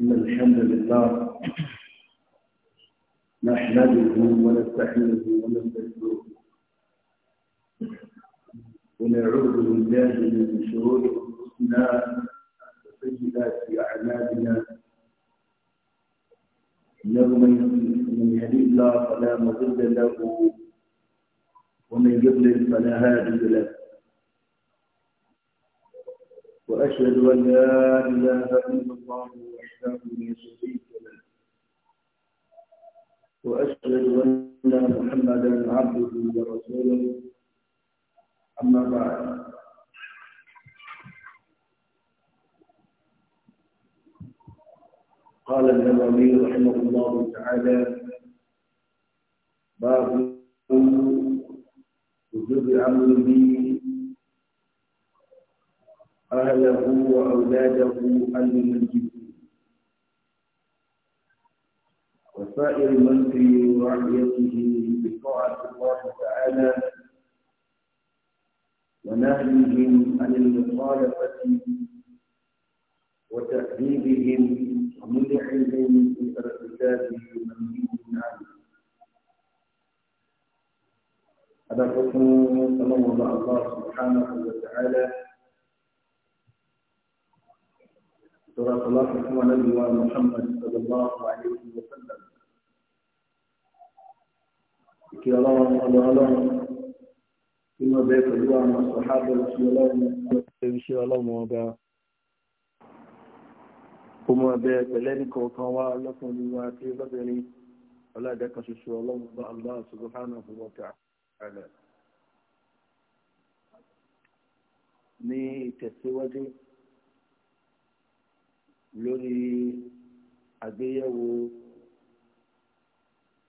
إن الحمد لله نحمده ونستعينه ونستغفره ونعوذ بالله من شرور أنفسنا وسيئات أعمالنا إنه من يهدي الله فلا مضل له ومن يضلل فلا هادي له وأشهد أن لا إله إلا الله وحده لا شريك له وأشهد أن محمدا عبده ورسوله أما بعد قال النووي رحمه الله تعالى باب الأمر امره اهله واولاده المنجد وسائر من في رعيته بطاعه الله تعالى ونهيهم عن المخالفه وتأديبهم ومنعهم في ارتكاب منهي عنه هذا حكم تمرض الله سبحانه وتعالى صلى الله عليه وسلم محمد صلى الله عليه وسلم كي الله الله الله كما بيت الله مع الصحابة رسول الله رسول الله مواقع kuma bẹ pẹlẹni kọọkan wa lọkùnrin wa ti rọbìnrin ọlá ẹdẹ kan ṣoṣo ọlọrun bá aláàṣọ gbọhánà fún wọn kà á kalẹ̀. ní ìtẹ̀síwájú lórí àgbéyẹ̀wò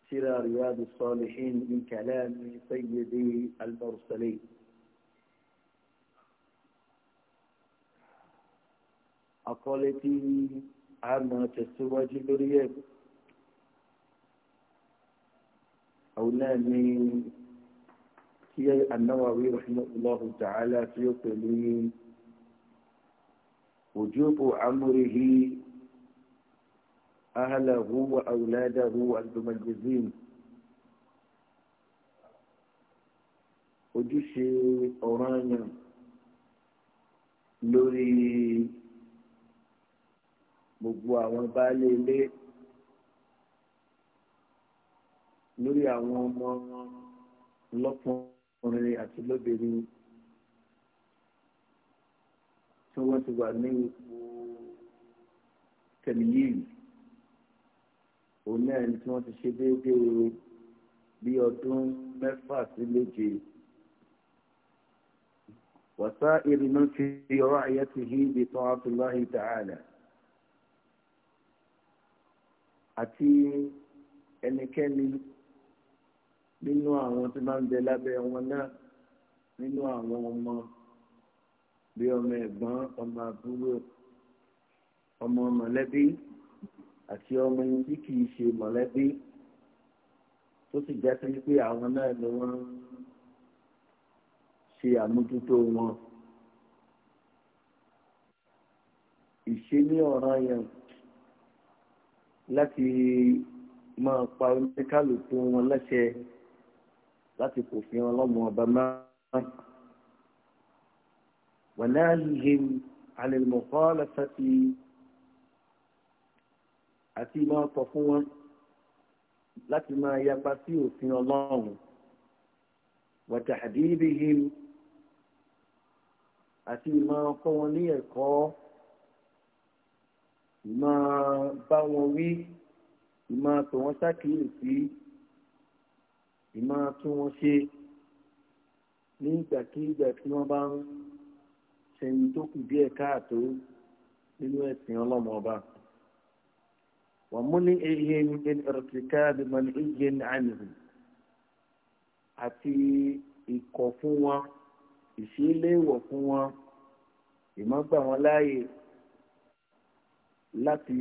tírà Riyadus Salihin min kalami sayyidi al-mursalin. àkọlé tí a máa tẹ̀síwájú lórí ẹ̀. أو لا من tí anáwàwí rahimahullahu ta'ala tí ó pẹ̀lú ní ojúbò amúrihì ahàlàhù wa àwùládàhù àdùmọ̀jẹ̀zìn ojúṣe ọ̀ranyàn lórí gbogbo àwọn baálé ilé lórí àwọn ọmọ wọn ọkùnrin àti lóbìnrin tí wọ́n ti wà ní ipò tẹ̀míyìí òun náà ni tí wọ́n ti ṣe déédéé bí ọdún mẹ́fà sí méje. وسائر من في رعيته بطاعة الله تعالى àti ẹnikẹ́ni nínú àwọn tí máa ń bẹ lábẹ́ wọn náà nínú àwọn ọmọ bí ọmọ ẹ̀gbọ́n ọmọ àbúrò ọmọ mọ̀lẹ́bí àti ọmọ ẹni tí kìí ṣe mọ̀lẹ́bí tó sì já sí pé àwọn náà ni wọ́n ṣe àmójútó wọn. ìṣe ní ọ̀ràn yẹn láti máa pa oníkálukú wọn lẹ́sẹ̀ẹ́ láti fòfin ọlọ́run ọba máa wà náà yìí àlèmọ̀kọ́ lẹ́sàtì àti máa tọ̀ fún wọn láti máa yapa sí òfin ọlọ́run wàtàdìbì yìí àti máa kọ́ wọn ní ẹ̀kọ́ máa bá wọn wí máa tọ̀ wọ́n sákìyèsí ìmọ̀ tún wọn ṣe ní ìgbàkigbà tí wọ́n bá ń ṣẹ̀yìn tó kù díẹ̀ káàtó nínú ẹ̀sìn ọlọ́mọ ọba. wọ́n mú ní ehe ní ẹ̀rọ̀tìká àdìmọ̀lì ehe ní ànìhù àti ikọ̀ fún wọn ìṣíléèwọ̀ fún wọn ìmọ̀ gbà wọn láàyè láti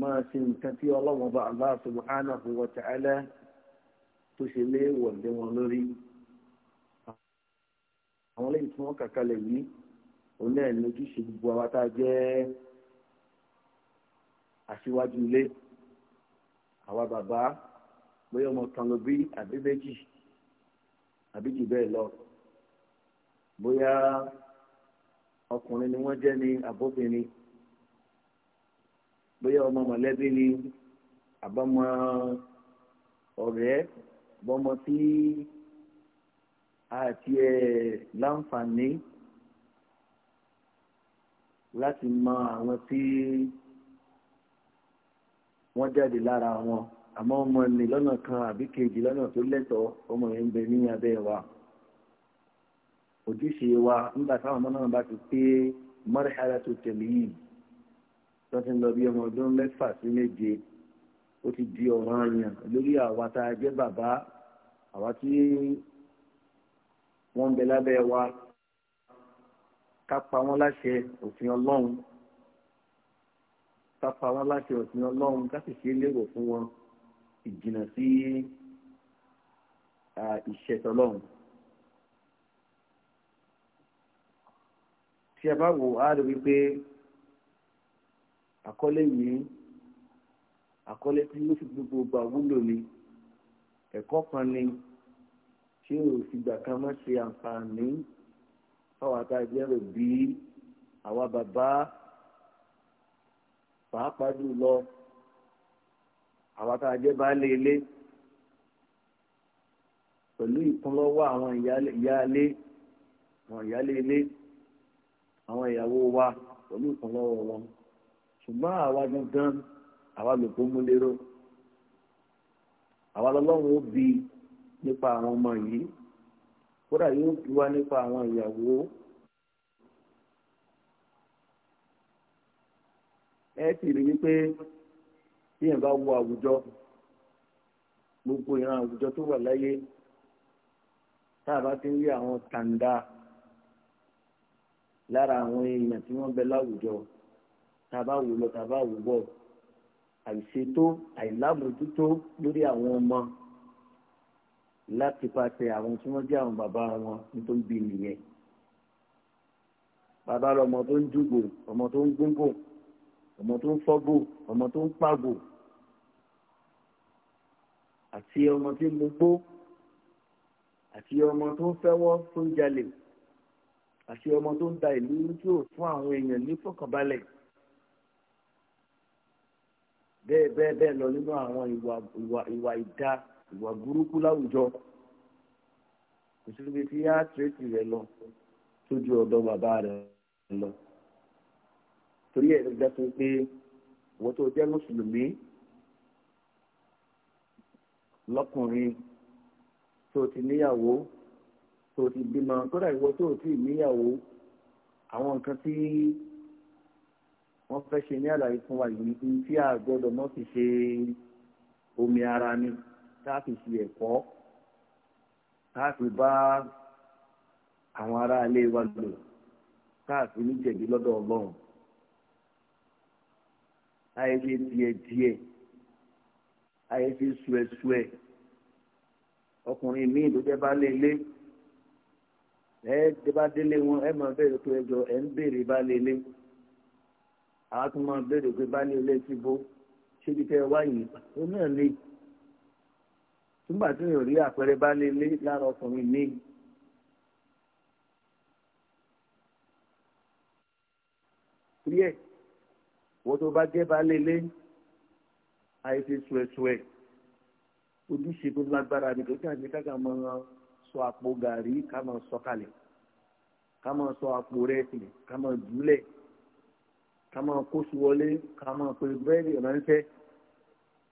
máa ṣe nǹkan tí ọlọ́mọ ọba Allah subhanahu wa ta'ala tó ṣe léèwọ̀ lé wọn lórí àwọn lẹ́yìn tí wọ́n kàkalẹ̀ yìí òun náà ni ojúṣe gbogbo àwa tá a jẹ́ aṣíwájú ilé àwa bàbá bóyá ọmọ kan ló bí àbí méjì bẹ́ẹ̀ lọ bóyá ọkùnrin ni wọ́n jẹ́ ní àbóbìnrin bóyá ọmọ mọ̀lẹ́bí ni àbámọ́ ọ̀rẹ́ bọ́mọ tí àti ẹ̀ láǹfààní láti mọ àwọn tí wọ́n jáde lára wọn àmọ́ ọmọ ní lọ́nà kan àbí kejì lọ́nà tó lẹ́tọ̀ọ́ ọmọ yẹn ń bẹ ní abẹ́ wa ojúṣe wa nígbà táwọn ọmọ náà bá ti pé mọ́rẹ́hárà tó tẹ̀lé yìí tó ti lọ bí ọmọ ọdún mẹ́fà sí méje ó ti di ọ̀ràn àyàn lórí àwa tá a jẹ́ bàbá àwa tí wọ́n ń bẹ lábẹ́ wa ká pa wọ́n láṣẹ òfin ọlọ́run ká pa wọ́n láṣẹ òfin ọlọ́run ká ṣe é fún wọn ìjìnà sí ìṣẹ̀tọ́lọ́run. tí a bá wò á rí wípé àkọlé yìí àkọlé tí yóò fi gbogbo gbà wúlò ni ẹ̀kọ́ kan ni ṣé o fìgbà kan má ṣe àǹfààní fáwọn àtàjẹ́ òbí àwa bàbá pàápàá jùlọ àwa àtàjẹ́ baálé ilé pẹ̀lú ìkúnlọ́wọ́ àwọn ìyáálé àwọn ìyáálé ilé àwọn ìyàwó wa pẹ̀lú ìkúnlọ́wọ́ wọn ṣùgbọ́n àwa gangan àwa lòpọ̀ múlẹ́rọ̀ lọ́lọ́run ó bi nípa àwọn ọmọ yìí kódà yóò bi wá nípa àwọn ìyàwó ẹ sì rí wípé tí yẹn bá wo àwùjọ gbogbo ìran àwùjọ tó wà láyé tá a bá ti ń rí àwọn tàǹdà lára àwọn èèyàn tí wọ́n bẹ láwùjọ tá a bá wò lọ tá a bá wò bọ̀ àìṣètò àìlámójútó lórí àwọn ọmọ láti pàṣẹ àwọn tí wọ́n jẹ́ àwọn bàbá wọn nítorí bí nìyẹn bàbá lọmọ tó ń dùgbò ọmọ tó ń gbóngbò ọmọ tó ń fọ́gbò ọmọ tó ń pàgbò àti ọmọ tí ń mugbó àti ọmọ tó ń fẹ́wọ́ tó ń jalè àti ọmọ tó ń da ìlú tí ò fún àwọn èèyàn ní fọkànbalẹ̀ bẹ́ẹ̀ bẹ́ẹ̀ bẹ́ẹ̀ lọ nínú àwọn ìwà ìwà ìwà ìdá ìwà burúkú láwùjọ kò sí ibi tí yá tírètì rẹ lọ tójú ọ̀dọ̀ bàbá rẹ lọ torí ẹ̀ ló dá sí pé wọ́n tó jẹ́ mùsùlùmí lọ́kùnrin tó ti níyàwó tó ti bímọ kódà ìwọ tó ti níyàwó àwọn nǹkan tí wọ́n fẹ́ ṣe ní àlàyé fún wa yìí ní tí a gbọ́dọ̀ mọ́ fi ṣe omi ara ni tá a fi ṣe ẹ̀kọ́ tá a fi bá àwọn ará ilé wa lò tá a fi ní jẹ̀bi lọ́dọ̀ ọlọ́run ayé ṣe díẹ̀díẹ̀ ayé ṣe suẹ̀suẹ̀ ọkùnrin míì ló jẹ́ bá lé ilé ẹ bá délé wọn ẹ máa bẹ̀rẹ̀ pé ẹjọ́ ẹ ń béèrè bá lé ilé àwọn tó máa béèrè pé bá ní ilé tí bó ṣébi tẹ wá yìí ó náà lé túmbà tí mi rí àpẹẹrẹ bá lé lé lára ọkùnrin mi. rí ẹ wọ́n tó bá jẹ́ bá lé lé àìsí suẹ̀suẹ̀ ojúṣe tó lágbára ni kò tí àti káka máa sọ àpò gàrí ká máa sọ kalẹ̀ ká máa sọ àpò rẹ̀ sílẹ̀ ká máa dúlẹ̀ ká máa kó su wọlé ká máa pe búrẹ́dì ránṣẹ́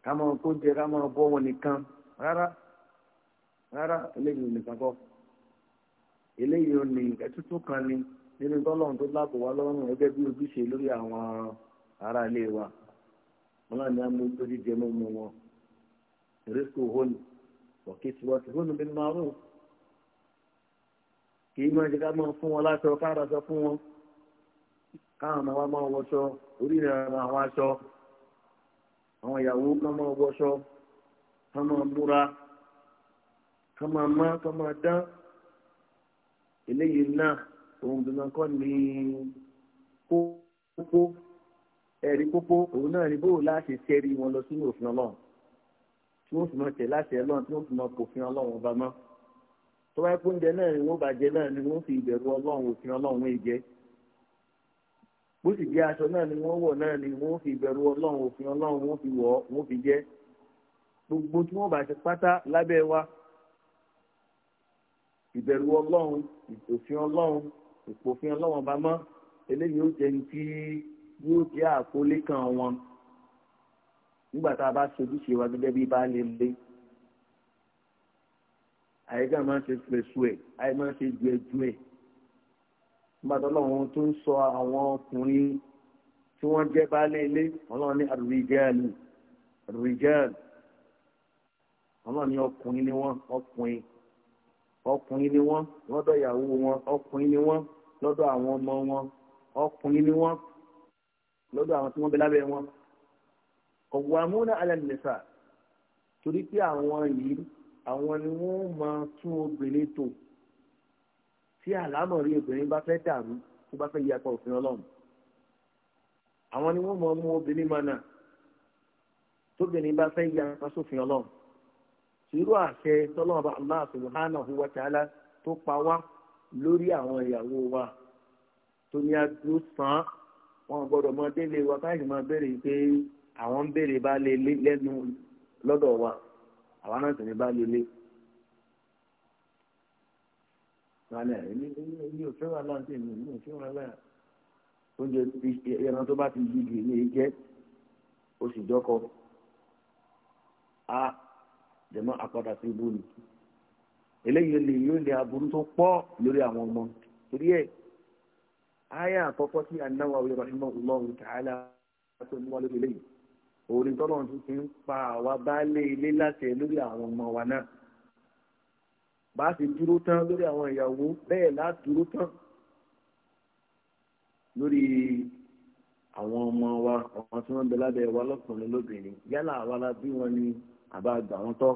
ká máa kó jẹ ká máa bọ́ wọn nìkan rárá rárá eléyìí ò nìkan kọ́ eléyìí ò ní ẹtútù kan ni nínú tọ́lọ́run tó láàbò wá lọ́rùn gẹ́gẹ́ bí ojúṣe lórí àwọn ará ilé wa wọn náà ní amójútó jíjẹ mímu wọn rísíkù hónù wọ̀kìtì wọ́n ti hónù bí márùn-ún kì í máa jẹ ká máa fún wọn láti ọkọ àràsọ fún wọn káwọn ọmọ wa máa wọṣọ orí rẹ̀ àwọn aṣọ àwọn ìyàwó kan máa wọṣọ kan máa múra kan máa má kan máa dán eléyìí náà òun dandan kọ́ ni kókó ẹ̀rí kókó òun náà ni bóòlù láti ṣẹ́rí wọn lọ sínú òfin ọlọ́run tí wọ́n fi máa tẹ̀ láti ẹ̀ lọ́run tí wọ́n fi máa kòfin ọlọ́run ọba mọ́ tó oúnjẹ náà ni wọ́n bàjẹ́ náà ni wọ́n fi ìbẹ̀rù ọlọ́run òfin ọlọ́run ìjẹ́ bó sì jẹ́ aṣọ náà ni wọ́n wọ̀ náà ni wọ́n fi ìbẹ̀rù ọlọ́run òfin ọlọ́run wọ́n fi wọ̀ wọ́n fi jẹ́ gbogbo tí wọ́n bá ṣe pátá lábẹ́ wa ìbẹ̀rù ọlọ́run òfin ọlọ́run ìpòfin ọlọ́run bá mọ́ eléyìí ó jẹ́ ní tí yóò jẹ́ àkólé kan wọn nígbà tá a bá ṣojúṣe wa gẹ́gẹ́ bí baálé lé àyíká máa ń ṣe pẹ̀sù ẹ̀ àyíká máa ń ṣe ju ẹ̀jú ẹ̀ gbàdọ́lọ́wọ́n tó ń sọ àwọn ọkùnrin tí wọ́n jẹ́ baálé ilé ọlọ́run ní àrùjẹ́ẹ̀lì àrùjẹ́ẹ̀lì ọlọ́run ní ọkùnrin ni wọ́n ọkùnrin ọkùnrin ni wọ́n lọ́dọ̀ ìyàwó wọn ọkùnrin ni wọ́n lọ́dọ̀ àwọn ọmọ wọn ọkùnrin ni wọ́n lọ́dọ̀ àwọn tí wọ́n bẹ lábẹ́ wọn ọ̀wọ́ amúnà alẹ́ nìfà torí pé àwọn yìí àwọn ni wọ́n máa tún obìnrin tò tí àlámọ̀rí obìnrin bá fẹ́ dàrú tó bá fẹ́ yí apá òfin ọlọ́run àwọn ni wọ́n mọ̀ mú obìnrin mọ̀nà tóbìnrin bá fẹ́ yí apá sófin ọlọ́run àṣẹ wa ta'ala tó pa wá lórí àwọn ìyàwó wa tó ní adúró sàn án wa káyọ̀ máa pé bá lẹ́nu lọ́dọ̀ wa náà sì ní bá lálẹ́ èmi èmi ò fẹ́ràn aláǹtí èmi èmi ò fẹ́ràn aláǹtí oúnjẹ ẹran tó bá ti yí ju ilé jẹ́ oṣù jọ́kọ a jẹ̀mọ́ àpadà sí ibú ni eléyìí lè yóò lè aburú tó pọ̀ lórí àwọn ọmọ torí ẹ̀ aya àkọ́kọ́ tí An-Nawawi rahimahullahu ta'ala tó mú wa lórí eléyìí òòrùn tọ́lọ́run ti ń pa àwa baálé ilé láṣẹ lórí àwọn ọmọ wa náà bá a ṣe dúró tán lórí àwọn ìyàwó bẹ́ẹ̀ láti dúró tán lórí àwọn ọmọ wa ọmọ tí wọ́n ń bẹ lábẹ́ wa lọ́kùnrin lóbìnrin yálà àwa la bí wọn ni àbá gbà wọn tọ́.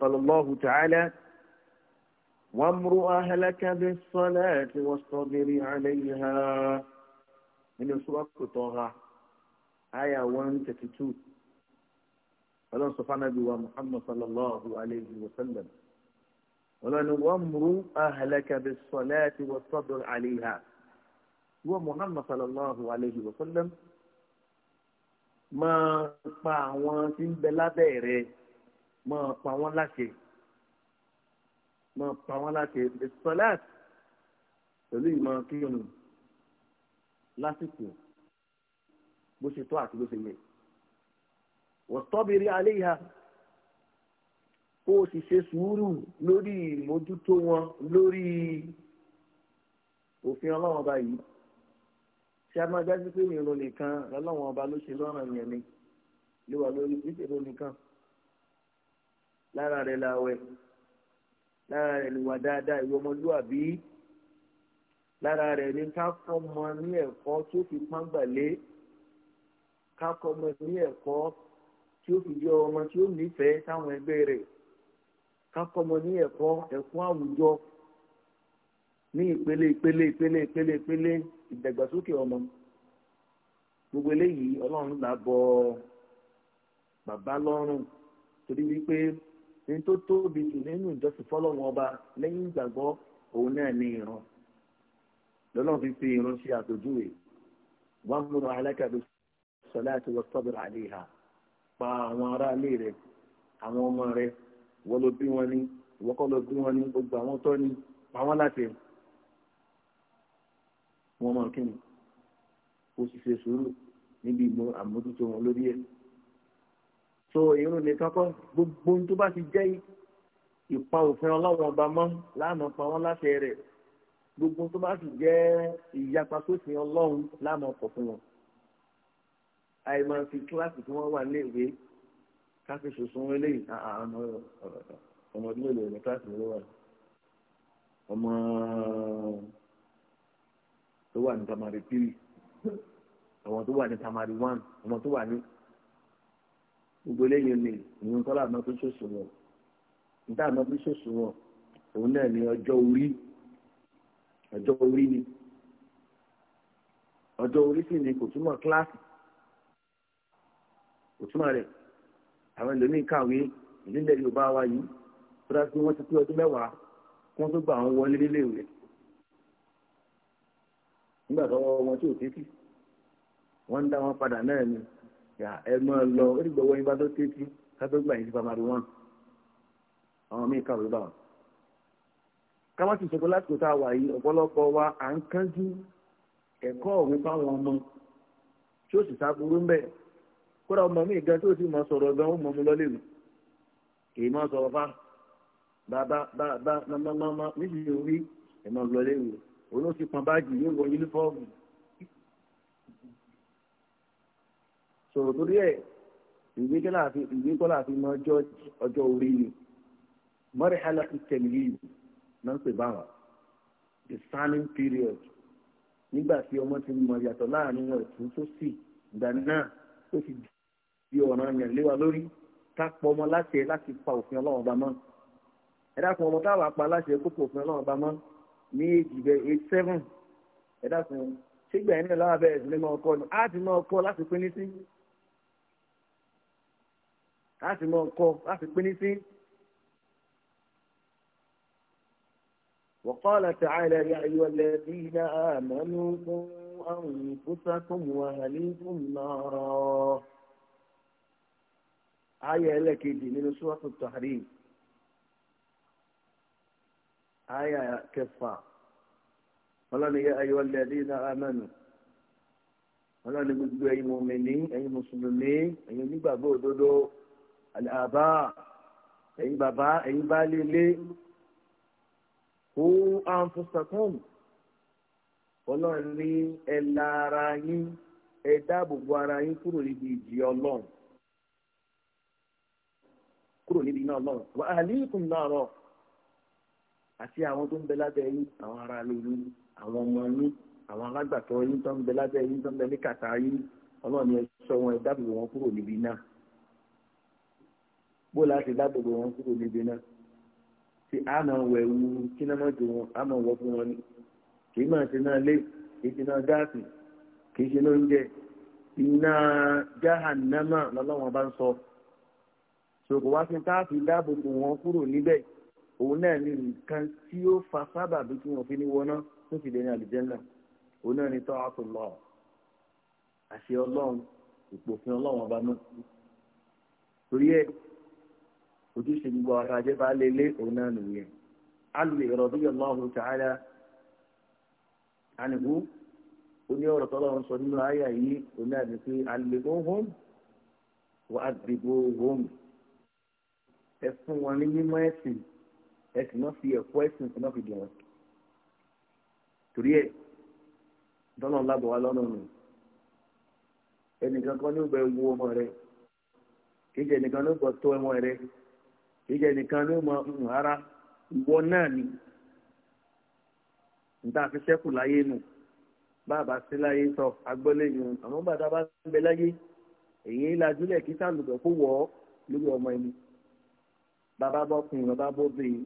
قال الله تعالى وامر أهلك بالصلاة واصطبر عليها من سورة طه آية 132 ọlọ́run sọ fánàbí wa muhammad sallallahu alayhi wa sallam ọlọ́run wọ́n mú ahlaka bis salati wa sabr alayha wọ́n muhammad sallallahu alayhi wa sallam máa pa àwọn tí ń bẹ lábẹ́ rẹ̀ máa pa wọ́n láṣẹ máa pa wọ́n láṣẹ bis salat pẹ̀lú ìmọ̀ kírun lásìkò bó ṣe tó àti bó ṣe yẹ wọ́sọ́bìrì àléyà kó o sì ṣe sùúrù lórí ìmójútó wọn lórí òfin ọlọ́wọ́n ọba yìí ṣé a máa dájú pé ìrun nìkan lọ́lọ́wọ́n ọba ló ṣe lọ́ràn yẹn ni ló wà lórí ìṣèlú nìkan lára rẹ̀ làwẹ̀ lára rẹ̀ lùwà dáadáa ìwé ọmọlúwàbí lára rẹ̀ ni ká fọmọ ní ẹ̀kọ́ tó fi pọ́ngbà lé ká fọmọ ní ẹ̀kọ́ tí ó fi jẹ ọmọ tí ó nífẹ̀ẹ́ sáwọn ẹgbẹ́ rẹ̀ kákọ́mọ ní ẹ̀kọ́ ẹ̀kọ́ àwùjọ ní ìpele ìpele ìpele ìpele ìpele ìdàgbàsókè ọmọ gbogbo eléyìí ọlọ́run là bọ bàbá lọ́rùn torí wípé ní tó tóbi jù nínú ìjọsìn fọlọ́run ọba lẹ́yìn ìgbàgbọ́ òun náà ní ìran lọ́lọ́run fi fi ìran ṣe múra sọ́bìrì pa àwọn aráalé rẹ̀ àwọn ọmọ rẹ̀ wọ́n ló bí wọn ní ìwọ kọ́ ló bí wọn ní gbogbo àwọn tọ́ ni pa wọ́n láti ẹ̀ wọ́n máa kí ni ó sì ṣe sùúrù níbi ìmọ̀ àmójútó wọn lórí ẹ̀ so irun nìkan kọ́ gbogbo ohun tó bá ti jẹ́ ìpa òfin ọlọ́run ọba mọ́ láàmú pa wọ́n láti rẹ̀ gbogbo ohun tó bá ti jẹ́ ìyapa sófin ọlọ́run láàmú ọkọ̀ fún wọn àì máa fi kíláàsì tí wọ́n wà léèwé káfíṣe sunwó eléyìí àwọn ah, ah, ọmọ ọdún mélòó ní kíláàsì ló wà ọmọ tó wà ní tamari three ọmọ tó wà ní tamari one ọmọ tó wà ní gbogbo eléyìí ni ìyẹn kọ́lá àmọ́ tó ṣòṣò wọn níta àmọ́ tó ṣòṣò wọn òun náà ní ọjọ́ orí ọjọ́ orí ni ọjọ́ orí sì ni kò túmọ̀ kíláàsì òtúmọ̀ rẹ̀ àwọn ẹlòmíín kàwé ìdílé yorùbá wa yìí tó dá sí wọ́n ti pé ọdún mẹ́wàá kí wọ́n tó gbà wọ́n wọlé nílé ìwé nígbà tó wọ́n wọn tí ò tẹ́tí wọ́n ń dá wọn padà náà ni ẹ mọ́ lọ ó dìgbà wọ́n yín bá tó tẹ́tí ká tó gbà yín sí pamari wọn àwọn míín kàwé bá wọn. káwọn ti ṣètò lásìkò tá wà yìí ọ̀pọ̀lọpọ̀ wa à ń kánjú ẹ̀kọ́ ọ̀hún fáwọn ọmọ tí ó sì sá burú ń kódà ọmọ mi gan tó ti mọ sọ̀rọ̀ gan ó mọ mi lọ́lẹ̀ mi kì í mọ sọ̀rọ̀ fa bàbá bàbá mọ́mọ́mọ́ níbi orí ẹ̀ mọ́ lọ́lẹ̀ mi òun ó sì pọn báàgì yóò wọ yúnífọ́ọ̀mù sọ̀rọ̀ torí ẹ̀ ìwé kọ́lá àfi mọ ọjọ́ orí ni mọ́rẹ̀hálà ìtẹ̀lẹ́yì náà ń pè báwọn the signing period nígbà tí ọmọ ti mọ ìyàtọ̀ láàrin ọ̀tún tó sì ìgbà náà tó fi bí ọ̀ràn yẹn léwa lórí ká pọ̀ ọmọ láṣẹ láti pa òfin ọlọ́run ọba mọ́ ẹ dákun ọmọ táwa pa láṣẹ kó pa òfin ọlọ́run ọba mọ́ ní èjì eight seven ẹ dákun sígbà yẹn náà abẹ́ ẹ̀sìn lè máa ni á ti máa kọ́ láti pín ní sí á ti máa kọ́ láti pín ní sí. وقال تعالى يا أيها الذين آمنوا قوا أنفسكم وأهليكم نارا ayé ẹlẹ́kejì nínú súwọ́tò tàrí ayé kẹfà ọlọ́ni yẹ ayé wọlé ẹdí náà amánu ọlọ́ni gbogbo ẹ̀yin mọ̀mìnì ẹ̀yin mùsùlùmí ẹ̀yin onígbàgbọ́ òdodo àbá ẹ̀yin bàbá ẹ̀yin baálé ilé kó lára yín ẹ̀ dáàbò bo ara yín kúrò níbi ìjì kúrò níbi iná ọlọ́run wà á líkùn náà rọ àti àwọn tó ń bẹ lábẹ́ yín àwọn ará lórí àwọn ọmọ yín àwọn alágbàtọ́ yín tó ń bẹ lábẹ́ yín tó ń bẹ ní kàtà yín ọlọ́run ni ẹ sọ wọn ẹ dábòbò wọn kúrò níbi náà bó láti dábòbò wọn kúrò níbi náà tí a máa wẹ̀ wu kí náà máa jò wọn a máa wọ fún wọn ni kì í máa ti náà lé kì í ti náà dáàtì kì í ṣe lóúnjẹ iná jahannama lọ́lọ́wọ́n bá ń sọ ṣògùn wá sí káàfì dáàbò bò wọn kúrò níbẹ̀ òun náà ní nǹkan tí ó fa sábà bí kí wọn fi ní wọná tó sì dé ní àlùjẹ́nà òun náà ní tọ́wọ́ tó lọ àṣẹ ọlọ́run ìpòfin ọlọ́run ọba náà torí ẹ ojúṣe gbogbo ara jẹ́ bá lélẹ̀ òun náà nìyẹn alùpùpù ìrọ̀bí ọlọ́run tààlà ànìkú oní ọ̀rọ̀ tọ́lọ́run sọ nínú àyà yìí òun náà ní pé àlùpùpù hóm wà á dìbò hóm. ẹ fún wọn ní mímọ̀ ẹ̀sìn ẹ sì máa fi ẹ̀kọ́ ẹ̀sìn ẹ fi dùn wọn torí ẹ dọ́nà lábọ̀ lọ́nà nù ẹnìkan kan ní ìgbà ewu ọmọ rẹ kì ẹnìkan ní ìgbà tó ọmọ rẹ ẹnìkan ní ìwọ náà ni fi láyé nù bàbá sí láyé sọ agbọ́lé yìí àwọn bàtà bá ń bẹ láyé ọmọ ẹni. bàbá bọ́kùnrin bàbá bóbìnrin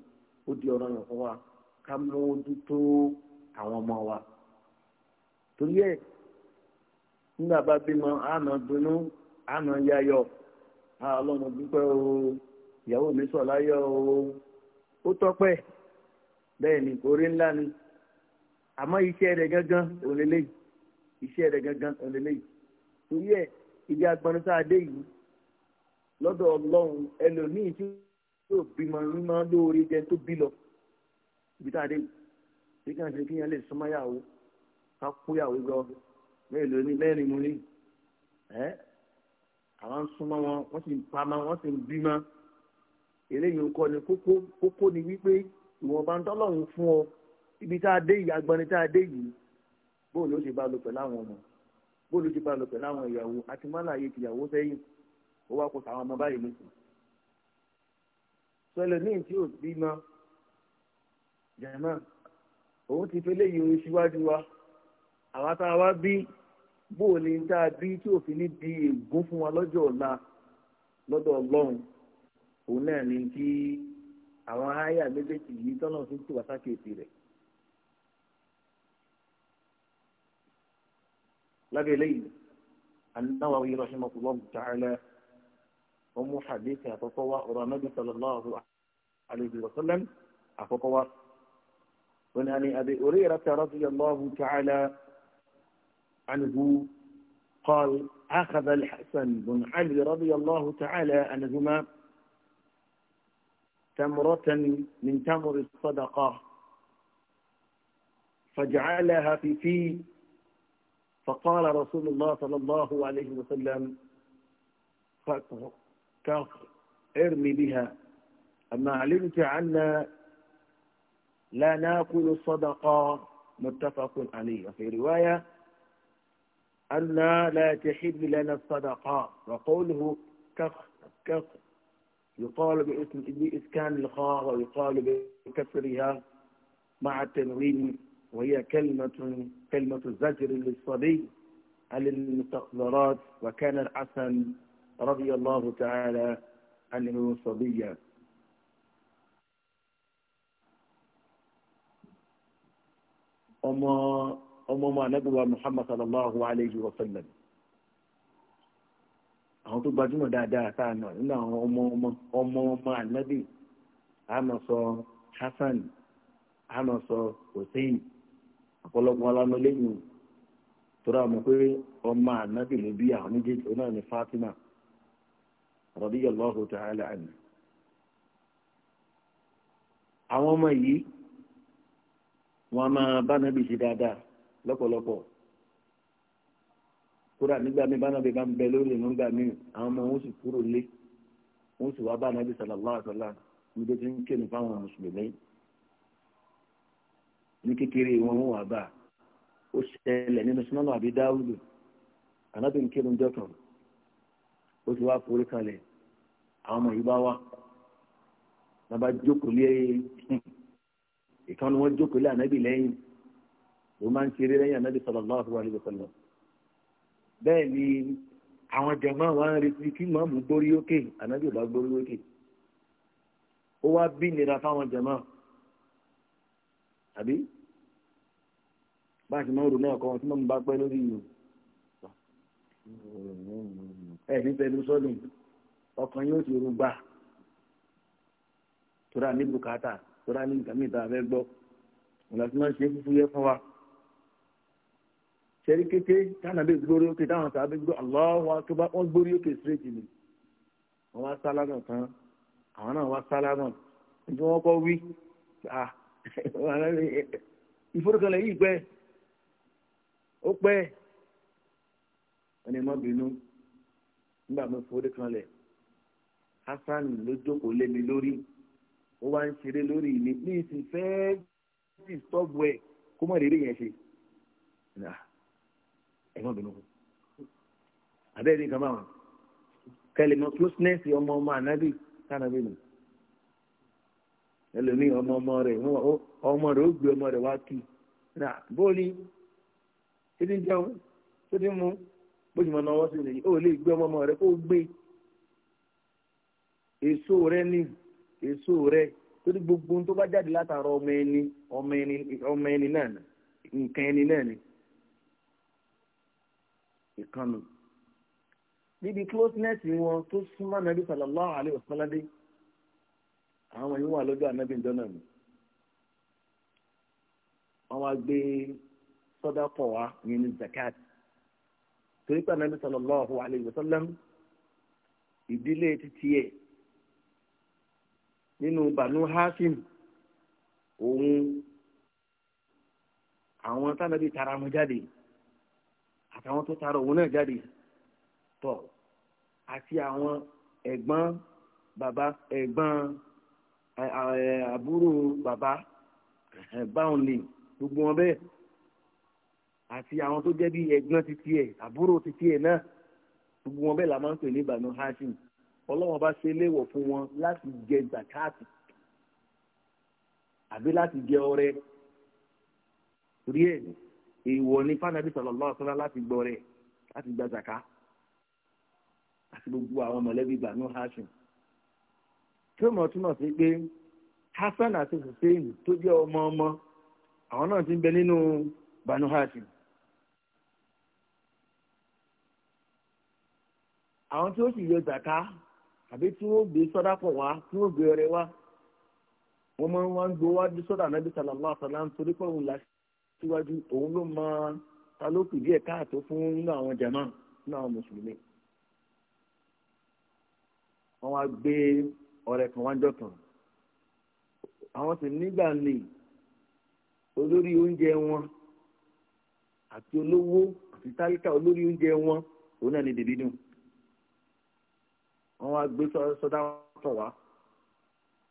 ó di ọ̀rọ̀ yàn fún wa ká mójútó àwọn ọmọ wa torí ẹ̀ nígbà bá bímọ àná dunnú àná yayọ̀ ọlọ́run dúpẹ́ o ìyàwó mi sọ láyọ̀ o ó tọ́pẹ́ bẹ́ẹ̀ ni orí ńlá ni àmọ́ iṣẹ́ torí ibi agbọnusá adé yìí yóò bímọ ní máa lóore jẹ tó bí lọ ibi tá a dé bí kí n ṣe kí n yẹn lè súnmọ́ yàwó ká kó yàwó gan mélòó ní mẹ́rin mo ní ẹ́ àwọn ń súnmọ́ wọn wọ́n sì ń pamọ́ wọ́n sì ń bímọ eléyìí kọ́ ni kókó kókó ni wípé ìwọ̀nba ń tọ́lọ́run fún ọ ibi tá a dé yìí agbọnni tá a dé yìí bóòlù ó sì bá lò pẹ̀lú àwọn ọmọ bóòlù ó sì bá lò pẹ̀lú àwọn ìyàwó àti mọ́lá ayé tìyàwó sẹ́yìn ó wá kó sàwọn ọmọ báyìí lóṣù sọlẹ́mìn tí ò ma jẹ̀mọ́ òun ti fẹ́lẹ́ yìí orin síwájú wa àwa tá a wá bí bóòlì ń tá a bí tí òfin ní di ègún fún wa lọ́jọ́ ọ̀la lọ́dọ̀ ọlọ́run òun náà ni kí àwọn háyà méjèèjì yìí tọ́nà fún tìwá rẹ̀. ومحاديثها تطوى ورمضي صلى الله عليه وسلم أفطوى ونهني أبي أريرة رضي الله تعالى عنه قال أخذ الحسن بن علي رضي الله تعالى عنهما تمرة من تمر الصدقة فجعلها في في فقال رسول الله صلى الله عليه وسلم ارمي بها أما علمت عنا لا ناكل الصدقة متفق عليه وفي رواية أن لا تحب لنا الصدقة وقوله كخ كخ يقال باسم إسكان الخاء ويقال بكسرها مع التنوين وهي كلمة كلمة زجر للصبي على وكان الحسن رضي الله تعالى عنه صبيا أما أما نبوة محمد صلى الله عليه وسلم àwọn tó gbajúmọ̀ dáadáa tá a nínú àwọn ọmọ ọmọ ọmọ ànábì àmọ̀ sọ hasan àmọ̀ sọ hussein ọ̀pọ̀lọpọ̀ alámọ̀lẹ́yìn tó rà mọ̀ pé ọmọ ànábì ló bí àwọn méjèèjì fatima radiyallahu ta'ala anhu àwọn ọmọ yìí wọ́n máa bá nàbì ṣe dáadáa lọ́pọ̀lọpọ̀ kódà nígbà mi bánàbí bá ń bẹ lórí ìlú ńgbà mí àwọn ọmọ wọn sì kúrò lé wọn sì wá bánàbí sallallahu alaihi wasallam níbi tí ń kéde fáwọn mùsùlùmí ní kékeré wọn wọn wà bá ó ṣẹlẹ̀ nínú sinánà àbí dáwùdù ànábì ń kéde jọkàn ó ti wá forí kalẹ̀ àwọn ọmọ yìí bá wá wọn bá jókòó lé ìkan ni wọn jókòó lé ànábì lẹ́yìn ló máa ń ṣeré lẹ́yìn ànábì sallallahu alaihi wasallam bẹ́ẹ̀ ni àwọn jàmáà wa ń retí kí màmú gbórí òkè ànábì bá gbórí òkè ó wá bí nira fáwọn jàmáà àbí bá a ti máa ń ronú ẹ̀kọ́ wọn tí màmú bá pẹ́ lórí ìlú. ẹ̀rí pẹ̀lú sọ́ọ̀lù ọkàn yóò ti rú gbà tóra ní bùkátà tóra ní nǹkan mìíràn abẹ́ gbọ́ ọ̀nà tí wọ́n ṣe fúfú yẹ fún wa. ṣẹ́rí kété táwọn abẹ́ gbórí òkè táwọn sọ abẹ́ gbọ́ Allahu Akbar wọ́n gbórí òkè síréètì ni wọ́n wá àwọn náà wá ní wọ́n kọ́ wí yìí pẹ́ ó pẹ́ ẹni mọ́ bínú. nígbà mo forí kanlẹ̀ hasan ló jókòó lé mi lórí ó wá ń ṣeré lórí mi ní ìsìn fẹ́ẹ́ sì sọ́ọ̀bù kó mọ̀ rírì yẹn ṣe bínú abẹ́rẹ́ kẹlẹ̀ mọ closeness ọmọ ọmọ ànábì kánábì nù ẹlòmíì ọmọ ọmọ rẹ̀ ọmọ rẹ̀ ó gbé ọmọ rẹ̀ wá bó ti mọ náwó sí nìyí ó lè gbé ọmọ ọmọ rẹ kó gbé èso rẹ ní èso rẹ torí gbogbo tó bá jáde látara ọmọ ẹni ọmọ ẹni ọmọ ẹni náà nǹkan ẹni náà ni ìkànnì níbi closeness wọn tó súnmọ́ nàbí sallallahu alaihi wasallam àwọn yìí wà lọ́jọ́ ànábì ìjọ́nà mi wọ́n wá gbé sọ́dọ̀ pọ̀ wá ní zakat torí pé anabi sallallahu alayhi wa sallam ìdílé títí ẹ̀ nínú banu hasim òun àwọn tánàbí tara wọn jáde àtàwọn tó tara òun náà jáde tọ̀ àti àwọn ẹ̀gbọ́n bàbá ẹ̀gbọ́n àbúrò bàbá báwọn lè gbogbo wọn bẹ́ẹ̀ àti àwọn tó jẹ́ bí ẹ̀gbọ́n títí ẹ̀ àbúrò títí ẹ̀ náà gbogbo wọn bẹ́ẹ̀ la máa ń pè ní ìbànú hashim ọlọ́wọ́n bá ṣe léèwọ̀ fún wọn láti jẹ zakati àbí láti jẹ ọrẹ torí ẹ̀ èèwọ̀ ni fanabi sallallahu alaihi wasallam láti gbọ́ rẹ̀ láti gba zaka àti gbogbo àwọn mọ̀lẹ́bí ìbànú hashim tí ó mọ̀ túmọ̀ sí pé hasan àti hussein tó jẹ́ ọmọ ọmọ àwọn náà ti ń bẹ nínú banu hashim àwọn tí ó sì yọ zàká àbí tí wọ́n gbé sọ́dá pọ̀ wá tí wọ́n gbé ọrẹ wá wọ́n máa ń wá ń gbó wá dé sọ́dà nàbí sàlámù àfàlà ń torí pọ̀ wùlá síwájú òun ló máa ta ló kù díẹ̀ káàtó fún nínú àwọn jama nínú àwọn mùsùlùmí. wọ́n wá gbé ọrẹ kan wájọ́ kan àwọn sì nígbà lè olórí oúnjẹ wọn àti olówó àti táríkà olórí oúnjẹ wọn òun náà ni dèbí dùn wọ́n wá gbé sọ́dá tọ̀ wá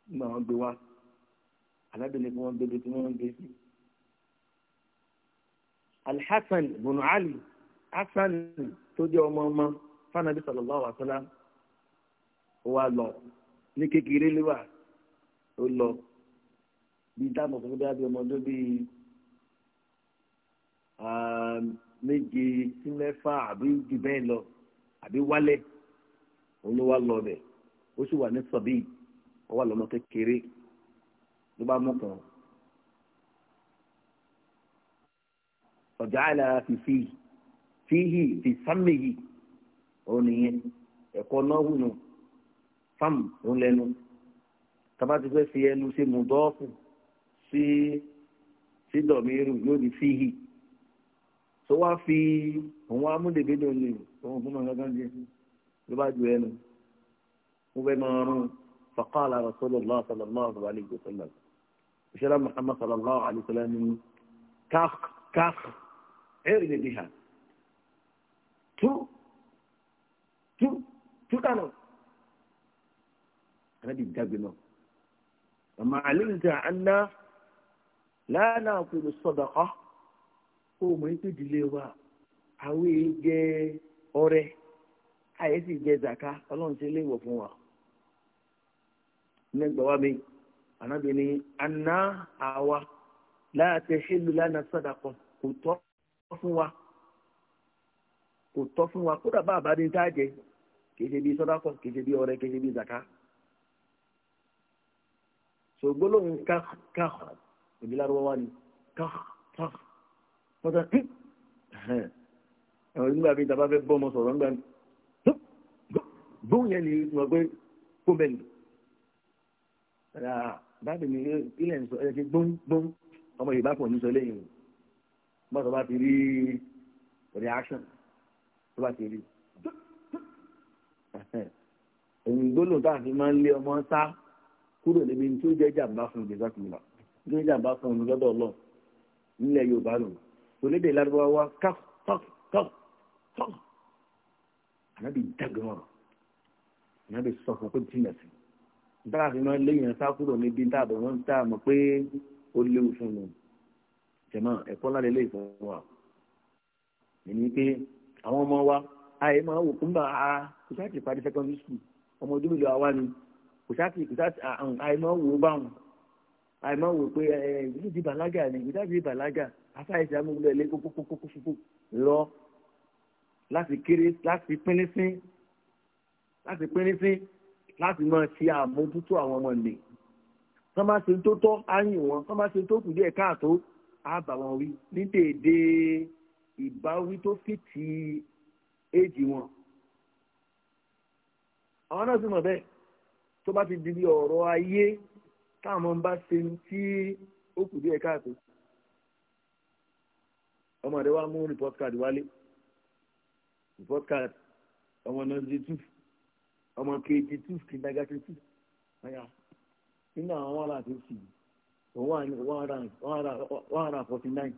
nígbà wọ́n gbé wá alábìlẹ̀ tí wọ́n gbé tí wọ́n gbé sí. alhassan bunu ali hassan tó jẹ́ ọmọ ọmọ fanabi sallallahu alaihi wa sallam ó lọ ní kékeré lówà ó lọ bí dáàmú fún bí abẹ́ ọmọdé bíi méje sí mẹ́fà àbí jù bẹ́ẹ̀ lọ àbí wálẹ̀ òun ló wá lọ bẹ̀ ó sì wà ní sọ̀bí ó wà lọ́mọ kékeré ló bá mú kan ọ̀jà àlà fìfì fìhì fìsàmìhì òun nìyẹn ẹ̀kọ́ náà wù nù fam òun lẹ́nu tábà ti fẹ́ fi ẹnu ṣe mùdọ́ọ̀fù sí sí dọ̀míìrù yóò di fìhì tó wá fi òun amúdèbédò ni òun fún mọ̀ gángan jẹ́ sí ló bá ju ẹnu mo fẹ́ máa rún faqala rasulullah sallallahu alayhi wa sallam ìṣẹ́lá muhammad sallallahu alayhi wa sallam ní kák kák ẹ̀rì ní bíhà tú tú tú kánò ànábì dàgbé náà àmà àlejò àná lánà kò lè sadaqa kó o mọ̀ ẹ́ pé ìdílé wa àwọn èèyàn jẹ́ ọrẹ́ àyè sì jẹ zaka ọlọ́run ṣe léèwọ̀ fún wa nígbà wa mi ànábì ni àná àwa láàtẹ ṣẹlú lánàá sọdàkọ kò tọ́ fún wa kò tọ́ fún wa kódà bá àbádé tá a jẹ kì bí sọdàkọ kì í bí ọrẹ kì bí zaka sògbólóhùn káx káx òbílárúwá wa ni káx káx wọ́n ta ẹ̀hìn ẹ̀hìn nígbà mi tàbá fẹ́ bọ́ ọmọ sọ̀rọ̀ nígbà mi bóun yẹn ni wọ́n pé kó bẹ́ẹ̀ ni báàbí mi ilẹ̀ ń sọ ẹ ti gbóń gbóń ọmọ yorùbá pọ̀ ní sọ lẹ́yìn o bọ́sọ̀ bá ti rí reaction tó bá ti rí ẹ̀yìn gbólóhùn tá a fi máa ń lé ọmọ sá kúrò níbi tí ó jẹ́ jàǹbá fún ìgbésà kìlọ̀ tí ó jẹ́ jàǹbá fún ọmọ lọ́dọ̀ ọlọ́ nílẹ̀ yorùbá lò kò lédè lárúbáwá kọ́f kọ́f kọ́f kọ́f àná bí dàgbọ́n ọ̀rọ̀ ìyẹn lè sọ fún pé jìnà sí dára fi máa léèyàn sá kúrò níbi tá àbọ̀ wọn tá a mọ̀ pé ó léwu fún un jẹ̀mọ́ ẹ̀kọ́ ńlá lélẹ́yìí fún wa èmi pé àwọn ọmọ wa àyè máa wò fún bá a kò sáà ti parí secondary school ọmọ ọdún mélòó àwa ni kò sáà ti kò sáà ti àyè máa wò ó báwọn àyè máa wò pé ẹ ẹ ti bàlágà ni kò sáà ti bàlágà afáyèsí amúgbó ẹ lé kókókókókókó lọ láti kéré láti pínlẹ́sìn láti pín ní sí láti máa ṣe àmójútó àwọn ọmọ ìlè tán bá ṣe tó tọ́ á yìn wọn tán bá ṣe tó kù díẹ̀ káàtó á bà wọn wí ní dèédé ìbáwí tó fi ti éèjì wọn. àwọn náà sì mọ̀ bẹ́ẹ̀ tó bá ti di bí ọ̀rọ̀ ayé táwọn bá ṣe tí ó kù díẹ̀ káàtó ọmọ rẹ mú report card wálé report card ọmọ náà di two ọmọ kejì two kindergarten two ọ̀yà nínú àwọn one hundred and fifty one hundred and forty nine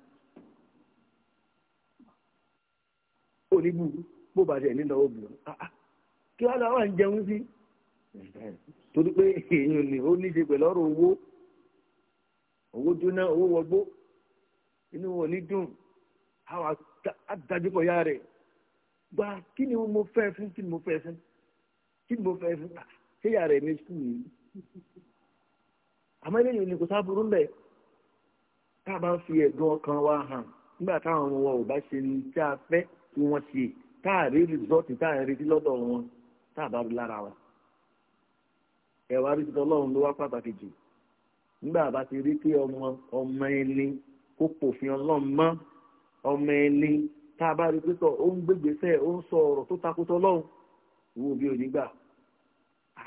onígbù bó ba ṣe nínú ọ̀bù ah, ah, kí wọ́n lọ wà ń jẹun sí torí pé èèyàn ni ó ní í ṣe pẹ̀lú ọ̀rọ̀ owó owó jóná owó wọgbó inú wọn ní dùn àwọn adájúkọ̀ ya rẹ̀ gba kí ni mo fẹ́ fún kí ni mo fẹ́ fún tí mo fẹ́ fún ṣéyà rẹ̀ ní skul yìí àmọ́ eléyìí ò ní kò sábúrú ń bẹ̀ tá a bá ń fi ẹ̀dùn ọkàn wa hàn nígbà táwọn ọmọ wa ò bá ṣe ní tí a fẹ́ kí wọ́n ṣe tá a rí rìsọ́ọ̀tì tá a retí lọ́dọ̀ wọn tá a bá rí lára wa ẹ̀wà rí títọ́ ọlọ́run ló wá pàtàkì jù nígbà bá ti rí pé ọmọ ọmọ ẹni kó pòfin ọlọ́run mọ́ ọmọ ẹni tá a bá rí pé tọ́ ó ń gbégbèsè ó ń sọ ọ̀rọ̀ tó takótọ́ ọlọ́run òun òbí ò ní gbà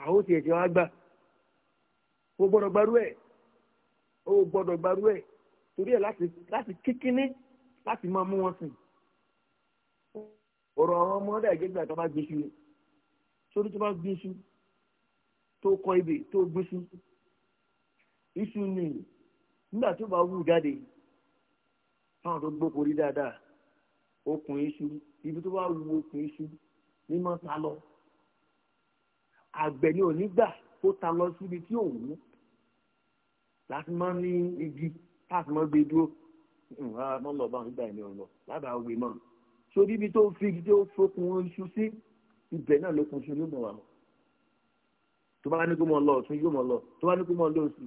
àwọn tiẹ̀ tí wọ́n á gbà ó gbọ́dọ̀ gbarú ẹ̀ ó gbọ́dọ̀ gbarú ẹ̀ torí ẹ̀ láti kíkíní láti máa mú wọn sìn ọ̀rọ̀ àwọn ọmọ ọ̀dà ìgbẹ́gbẹ́ àti ọba gbèsè sórí tó bá gbèsè tó kọ ebè tó gbèsè iṣu ni nígbà tó bá wù jáde fáwọn tó gbóko rí dáadáa okùn iṣu ibi tó bá wù okùn iṣu ní máa lọ àgbẹ̀ ni ò ní gbà kó ta lọ síbi tí òun mú láti mọ́ ní igi láti mọ́ gbé dúró mọ́ lọ bá wọn nígbà ẹ̀mí ọ̀nà lábàá òwe mọ́ so níbi tó fi igi tó fokùn iṣu sí ibẹ̀ náà ló kun iṣu ní mọ̀ wà tó bá ní kó mọ̀ lọ ọ̀tún yóò mọ̀ lọ tó bá ní kó mọ̀ lọ sí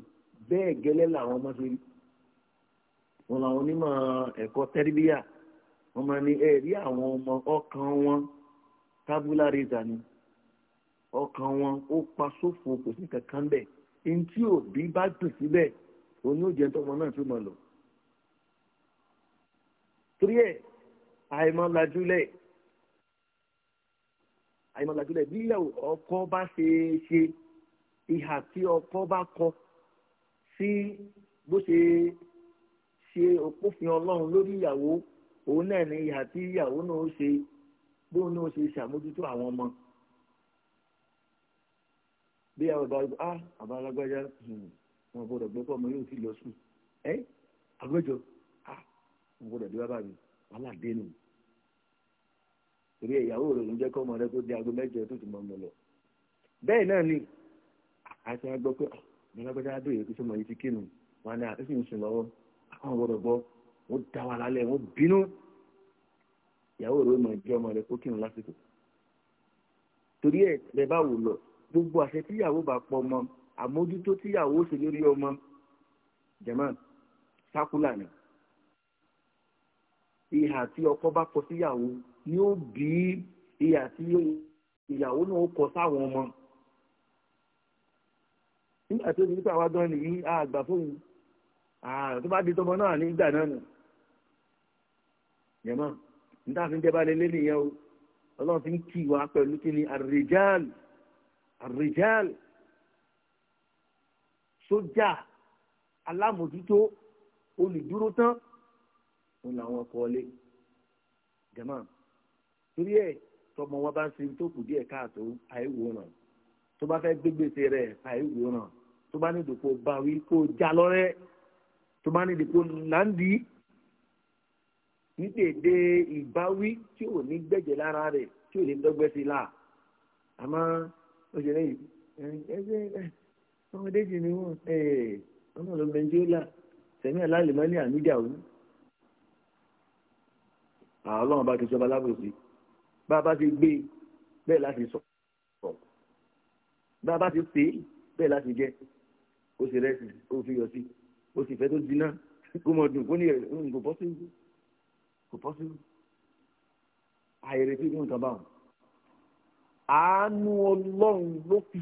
bẹ́ẹ̀ gẹ́lẹ́ làwọn ọmọ ṣe rí wọn làwọn onímọ̀ ẹ̀kọ́ tẹ́rìbíyà wọn máa ní ẹ̀rí àwọn ọmọ ọkàn wọn tábúlárì ìdání ọkàn wọn ó pa sófo kò sí kankan bẹ́ẹ̀ ẹni tí òbí bá dùn síbẹ̀ òun yóò jẹ́ tọmọ náà tó mọ̀ lọ. torí ẹ̀ àìmọ̀ lajúlẹ̀ àìmọ̀ lajúlẹ̀ bí ọkọ bá ṣe ṣe ìhà tí ọkọ bá kọ sí bó ṣe ṣe òpófin ọlọ́run lórí ìyàwó òun náà ní ìhà tí ìyàwó náà ṣe bóun náà ṣe ṣàmójútó àwọn ọmọ bí àwọn bàbá àgbà ah bàbá alágbájá hmm, wọn gbọ́dọ̀ gbé pọ ọmọ yóò fi lọ sùn ẹ àgbẹjọ ah wọn gbọ́dọ̀ dé bàbá mi wàhálà dé nù torí ìyàwó rẹ ló ń jẹ kọ ọmọ rẹ tó di aago mẹ́jọ tó ti mọ ọmọ lọ bẹ́ẹ̀ náà ni àti wọn gbọ́ pé ah, bàbá alágbájá béèrè pé sọmọ yìí ti kírun wọn ni àti ah, sùn sùn lọ́wọ́ àwọn ah, gbọ́dọ̀ bọ wọn dá wa lálẹ́ wọn bínú ìyàwó rẹ ó mọ ìjọ ọmọ rẹ kó kírun lásìkò torí gbogbo àṣẹ tíyàwó bá pọ̀ ọmọ àmójútó tíyàwó sì lórí ọmọ jẹ̀mọ́ sákúlà ni ìhà tí ọkọ bá kọ síyàwó ni ó bí ìhà tí ìyàwó náà kọ sáwọn ọmọ nígbà tó ní pípa àwa gan nìyí àgbà fóun ààrùn tó bá di tọmọ náà nígbà náà nù jẹ̀mọ́ níta fi ń jẹ́ lé lé nìyẹn o ọlọ́run ti ń kì wá pẹ̀lú kí ni àrèjáàlù àrèjàl sójà alámòjútó olùdúró tán òun làwọn ọkọ ọlẹ jẹmọ torí ẹ tọmọ wọn bá ń ṣe tó kù díẹ̀ káàtó àìwòrán tó bá fẹ́ gbégbèsè rẹ àìwòrán tó bá ní ìdòkò báwí kó já lọ́rẹ́ tó bá ní ìdòkò láǹdì ní dèdè ìbáwí tí ò ní gbẹ̀jẹ̀ lára rẹ̀ tí ò ní dọ́gbẹ́sí là àmọ́ òṣèré yìí ẹgbẹ́ ọmọdéjì ni wọ́n ọmọ ló bẹnjọ́lá sẹ́mi alálèmọ́lì àmìjà òun ọlọ́run bá ti sọ balábòsí bá a bá ti gbé bẹ́ẹ̀ láti sọ bá a bá ti pè é bẹ́ẹ̀ láti jẹ ó sì rẹ́sì ó fi yọ sí ó sì fẹ́ tó jiná kó mọ̀ dùn kó ní ẹ̀rọ kò pọ́sibú kò pọ́sibú àìrètí fún nǹkan báwọn. àánú ọlọ́run ló fi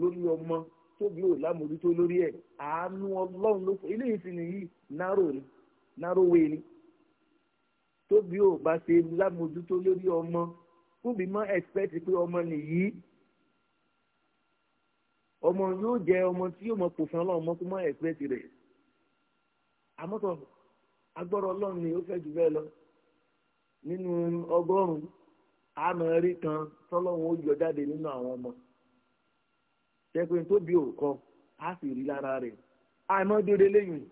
lórí ọmọ tóbi ò lámòjútó lórí ẹ̀ àánú ọlọ́run ló fi eléyìí sì nìyí náró ni ni tóbi ò bá ṣe lámòjútó lórí ọmọ tóbi mọ́ expect pé ọmọ nìyí ọmọ yóò jẹ ọmọ tí yóò mọ àmọ́ rí kan tọ́lọ́run ó yọ jáde nínú àwọn ọmọ tẹ́pẹ́ tó bí òkọ á sì rí lára rẹ̀ àìmọ́ dóde lẹ́yìn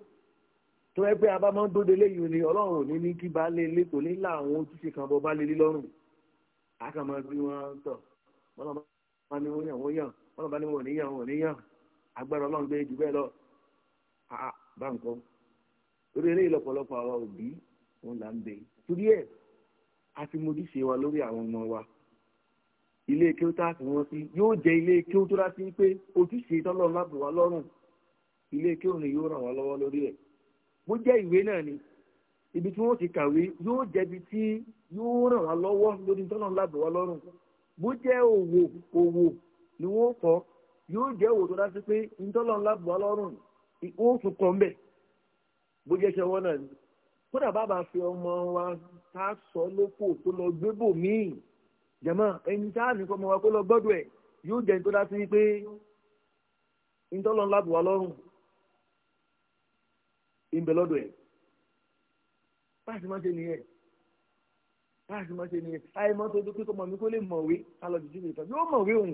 tó ẹ pé abámọ́ dóde lẹ́yìn ni ọlọ́run ò ní ní kí baálé ilé kò ní là àwọn ojúṣe kan bọ baálé ilé lọ́rùn àkàmọ́ bí wọ́n tọ̀ wọ́n bá ní wọ́n yàn wọ́n yàn wọ́n bá ní wọ́n níyàn wọ́n níyàn agbára ọlọ́run gbé jù bẹ́ẹ̀ lọ bá nǹkan torí eré ìlọ́pọ̀lọpọ̀ àwọn òbí òun là ń bẹ torí ẹ̀ a fi mojúṣe wa lórí àwọn ọmọ wa ile kí ó tá a fi wọn sí yóò jẹ ile kí ó tó dá sí pé ojúṣe tọ́lọ́run lábò wá lọ́rùn ilé kí òun yóò ràn wá lọ́wọ́ lórí ẹ̀ bó jẹ́ ìwé ni ibi tí wọ́n ti kàwé yóò jẹ́bi tí yóò ràn wá lọ́wọ́ lórí tọ́lọ́run lábò wá lọ́rùn bó jẹ́ òwò òwò ni wọ́n kọ́ yóò jẹ́ òwò tó dá sí pé ntọ́lọ́run lábò wá lọ́rùn ó tún kọ́ mbẹ̀ bó jẹ́ ṣẹ́wọ́ náà ni kódà bàbá fi ọmọ wa ká sọ lóko kó lọ gbébò míì jàmá ẹni tá a nìkan ọmọ wa kó lọ gbọ́dọ̀ ẹ̀ yóò jẹ́ nítorí sí pé ntọ́lọ́ ńlá bùwá lọ́rùn ìbẹ̀ lọ́dọ̀ ẹ̀ báyìí máa ṣe nìyẹn báyìí máa ṣe nìyẹn ayé máa tó dókítà ọmọ mi kó lè mọ̀wé alọ́ jùjú mi tán yóò mọ̀wé òun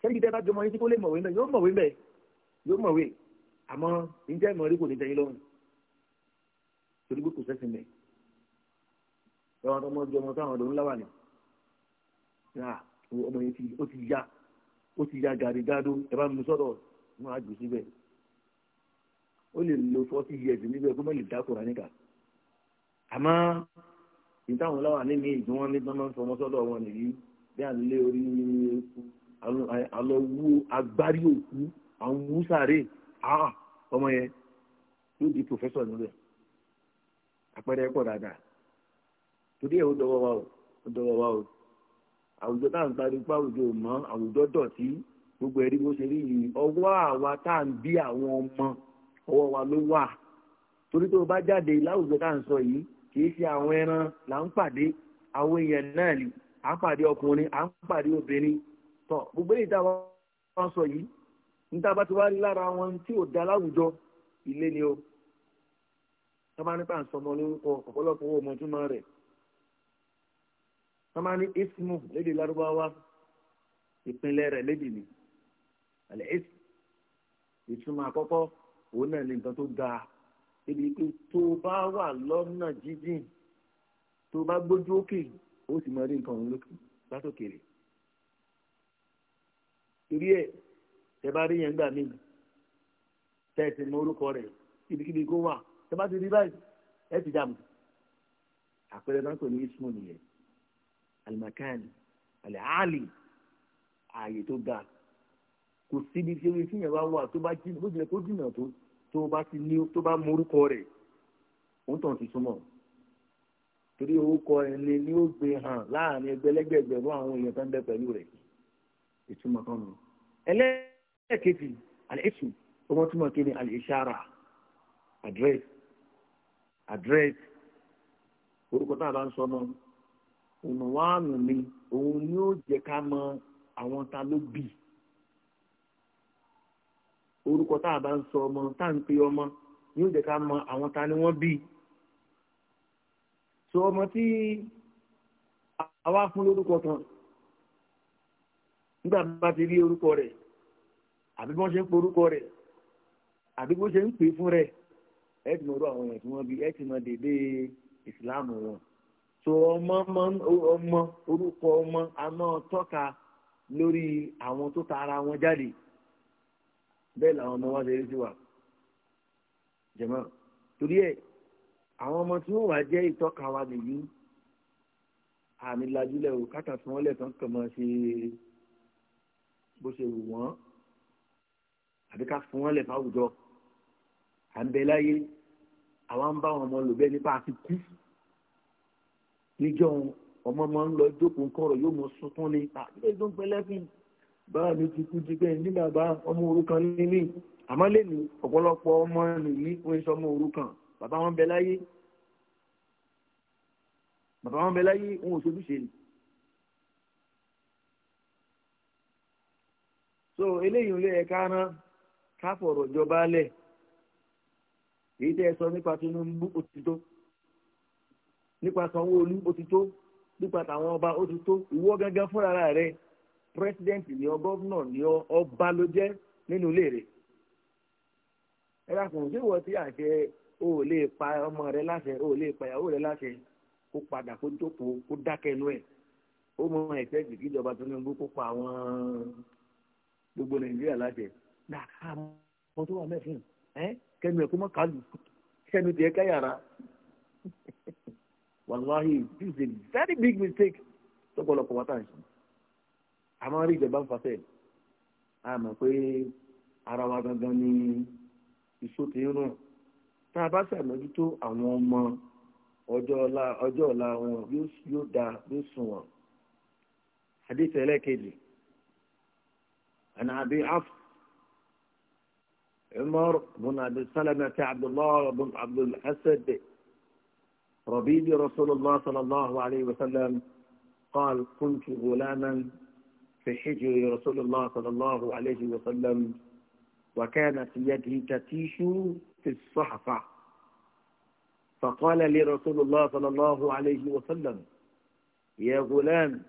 sẹ́yìn tẹ́ bá jọmọ yín tí kó lè mọ̀wé náà yóò mọ̀wé bẹ́ẹ̀ yóò mọ̀wé àmọ́ ìjẹ́ ìmọ̀rí kò ní tẹ́yìn lọ́rùn torí pé kò sẹ́sìn bẹ̀. ẹ̀wọ̀n tó mọ́jú ọmọ táwọn ọ̀dọ́ ńlá wà ní. ọmọ yẹn ó ti ya ó ti ya gàrí gádó ẹ bá mi sọ̀rọ̀ wọn á jù síbẹ̀. ó lè lo forty years níbẹ̀ kó má lè dá kóra níkà. àmọ́ ìtàwọn ńlá wà nínú ìdí wọn ní tọ́nà fọmọ sọ́dọ̀ wọn nìyí bí à ń lé orí alọ́wọ́ agbárí òkú àwọn wúsàrè ọmọ yẹn yóò di professor nílẹ̀ àpẹẹrẹ pọ̀ dáadáa torí ẹ̀ ó dọwọ́ wa o ó dọwọ́ wa o àwùjọ tá à ń parí pa àwùjọ mọ́ àwùjọ dọ̀tí gbogbo ẹ̀rí bó ṣe rí yìí ọwọ́ àwa tá à ń bí àwọn ọmọ ọwọ́ wa ló wà torí tó o bá jáde láwùjọ tá à ń sọ yìí kì ṣe àwọn ẹran là ń pàdé àwọn èèyàn náà ni à ń pàdé ọkùnrin à ń pàdé obìnrin tọ gbogbo èyí tá a wá sọ yìí níta bá ti wá rí lára wọn tí ò da láwùjọ ilé ni o wọ́n máa nípa àǹsọ̀mọ́ lórúkọ ọ̀pọ̀lọpọ̀ owó ọmọdúnmọ́ rẹ̀ wọ́n máa ní ismu lédè lárúbáwá ìpínlẹ̀ rẹ̀ lédè ni àlẹ́ is ìtumọ̀ àkọ́kọ́ òun náà ní nǹkan tó ga ebi pé tó bá wà lọ́nà jíjìn tó bá gbójú òkè ó sì máa rí nǹkan òun lókè látòkèrè torí ẹ̀ tẹ bá rí yẹn gbà mí tẹ ẹ sì mọ orúkọ rẹ̀ kíbikíbi kó wà tó bá ti rí báyìí ẹ ti dààmú àpẹẹrẹ náà kò ní ismu nìyẹn alimakani aliali ààyè tó ga kò síbi tí orí fíyàn bá wà tó bá jìnnà bó jìnnà kó jìnnà tó tó bá ti ní tó bá morúkọ rẹ̀ òun tàn ti súnmọ́ torí orúkọ ẹ̀ lé ní ó gbé hàn láàrin ẹgbẹ̀lẹ́gbẹ̀gbẹ̀rún àwọn èèyàn tó ń bẹ pẹ̀lú rẹ̀ ìtumọ̀ kan nù ẹlẹ́ẹ̀kejì àlẹ́ ìsù ọmọ túmọ̀ kí ni àlẹ́ ìṣàrà àdírẹ́sì. address orúkọ tá a bá ń sọ náà ònàwánu ni òun ni ó jẹ ká mọ àwọn ta ló bì orúkọ tá a bá ń sọ ọmọ tá à ń pe ọmọ ni ó jẹ ká mọ àwọn ta ni wọn bì so ọmọ tí àwa fún lórúkọ kan nígbà bá ti rí orúkọ rẹ àbí wọ́n ṣe ń pe orúkọ rẹ̀ àbí wọ́n ṣe ń pè fún rẹ̀. ẹ ti mọ irú àwọn èèyàn tí wọ́n bí ẹ ti mọ dédé ìsìláàmù wọn so ọmọ ọmọ orúkọ ọmọ àmọ tọ́ka lórí àwọn tó ta ara wọn jáde bẹ́ẹ̀ làwọn ọmọ wa ṣe rí sí wa jẹ̀mọ́ torí ẹ̀ àwọn ọmọ tí wọ́n wá jẹ́ ìtọ́ka wa nìyí àmì lajúlẹ̀ o káàtà fún wọn lẹ́ẹ̀kan kàn máa ṣe bó ṣe wù wọ́n àbí ká fún wọn lẹ́ẹ̀fà àwùjọ à ń bẹ láyé àwa ń bá àwọn ọmọ lò bẹ́ẹ̀ nípa àti kú níjọ́ ọmọ máa ń lọ jókòó kọ̀rọ̀ yóò mọ sunkún ní ipa ilé tó ń pẹ́ lẹ́fìn báà ni? ti kú jígbẹ́ ní bàbá ọmọ òrukàn ní mí àmọ́ lẹ́nu ọ̀pọ̀lọpọ̀ ọmọ nìyí wọ́n ń ọmọ òrukàn bàbá wọn bẹ láyé bàbá wọn bẹ láyé wọn ò sojúṣe ni. so eléyìí ń lé ẹ̀ka rán ká jọba lẹ̀ èyí tẹ́ ẹ sọ nípa Tinubu ó ti tó nípa Sanwó-Olú ó ti tó nípa tàwọn ọba ó ti tó ìwọ gángan fúnra rẹ pírẹsidẹ́ǹtì ni ọ gọ́vnọ̀ ni ọ ọba ló jẹ́ nínú ilé rẹ̀ ẹ dákun ṣé wọ́n ti àṣẹ o ò lè pa ọmọ rẹ láṣẹ o ò lè pa ìyàwó rẹ láṣẹ kó padà kó jókòó kó dákẹ́ inú ẹ̀ ó mọ ẹ̀sẹ̀ jù kí ìjọba Tinubu kó pa àwọn gbogbo Nàìjíríà láṣẹ náà àwọn tó wà mẹ́fìn. Eh? Kẹmi ẹ̀kọ́ mọ́ kẹmi di eke yara this is a very big mistake lọ́pọ̀lọpọ̀ wá tàn sí a a mọ̀ pé ara wa gangan ni iṣó ti ń rùn tá a bá ṣàmójútó àwọn ọmọ wọn yóò da yóò sùn wọn. عمر بن أبي سلمة عبد الله بن عبد الأسد ربيبي رسول الله صلى الله عليه وسلم قال كنت غلاما في حجر رسول الله صلى الله عليه وسلم وكان في يده تتيش في الصحفة فقال لي رسول الله صلى الله عليه وسلم يا غلام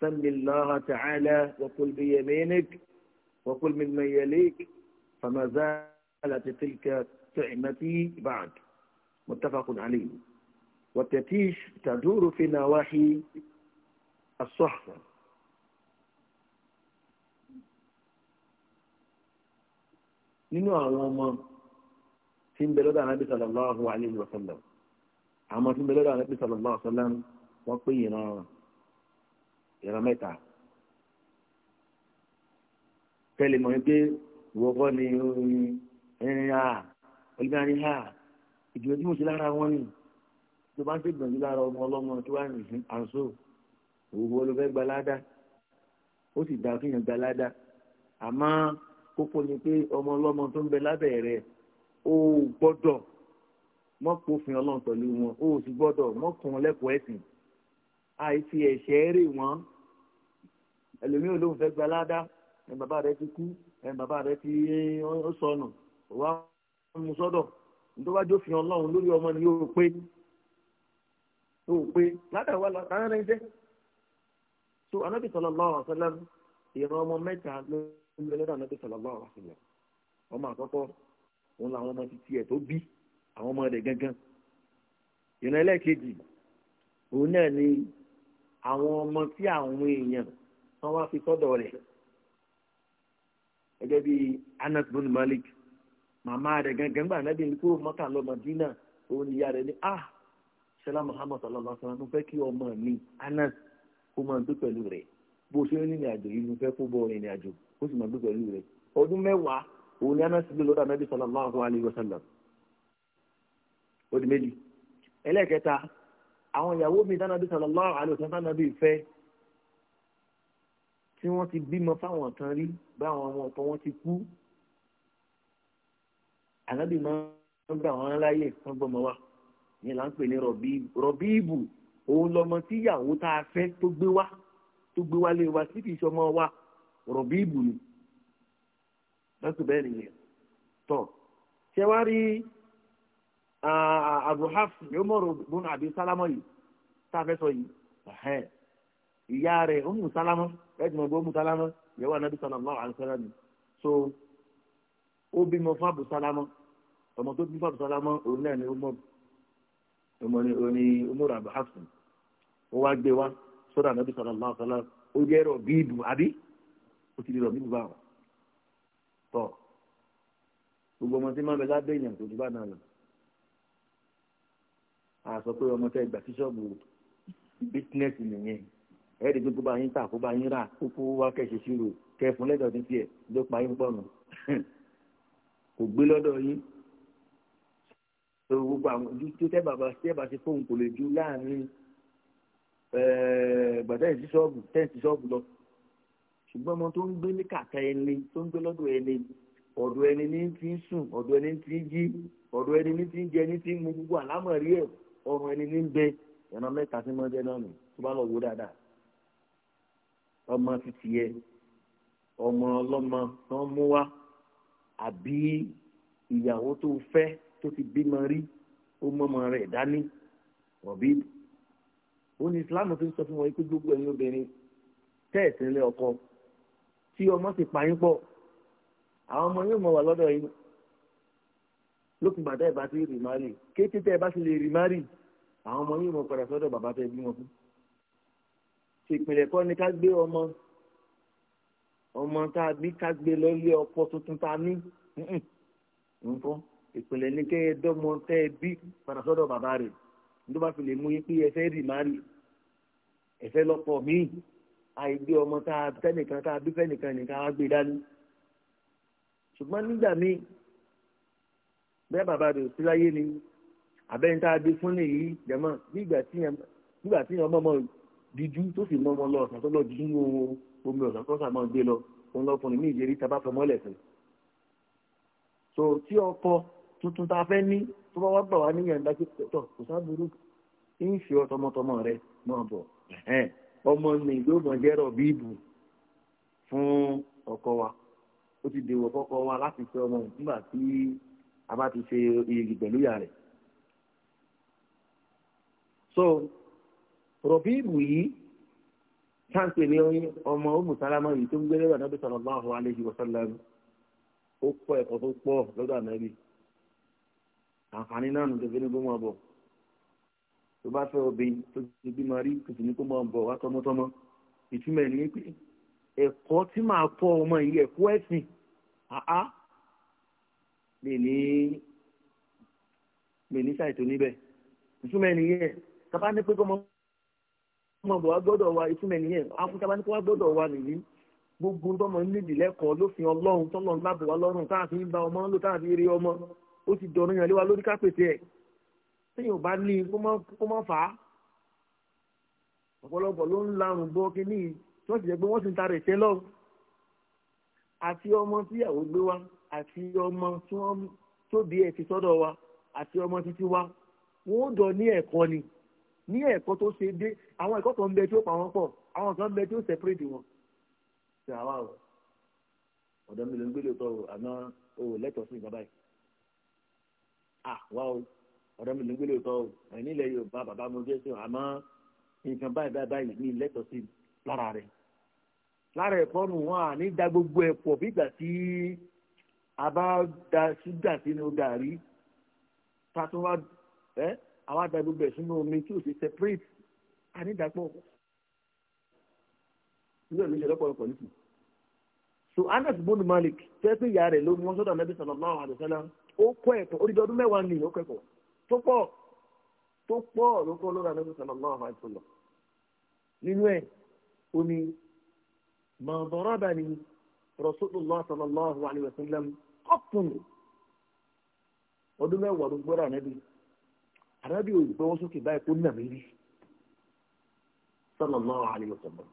سم الله تعالى وقل بيمينك وقل مما يليك فما زالت تلك تعمتي بعد متفق عليه والتتيش تدور في نواحي الصحفة نينو علامة تيم بلد النبي صلى الله عليه وسلم أما تيم بلد النبي صلى الله عليه وسلم وقينا يرميتا كلمة يبقى ìwọ kọ́ ni orin ẹrin a olùdarí a ìdúró tí mo ṣe lára wọn ni tó bá ń ṣe gbọ̀njú lára ọmọ ọlọ́mọ tó wà ní ìsìn àǹsó òwò ló fẹ́ gba ládá ó sì dá kéèyàn gba ládá àmọ́ kókó ni pé ọmọ ọlọ́mọ tó ń bẹ lábẹ́ rẹ̀ ó gbọ́dọ̀ mọ́pòfin ọlọ́run pẹ̀lú wọn ó sì gbọ́dọ̀ mọ́kùn lẹ́kọ̀ọ́ ẹ̀sìn àìfi ẹ̀ṣẹ̀ rè wọ́n ẹlòmíràn ló ń fẹ́ gba ládá ni bàbá rẹ̀ ti kú ẹ bàbá rẹ ti ó sọnù wá mú sọ́dọ̀ nítorí wájú òfin ọlọ́run lórí ọmọ ni yóò pé yóò pé ládàá wà látara rẹ jẹ́ so anábì sallallahu alaihi wasallam ìran ọmọ mẹ́ta ló ń lọ lọ́dọ̀ anábì sallallahu alaihi wasallam ọmọ àkọ́kọ́ òun làwọn ọmọ títí ẹ̀ tó bí àwọn ọmọ rẹ̀ gangan ìran ẹlẹ́ẹ̀kejì òun náà ni àwọn ọmọ tí àwọn èèyàn wọn wá fi sọ́dọ̀ rẹ̀ gẹ́gẹ́ bí Anas bin Malik màmá rẹ̀ gangan gbà náà bí n kúrò mọ́tà lọ Madina òun ni ìyá rẹ̀ ní ah sẹlá Muhammad sallallahu alaihi wasallam fẹ́ kí ọmọ mi Anas kó máa gbé pẹ̀lú rẹ̀ bó ṣe ń rìnrìn àjò yìí ló fẹ́ kó bọ̀ rìnrìn àjò ó sì máa gbé pẹ̀lú rẹ̀ ọdún mẹ́wàá òun ni Anas gbé lọ́dọ̀ Nabi sallallahu alaihi wasallam ó di méjì ẹlẹ́ẹ̀kẹta àwọn ìyàwó mi dáná bí sallallahu alaihi wasallam náà bí fẹ́ tí wọ́n ti bímọ fáwọn kan rí báwọn ọmọ kan wọ́n ti kú ànábì máa ń gbà wọ́n láyè wọ́n gbọ́mọ wa ní là ń pè ní rọ̀bíìbù òun lọmọ tíyàwó tá a fẹ́ tó gbé wá tó gbé wá lé wa sí kìí sọmọ wa rọ̀bíìbù ni lọ́sùn bẹ́ẹ̀ nìyẹn tọ́ ṣé wá rí ah, Abu Hafs yóò mọ̀ rògbòn àbí sálámọ̀ yìí tá a fẹ́ sọ yìí ìyá rẹ̀ ó mú sálámọ́ ẹ̀dì mọ̀ bó mú sálámọ́ ìyàwó anabi sallallahu alaihi wasallam so ó bímọ fún abu sálámọ́ ọmọ tó bí fún abu sálámọ́ òun náà ni ó mọ̀ ọmọ ni òun ni umar abu hafsan ó wá gbé wá sọ́dọ̀ anabi sallallahu alaihi wasallam ó jẹ́ rọ̀ bíbù àbí ó ti di rọ̀ bíbù báwọn tọ́ gbogbo ọmọ tí máa bẹ lábẹ́ èèyàn kò jù bá náà lọ àsọ pé ọmọ tẹ gbà sí ṣọ́ọ̀bù bísínẹ́sì nìyẹn ẹ̀ẹ́dì gbogbo bá yín tà kó bá yín rà kókó wá kẹ̀sì sí rò kẹfun lẹ́dọ̀ ní tiẹ̀ ló pa yín pọ̀nù kò gbé lọ́dọ̀ yín gbogbo àwọn ojú tó tẹ́ bàbá tẹ́ bá ṣe fóun kò lè ju láàrin gbàdáyìí sí ṣọ́ọ̀bù tẹ́ǹtì ṣọ́ọ̀bù lọ ṣùgbọ́n ọmọ tó ń gbé ní kàkà ẹni tó ń gbé lọ́dọ̀ ẹni ọ̀dọ̀ ẹni ní ti ń sùn ọ̀dọ̀ ẹni ní ti ń jí ọ̀dọ̀ ẹni ní ti ń jẹ ní ti ń mu gbogbo àlámọ̀rí ẹ̀ ọ̀rùn ẹni ní ń bẹ ẹ̀nà mẹ́ta sí mọ́jẹ́ náà nù tó bá lọ wó dáadáa ọmọ títí yẹ ọmọ ọlọ́mọ tán mú wá àbí ìyàwó tó fẹ́ tó ti bímọ rí ó mọ́mọ rẹ̀ dání ọ̀bí ó ní islam tó ń sọ fún wọn pé gbogbo ẹ̀yin obìnrin tẹ́ẹ̀sì ńlẹ̀ ọkọ tí ọmọ sì pa yín pọ̀ àwọn ọmọ yóò mọ wà lọ́dọ̀ yín lókun bàtà ẹ̀ bá ti rí márì kété tẹ́ ẹ bá ti lè rí márì àwọn ọmọ yóò mọ padà sọ́dọ̀ bàbá tẹ́ bí wọn fún ìpìlẹ̀ kọ́ ni ká gbé ọmọ ọmọ tá a bí ká gbé lọ ilé ọkọ tuntun tá a ní nǹkan ìpìlẹ̀ ni kẹ́ ẹ dọ́mọ tẹ́ ẹ bí padà sọ́dọ̀ bàbá rẹ̀ nítorí bá fi lè mú yín pé ẹ fẹ́ rì má rì ẹ fẹ́ lọ́pọ̀ míì àìgbé ọmọ tá a tẹ́nìkan tá a bí fẹ́nìkan nìkan á gbé dání ṣùgbọ́n nígbà míì bẹ́ẹ̀ bàbá rẹ̀ sí láyé ni abẹ́ni tá a bí fún nìyí jẹ̀mọ́ nígbà tí yẹn ọmọ ọmọ rẹ̀ díjú tó sì mọ́ ọmọ lọ ọ̀sán tó lọ díjú ní omi ọ̀sán tó sàmọ́ gbé lọ òun lọkùnrin ní ìjẹ́rí tabá fọmọ́ lẹ̀sìn. so tí ọkọ tuntun tá a fẹ́ ní tó bá wá gbà wá níyàn dájú tọ̀ kò sábúrú ń fi ọ tọmọtọmọ rẹ náà bọ̀ ọmọ mi ìgbóògùn jẹ́rọ̀ bíbù fún ọkọ wa ó ti dèwọ fọkọ wa láti fẹ́ ọmọ nígbà tí a bá ti ṣe iyì pẹ̀lú ìyá rẹ̀ so rọ̀bíìbù yìí táǹpẹ̀ ní ọmọ ọmùsálámà yìí tó ń gbélé wà nábì sallallahu alaihi wasallam ó kọ́ ẹ̀kọ́ tó pọ̀ lọ́dọ̀ ànábì àǹfààní náà nùdó fi ní kó máa bọ̀ tó bá fẹ́ obìnrin tó ti bímọ rí kò sì ní kó máa bọ̀ wá tọmọtọmọ ìtumọ̀ ẹ̀ ní pé ẹ̀kọ́ tí màá kọ́ ọmọ yìí ẹ̀kọ́ ẹ̀sìn àá lè ní lè ní níbẹ̀ ìtumọ̀ mọ̀ bọ̀ wá gbọ́dọ̀ wa ìtumẹ̀ nìyẹn afúnṣe bá ní kó wá gbọ́dọ̀ wa nìyí gbogbo tọmọ nídìí lẹ́kọ̀ọ́ lófin ọlọ́run tọ́lọ̀ ń lábọ̀ wá lọ́rùn káàfin ń ba ọmọ lò káàfin rí ọmọ ó ti dọ̀rọ̀ yàn lé wa lórí kápẹ́tì ẹ̀ sẹ́yìn ò bá ní kó mọ́ fà á ọ̀pọ̀lọpọ̀ ló ń larùn bọ́ kínní tí wọ́n ti jẹ́ pé wọ́n ti ń ta rẹ̀ tẹ́lọ̀ àti ọmọ tíyàwó gbé wa àti ọmọ tí wọ́n tóbi ẹ̀ ti sọ́dọ̀ wa àti ọmọ títí wa wọ́n dọ̀ ní ẹ̀kọ́ ni ní ẹ̀kọ́ tó ṣe dé àwọn ẹ̀kọ́ kan bẹ tí ó pa wọn pọ̀ àwọn kan bẹ tí ó separate wọn. ṣe àwa o ọ̀dọ́ mi ló ń gbélé tọ́ o àná o lẹ́tọ̀ọ́ sí ìjọba yìí. à wá o ọ̀dọ́ mi ló ń gbélé tọ́ o ẹ̀ nílẹ̀ yorùbá bàbá mo jẹ́ sí àmọ́ nǹkan báyìí báyìí báyìí mi lẹ́tọ̀ọ́ sí lára rẹ̀. lára ẹ̀kọ́ nù wọn à ní da gbogbo ẹ̀ pọ̀ bí ìgbà tí a bá da ṣúgà sínú gàrí tá a tún wá ẹ́ àwa da gbogbo ẹ̀ sínú omi tí ò sì separate ànídàpọ̀ ilé ìlú ìṣẹ̀lẹ̀ pọ̀lọpọ̀ nìkú. so Anas bonu Malik tẹ́ pé ìyá rẹ̀ ló mú sọ́dọ̀ Nabi sallallahu alaihi wasallam ó kọ́ ẹ̀kọ́ oríṣi ọdún mẹ́wàá ní ìlú kẹ́kọ̀ọ́ tó pọ̀ tó pọ̀ ló kọ́ lọ́dọ̀ Nabi sallallahu alaihi wasallam nínú ẹ̀ ó ní ma darabani Rasulullah sallallahu alaihi wasallam ọ̀pùn ọdún mẹ́wàá ló gbọ́dọ̀ Nabi ànábì ò gbọ́wọ́ sókè báyìí kó nà mí rí sallallahu alaihi wasallam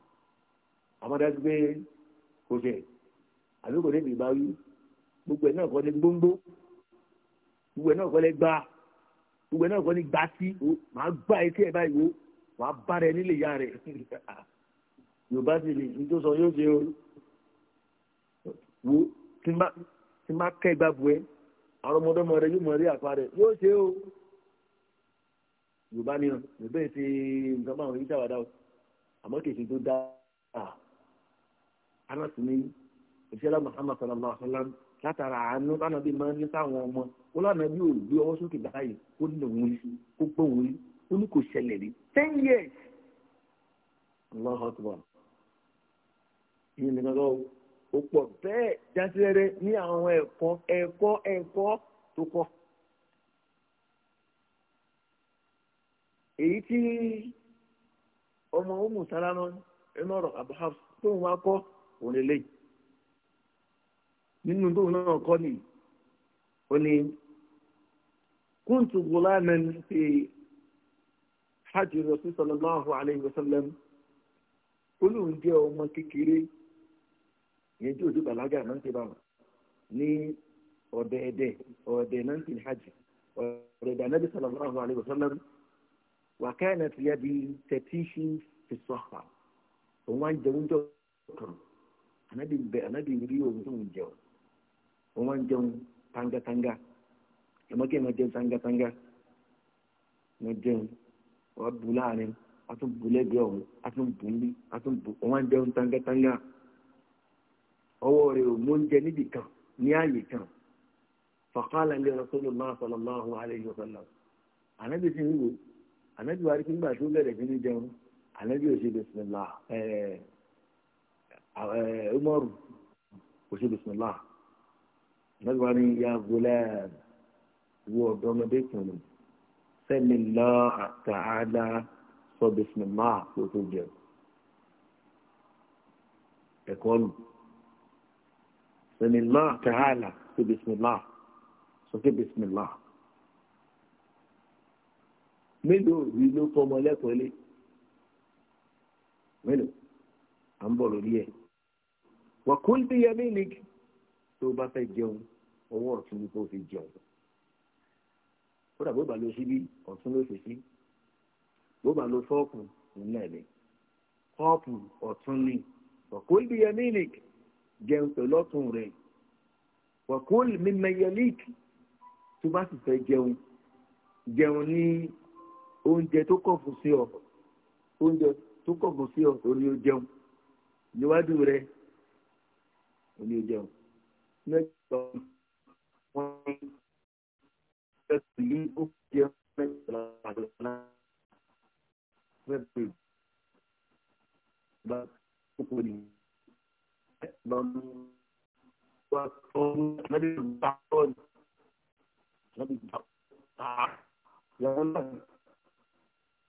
àmọ́dájú pé kò ṣe àbí kò débi ìbá wí gbogbo ẹ̀ náà kọ́ ni gbóngbó gbogbo ẹ̀ náà kọ́ ni gbá gbogbo ẹ̀ náà kọ́ ni gbá sí màá gbá etí ẹ̀ báyìí wo wàá bá rẹ nílé ìyá rẹ yorùbá sì ni nítorí sọ yóò ṣe o wo tí má kẹ́ gbàgbọ́ ẹ àwọn ọmọdé ọmọ rẹ yóò mọ̀ rí àpá rẹ yóò ṣe o yorùbá ni ọ yorùbá yìí ṣe nǹkan báwọn yìí ṣàwádà o àmọ́ kìí ṣe tó dá a anas ni ìṣẹ̀lẹ̀ muhammad sallallahu alaihi wa sallam látara àánú lánàá bí máa ń ní sáwọn ọmọ ó lánàá bí òòlù gbé ọwọ́ sókè báyìí ó ní òun rí ó gbọ́ òun rí ó ní kò ṣẹlẹ̀ rí ten years allah akbar yìí ni kankan ó pọ̀ bẹ́ẹ̀ jásírẹ́rẹ́ ní àwọn ẹ̀kọ́ ẹ̀kọ́ ẹ̀kọ́ tó kọ́. èyí tí ọmọ ọmọ sálámà ẹnu ọ̀rọ̀ abuhaf tóun wá kọ́ òun lélẹ́yìí nínú tóun náà kọ́ nìyí ó ní kúntù gùlámẹ́n fi hajj rasul sallallahu alayhi wa sallam olóhùn jẹ́ ọmọ kékeré yẹn tí òjò bàlágà náà ti bá wọn ní ọ̀dẹ̀ẹ̀dẹ̀ ọ̀dẹ̀ náà ti hajj anábì alayhi wa sallam. wàkẹ́ẹ̀nà ti yẹ di tẹ̀tíṣì ti sọ́fà òun wá ń jẹun jọ kan ànábì bẹ ànábì rí òun tó ń jẹun òun wá ń jẹun tangatanga ẹ̀mọ́kẹ́ máa jẹun tangatanga máa jẹun wọ́n bu láàrin atún bu lẹ́gbẹ̀ẹ́ ọ̀hún atún bu níbí atún bu òun wá ń jẹun tangatanga ọwọ́ rẹ̀ kan ní ààyè kan rasulullah sallallahu alayhi wa sallam ànábì sì أنا جواري كن باشو لا رفيني جون أنا جوشي بسم الله ااا عمر وشي بسم الله أنا جواري يا غلام هو دوم بيكون سل الله تعالى صو بسم الله وتوجه يكون سل الله تعالى صو بسم الله صو بسم الله mélòó òbí ló kọ́ ọmọ lẹ́kọ̀ọ́ lé mélòó à ń bọ̀ lórí ẹ̀ wọ́n kú bí yẹmí ni tó bá fẹ́ jẹun ọwọ́ ọ̀tún ni kò fi jẹun kódà bó bá lọ síbí ọ̀tún ló fi sí bó bá lọ fọ́ọ̀kù nínú ẹ̀ kọ́ọ̀pù ọ̀tún ni wàkúlì yaminik jẹun pẹ̀lú ọ̀tún rẹ̀ wàkúlì mímẹyẹlik tó bá sì fẹ́ jẹun jẹun ní oúnjẹ tó kọ̀ fún sí ọ oúnjẹ tó kọ̀ fún sí ọ òní ó jẹun níwájú rẹ òní ó jẹun mẹ́jọ wọn ẹsùn yìí ó jẹun mẹ́jọ àdọ̀nà mẹ́jọ bá kókó ni bá mú wá ọ̀hún lẹ́yìn bá ọ̀hún lẹ́yìn bá ọ̀hún.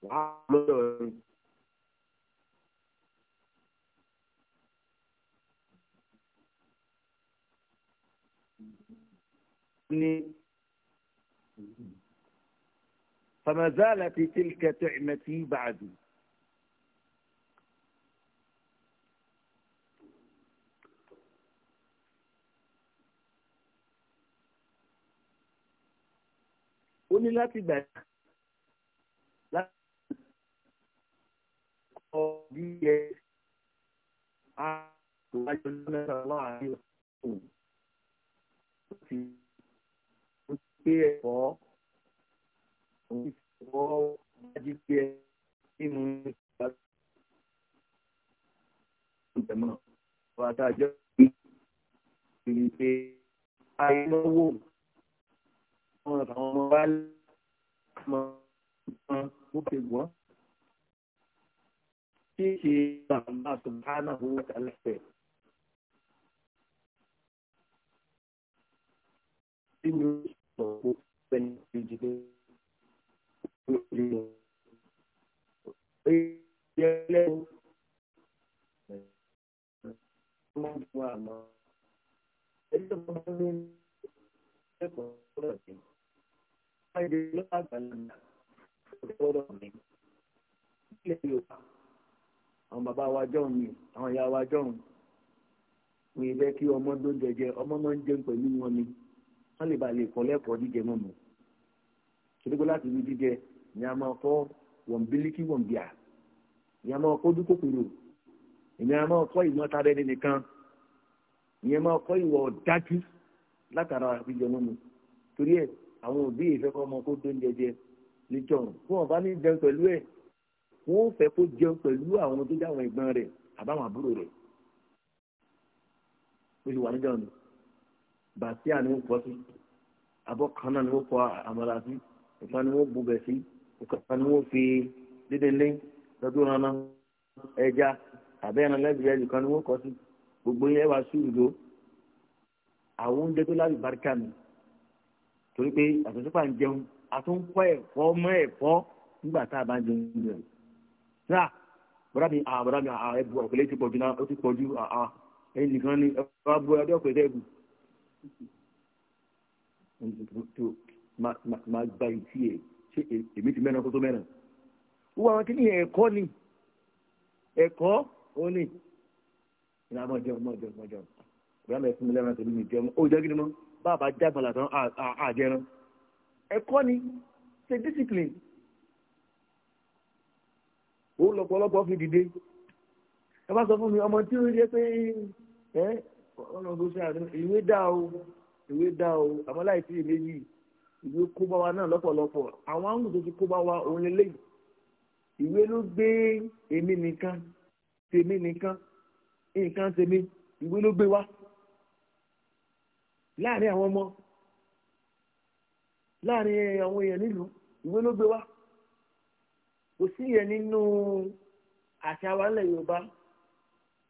فما زالت تلك تعمتي بعد قولي لا تبالي bí ẹ a tó wájú lọ́nà láàrin òkú ti ó ti gbé ẹ̀kọ́ òun ti fọ́ wájú gbé ẹ nínú ìgbà tó tẹ̀mọ́ bàtà jọ pé ìrì pé ayé lọ́wọ́ wọn àtàwọn ọmọ wa lọ́wọ́ bó ṣe gbọ́n tí kì í bàbá subhana owó tẹlẹsẹ. Nínú ìṣòro pẹ̀lú ìdílé olùdíje. Ó yẹ lẹ́yìn ọmọ àwọn bàbá wa jọ̀hún ni àwọn ìyá wa jọ̀hún wọn yìí fẹ́ kí ọmọ ló jẹjẹ ọmọ máa ń jẹun pẹ̀lú wọn ni wọ́n lè bàa lè kọ́ lẹ́kọ̀ọ́ jíjẹ mọ́ mọ́ torípé láti ibi jíjẹ ni a máa kọ́ wọ̀nbílíkì wọ̀nbíà ni a máa kọ́ dúkòkòrò ni a máa kọ́ ìmọ̀ta rẹ̀ nìkan ni a máa kọ́ ìwà ọ̀dájú látara jíjẹ mọ́ mọ́ torí ẹ̀ àwọn òbí ìfẹ́kọ́ ọmọ kó dóúnjẹ jẹ wọ́n fẹ́ kó jẹun pẹ̀lú àwọn tó jáwọn ẹ̀gbọ́n rẹ̀ àbáwọn àbúrò rẹ̀ ó sì wà níjọ́ ni bàtíà ni wọ́n pọ̀ sí abọ́ kan náà ni wọ́n pọ̀ àmàlà sí ìkan ni wọ́n bubẹ̀ sí ìkan ni wọ́n fi dídín lé lọ́dún rana ẹja àbẹ́yẹn lẹ́bìí ẹ̀jù kan ni wọ́n kọ́ sí gbogbo yẹn wá sí ìdó àwọn oúnjẹ tó lábì barika mi torí pé àtúntò pà ń jẹun àtúntò ẹ̀fọ́ mọ́ ẹ̀fọ́ nígbà tá a bá jẹun jẹun náà bọ́dá mi àwọn bọ́dá mi àwọn ẹbù ọ̀pẹ̀lẹ̀ ti pọ̀jù náà ó ti pọ̀jù àwọn ẹ̀yìn nìkan ni ẹ̀fọ́ abú ẹ̀dẹ́ ọ̀pẹ̀lẹ̀ ẹ̀bù. máa gba ìtì ẹ̀ ṣé èmi ti mẹ́rin ọkọ tó mẹ́rin. wọ́n àwọn kìíní ẹ̀kọ́ ni ẹ̀kọ́ ó ní ìlànà ọmọ jẹun ọmọ jẹun ọmọ jẹun bọ́dá mi ẹ̀fún mi lẹ́ran tẹ̀lé mi jẹun ó jẹ́ kí ni mọ́ bá a bá jágbọ́n làtàn àjẹran ẹ̀kọ́ ni ṣe discipline ó lọ́pọ̀lọpọ̀ fi dìde ẹ bá sọ fún mi ọmọ tí ó yẹ pé ẹ ọ̀nà tó ṣe àdúrà ìwé dá o ìwé dá o àmọ́ láì sí ilé yìí ìwé kó bá wa náà lọ́pọ̀lọpọ̀ àwọn àwùjọ tó ti kó bá wa òun lélẹ́yìí ìwé ló gbé èmi nìkan tèmi nìkan nǹkan tèmi ìwé ló gbé wá láàrin àwọn ọmọ láàrin àwọn èèyàn nílùú ìwé ló gbé wá kò sí yẹn nínú àṣà wa nílẹ̀ yorùbá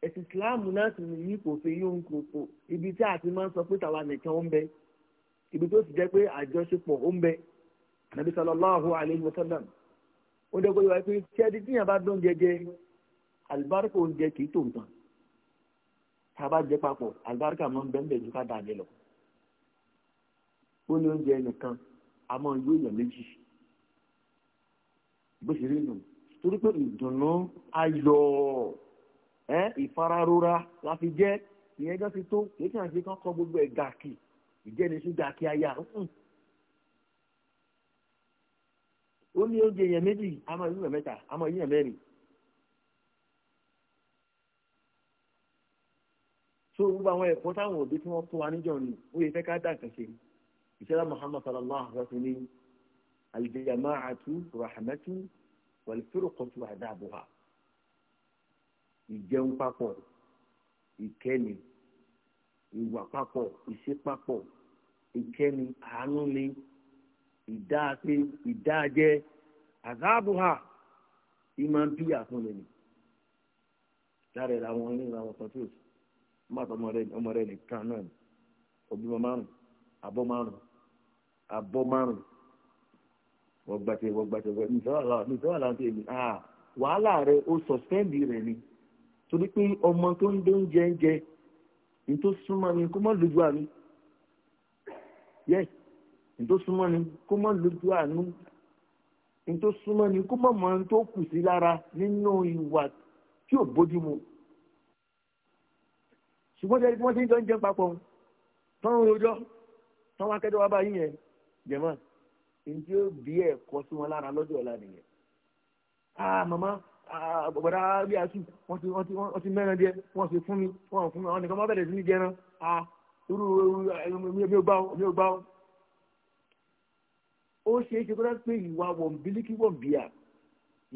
ẹ̀sìn islam náà sì nìyí kò fi yí òun ibi tí a ti máa ń sọ pé tàwa nìkan ń bẹ ibi tó sì jẹ́ pé àjọṣepọ̀ ń bẹ nàbí sallallahu alayhi wa sallam ó dẹ́gbẹ́ yọ pé tí ẹni tíyàn bá dún jẹjẹ alibarika oúnjẹ kì í tó nǹkan tá a bá jẹ papọ̀ alibarika máa ń bẹ́ẹ̀ bẹ́ẹ̀ ju ká dáadé lọ ó ní oúnjẹ nìkan a máa ń yó méjì bó ṣe rí nù torí pé ìdùnnú ayọ̀ ẹ ìfararora la fi jẹ́ ìyẹn gan ti tó kìí kàn ṣe kán kọ gbogbo ẹ gàkì ije gàkì aya ó ní oúnjẹ yẹn méjì a máa yíyan mẹ́ta a máa yíyan mẹ́rin. so gbogbo àwọn ẹ̀kọ́ táwọn òbí tí wọ́n kó wa ni ó yẹ fẹ́ ká dà kẹsẹ̀ ìṣẹ́lá aljamaatu rahmatu wàlfẹ́rọ̀kọ̀tù àdàbọ̀hà ìjẹun papọ̀ ìkẹ́ni ìwà papọ̀ ìṣe papọ̀ ìkẹ́ni àánú ni ìdáàpé ìdáàjẹ àdàbọ̀hà ìmọ̀ bí àtúnlẹ̀ ni lára ẹ̀ làwọn onírin àwọn kan tó má tọ́ ọmọ rẹ̀ nìkan náà ni òbí márùn-ún àbọ̀ márùn-ún àbọ̀ márùn-ún wọ́n gbàtẹ wọ́n gbàtẹ wọ́n nìtọ́ àlà tó èmi ah wàhálà rẹ ó sọ̀spẹ́ndì rẹ ni torí pé ọmọ tó ń dó ń jẹ ń jẹ ní tó súnmọ́ ni kó mọ́ lójú àánú yes ní tó súnmọ́ ni kó mọ́ lójú àánú ní tó súnmọ́ ni kó mọ́ mọ́ tó kù sí lára nínú ìwà tí ò bójú mu ṣùgbọ́n jẹ́ bí wọ́n ti ń jẹun papọ̀ tán rojọ́ tán wá báyìí yẹn jẹ̀mọ́ọ̀ njẹ́ ó bí ẹ̀kọ́ sí wọn lára lọ́jọ́ ọ̀la nìyẹn. ah màmá bọ̀dá bí a sùn wọ́n ti wọ́n ti wọ́n ti mẹ́rin díẹ̀ wọ́n sì fún mi wọ́n fún mi àwọn nìkan máa bẹ̀rẹ̀ sí ní jẹran ah irú mi ò gbá o mi ò gbá o. ó ṣe é ṣe kó dájú pé ìwà wọ̀nbílíkì wọ̀nbíà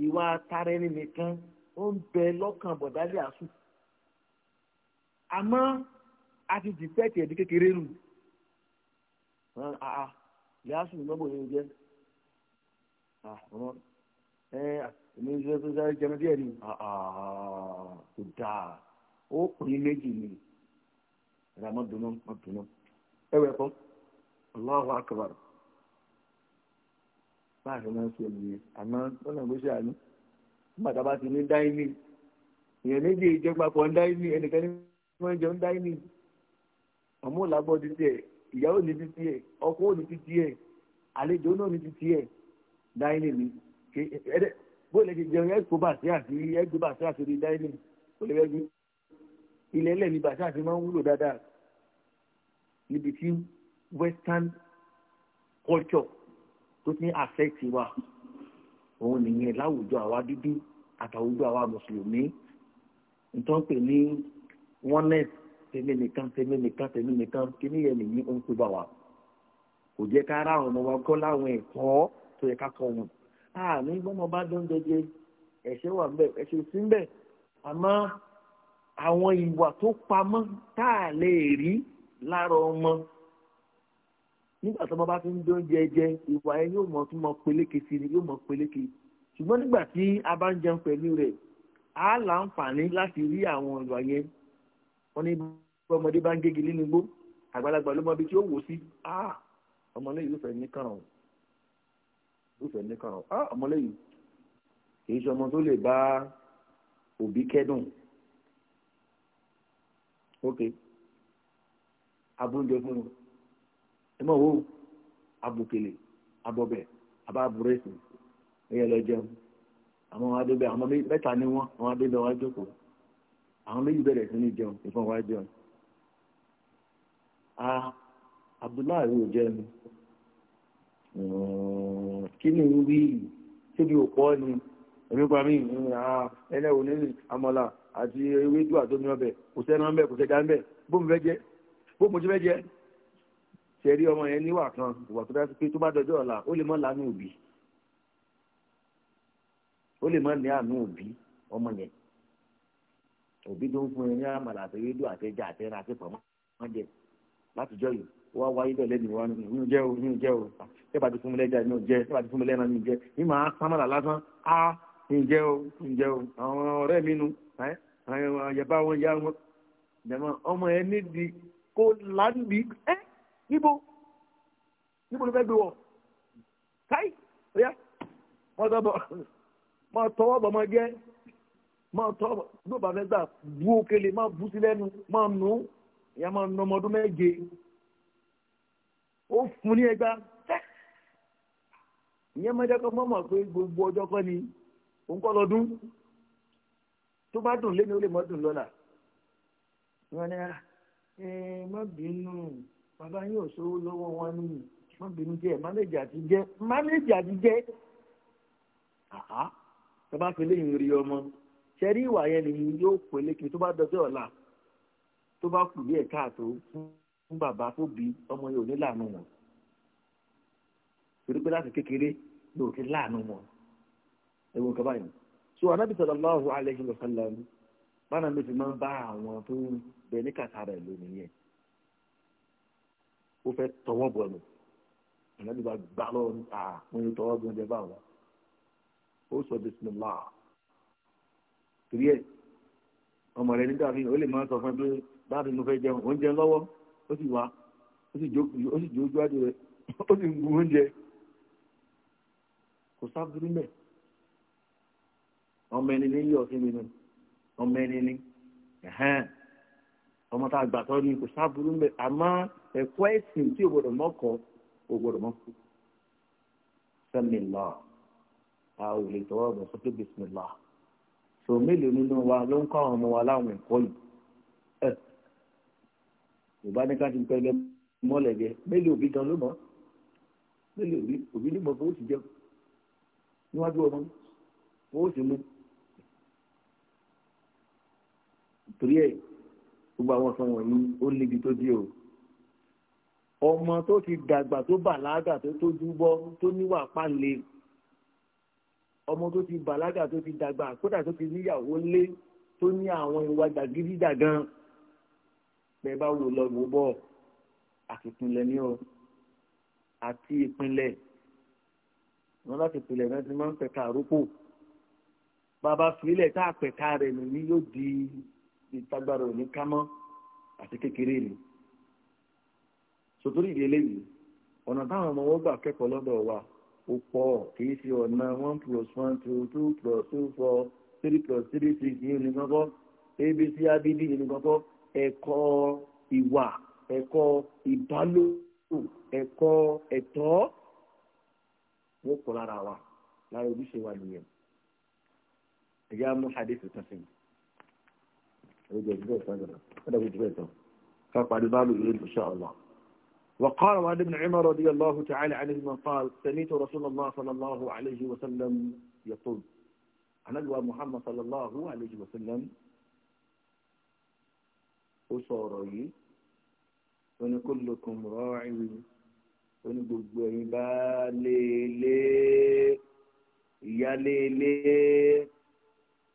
ìwà tara ẹni nìkan ó ń bẹ lọ́kàn bọ̀dá bí a sùn. àmọ́ a ti dìfẹ́ẹ̀tì ẹ̀dí kékeré nù yaasu lọ́bọ̀ yẹn jẹ́ àwọn ẹ èmi ń sọ pé sáré jẹun díẹ̀ ni ah, ah, kò dáa ó pín méjì ni ẹ̀rọ àmọ́ dùnú má dùnú ẹwẹ́ kọ́ Allahu akbar báyìí máa ń sọ nìyẹn àmọ́ lọ́nà bó ṣe àná nígbà tá a bá ti ní dáínì èèyàn méjì jẹ́ papọ̀ ń dáínì ẹnìkan ní wọ́n jẹun dáínì ọmọ làbọ̀ dídí ẹ̀ ìyàwó ní títí ẹ̀ ọkọ ní títí ẹ̀ àlejò náà ní títí ẹ̀ dáínì mi bóyá lè ṣe jẹun ẹ̀ kó bàṣẹ́ àti ẹ̀ gbé bàṣẹ́ àti rí dáínì ó lè rẹ́gbẹ́ ilẹ̀ ẹlẹ́ ní bàṣẹ́ àti máa ń wúlò dáadáa níbi tí western culture tó ti ń affect wa òun nìyẹn láwùjọ àwa dúdú àtàwùjọ àwa mùsùlùmí nítorí pé ní oneness tèmi nìkan tèmi nìkan tèmi nìkan kíní yẹn nìyí ó ń tó bá wa kò jẹ́ ká ara ọmọ wa kọ́ láwọn ẹ̀kọ́ tó yẹ ká kọ́ wọn àmì gbọ́mọ bá dán jẹjẹ ẹ̀ṣẹ̀ wà ń bẹ̀ ẹ̀ṣẹ̀ sí ń bẹ̀ àmọ́ àwọn ìwà tó pamọ́ tá a lè rí lára ọmọ nígbà tó ọmọ bá fi ń dán jẹjẹ ìwà yẹn yóò mọ tún mọ peléke sí ni yóò mọ peléke ṣùgbọ́n nígbà tí a bá ń jẹun pẹ̀lú rẹ̀ á láǹfààní láti rí àwọn ìwà yẹn wọ́n ọmọdé bá ń gégi nínú igbó àgbàlagbà ló mọ ibi tí ó wò sí ah! ọmọ lẹ́yìn ló fẹ́ ní kàràn ló fẹ́ ní kàràn ah! ọmọ lẹ́yìn kì í ṣe ọmọ tó lè bá òbí kẹ́dùn ok abúlé fún un ẹ mọ̀ wo abùkèlè abọ́bẹ̀ abáburẹ́sì ẹ̀yẹ lọ jẹun àwọn adébẹ̀ àwọn mẹ́ta ni wọ́n àwọn adébẹ̀ wọ́n á àwọn méjì bẹ̀rẹ̀ sí ní jẹun ìfọ̀n wá jẹun a abdullahi ò jẹ́ mi kí ni ń wí síbi òpó ni èmi pa mí ẹlẹ́wò nínú àmọ́là àti ewédú àtọ́mi ọbẹ̀ kò sẹ́nu ọbẹ̀ kò sẹ́dá ọbẹ̀ bó mo fẹ́ jẹ́ bó mo ti fẹ́ jẹ́ ṣẹ̀rí ọmọ yẹn níwà kan ìwà tó dájú pé tó bá dọjọ́ ọ̀la ó lè mọ́ lánú òbí ó lè mọ́ ní àánú òbí ọmọ yẹn òbí tó ń fún ẹ ní àmàlà àtẹwédú àtẹjà àtẹrà àti pàmò wọn jẹ látijọ́ yìí wá wáyé bẹ́ẹ̀ lẹ́nu wa ní ìjẹ́ o ní ìjẹ́ o ah, ẹ bá ti fún mi lẹ́jà ní ìjẹ́ ẹ bá ti fún mi lẹ́nu ní ìjẹ́ ní màá pamọ́là lásán á ní ìjẹ́ o ní ìjẹ́ o àwọn ọ̀rẹ́ mi nu àyẹ̀bá wọn yá wọn jẹ̀mọ́ ọmọ ẹ nídìí kó láǹdì ẹ níbo níbo ló fẹ́ gbé wọ̀ káì ríà mọ́ tọ́bọ̀ mọ́ tọwọ́ bọ̀ mọ́ jẹ́ mọ́ tọ́bọ̀ bí ó bá fẹ́ gbà bú òkèlè má bú sí lẹ́nu má nù ú ìyá máa ń ọmọ ọdún méje ó fún ní ẹgbá ìyẹn máa jẹ́ kó mọ́mọ́ pé gbogbo ọjọ́ kọ́ ni òun kọ́ lọ́dún tó bá dùn lé ní ó lè mọ́ dùn lọ́la wọn ni ẹ má bínú bàbá yín ò sówó lọ́wọ́ wọn ní má bínú jẹ́ mánéjì àti jẹ́ mánéjì àti jẹ́ bàbá fi léyìn rí ọmọ ṣẹ́rí ìwà yẹn nìyí yóò pèlékè tó bá dọjọ́ ọ̀la tó bá kù díẹ̀ káàtó fún bàbá tó bi, ọmọ yóò ní láàánú wọn torí pé láti kékeré ló ti láàánú wọn ewu nǹkan báyìí so anabi sallallahu alayhi wa sallam báwọn àmì ti máa ń bá àwọn tó ń bẹ ní kàtà rẹ lónìí yẹn ó fẹ́ tọwọ́ bọ̀ lọ anabi bá gbá lọ àwọn yóò tọwọ́ bọ̀ ọjọ́ báwọn ó sọ bismillah torí ẹ ọmọ rẹ nígbà míì ó lè máa sọ fún ẹ báàbí mo fẹ́ jẹun oúnjẹ lọ́wọ́ ó sì wá ó sì jó ojú adé rẹ ó sì ń gun oúnjẹ kò sábúrú mẹ́ ọmọ ẹni ní yọ̀ sí mi nù ọmọ ẹni ní ọmọ tá a gbà tọ́ ni kò sábúrú mẹ́ àmọ́ ẹ̀kọ́ ẹ̀sìn tí ògbọ́dọ̀ mọ́ kọ́ ògbọ́dọ̀ mọ́ kú sẹ́mi lọ a ò lè tọwọ́ bọ̀ sókè bisimilá so mélòó nínú wa ló ń kọ́ àwọn ọmọ wa láwọn ẹ̀kọ́ yìí yorùbá ní ká ti pẹ́ gẹ́ mọ́lẹ̀ gẹ́ mélòó òbí gan ló mọ́ mélòó òbí òbí ní mọ̀ fowó sì jẹun níwájú ọmọ fowó sì mú torí ẹ̀ gbogbo àwọn ọ̀sán wọ̀nyí ó níbi tó dé o ọmọ tó ti dàgbà tó bàlágà tó tójú bọ́ tó níwà pálé ọmọ tó ti bàlágà tó ti dàgbà kódà tó ti níyàwó lé tó ní àwọn ìwà jàgídíjà gan bẹ́ẹ̀ bá wò lọ wò bọ̀ àti ìpínlẹ̀ ní ọ àti ìpínlẹ̀ wọn láti ìpínlẹ̀ náà ti máa ń pẹ̀ka àrópò bàbá fìlẹ̀ tá a pẹ̀ka rẹ̀ nù ní yóò di ìtagbára òní kámọ́ àti kékeré ni sòtúrì ìdílé yìí ọ̀nà táwọn ọmọ wọn gbà kẹ́kọ̀ọ́ lọ́dọ̀ wa ó pọ̀ kì ṣe ọ̀nà one plus one two two plus two four three plus three six yìí ní kankan abc abd yìí ní kankan ẹ̀kọ́ ìwà ẹ̀kọ́ ìbálò ẹ̀kọ́ ẹ̀tọ́ wọ́n kọ́ lára wa lára ojúṣe wa nìyẹn ẹ̀yà mú hadith kan sí mi ẹ̀jẹ̀ ìdílé ìtàn jọ̀dọ̀ فقد باب العلم إن شاء الله وقال وعن ابن عمر رضي الله تعالى عنهما قال سمعت رسول الله صلى الله عليه وسلم يقول عن محمد صلى الله عليه وسلم ó sọ ọ̀rọ̀ yìí ó ní kullukum ra'in ó ní gbogbo ẹ̀yin bá léèlé ìyá léèlé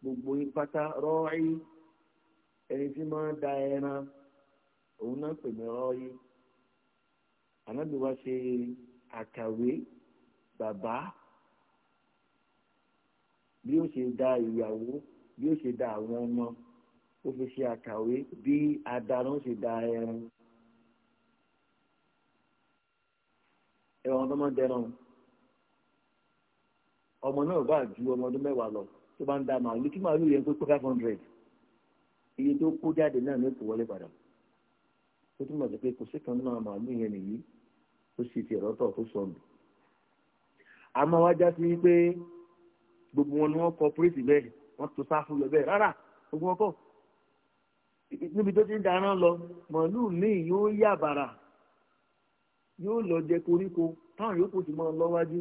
gbogbo yín pátá ra'in ẹni tí máa ń da ẹran òun náà pè mí ra'in ànábì ṣe àkàwé bàbá bí ó ṣe da ìyàwó bí ó ṣe da àwọn ọmọ ó fi ṣe àkàwé bí adarun ṣe da ẹran ẹran tó máa ń dẹran ọmọ náà bá ju ọmọ ọdún mẹ́wàá lọ tó bá ń da màálù kí màálù yẹn kó pé five hundred iye tó kó jáde náà ló kó wọlé padà tó túmọ̀ sí pé kò sí kan náà màálù yẹn nìyí tó sì ti ẹ̀rọ tọ̀ tó sọnù àmọ́ wá já sí wípé gbogbo wọn ni wọ́n kọ pírẹ́sì bẹ́ẹ̀ wọ́n tó sáfù lọ bẹ́ẹ̀ rárá gbogbo wọn kọ́ níbi tó ti ń dáná lọ màálù míì yóò yà bàrà yóò lọ jẹ koríko táwọn yòókù ti máa lọ́wájú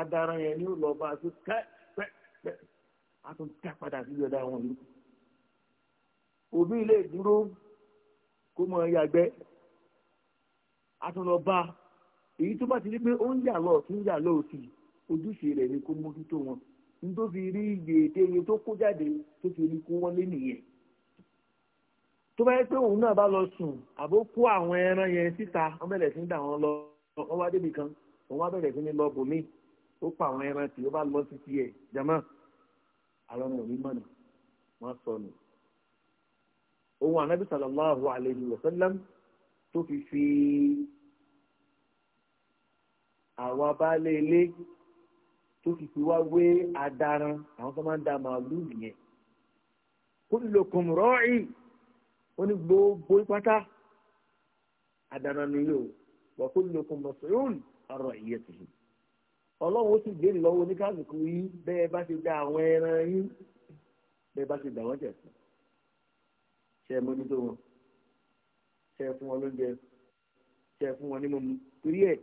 adara yẹn ni ó lọ bá a tó kẹ́ pẹ́pẹ́ a tó dá padà sí ìjọba àwọn yòókù òbí ilé dúró kó mọ yàgbẹ́ a tó lọ bá èyí tó bá ti rí pé ó ń yà lọ tó ń yà lọ òsì ojúṣe rẹ̀ ni kó mójútó wọn nítorí rí iye èdè yẹn tó kó jáde tó tó bá yẹ pé òun náà bá lọ sùn àbó kó àwọn ẹran yẹn síta wọ́n bẹ̀rẹ̀ sí ń dà wọ́n lọ wọ́n wá débi kan òun wá bẹ̀rẹ̀ sí ní lọ bòmí ó pa àwọn ẹran tí ó bá lọ sí tiẹ̀ jama àwọn ọmọ mi mọ̀nà wọ́n sọnù ohun anabi sallallahu alayhi wa sallam tó fi fi àwọn abáálé ilé tó fi fi wá wé adaran àwọn tó máa ń da màálù nìyẹn kullukum ra'i ó ní gbogbo pátá àdànà ni yóò wà kó lè kó mọ̀ sóyún ọ̀rọ̀ ìyẹ́ tìlú ọlọ́run ó sì gbé lọ́wọ́ oníkàlùkù yìí bẹ́ẹ̀ bá ti da àwọn ẹran yín bẹ́ẹ̀ bá ti dà wọ́n jẹ̀ sí ṣe é mójútó wọn ṣe é fún wọn lóúnjẹ ṣe é fún wọn ní mímu torí ẹ̀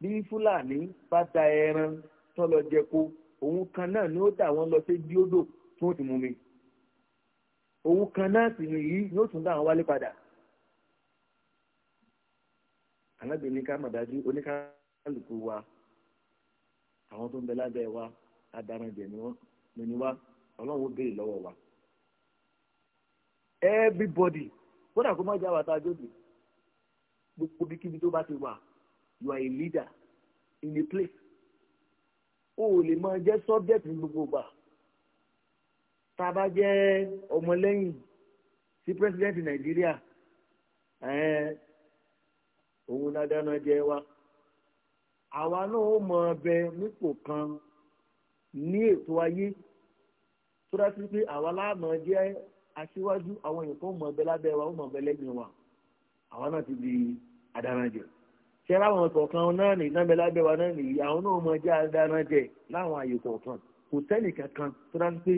bí fúlàní bá da ẹran tó jẹ kó òun kan náà ni ó dà wọ́n lọ sí díódò tó ti mú mi òun kan náà sì nìyí yóò tún dá àwọn wálé padà alábìnrin ká mọ̀ dájú oníkálukú wa àwọn tó ń bẹ lábẹ́ wa adarajẹ ni wọ́n mo ní wa ọlọ́run ó béèrè lọ́wọ́ wa everybody kódà kó má jẹ́ àwọn àtàjọ́bì gbogbo bíkíbi tó bá ti wà you are a leader in a place o ò lè máa jẹ́ subject ní gbogbo gbà tá a bá jẹ́ ọmọlẹ́yìn sí pírẹsidẹ́ǹtì nàìjíríà òun dáadáa jẹ wa àwa náà ó mọ ọbẹ nípò kan ní ètò ayé tó dájú pé àwa láàmú jẹ aṣíwájú àwọn èèyàn tó mọ ọbẹ lábẹ́ wa ó mọ ọbẹ lẹ́yìn wa àwa náà ti di adarajẹ ṣé láwọn kọ̀ọ̀kan náà ní ìdámẹ́ lábẹ́ wa náà nìyí àwọn náà mọ jẹ́ adarajẹ láwọn àyè kọ̀ọ̀kan kò sẹ́nì kankan tó dájú pé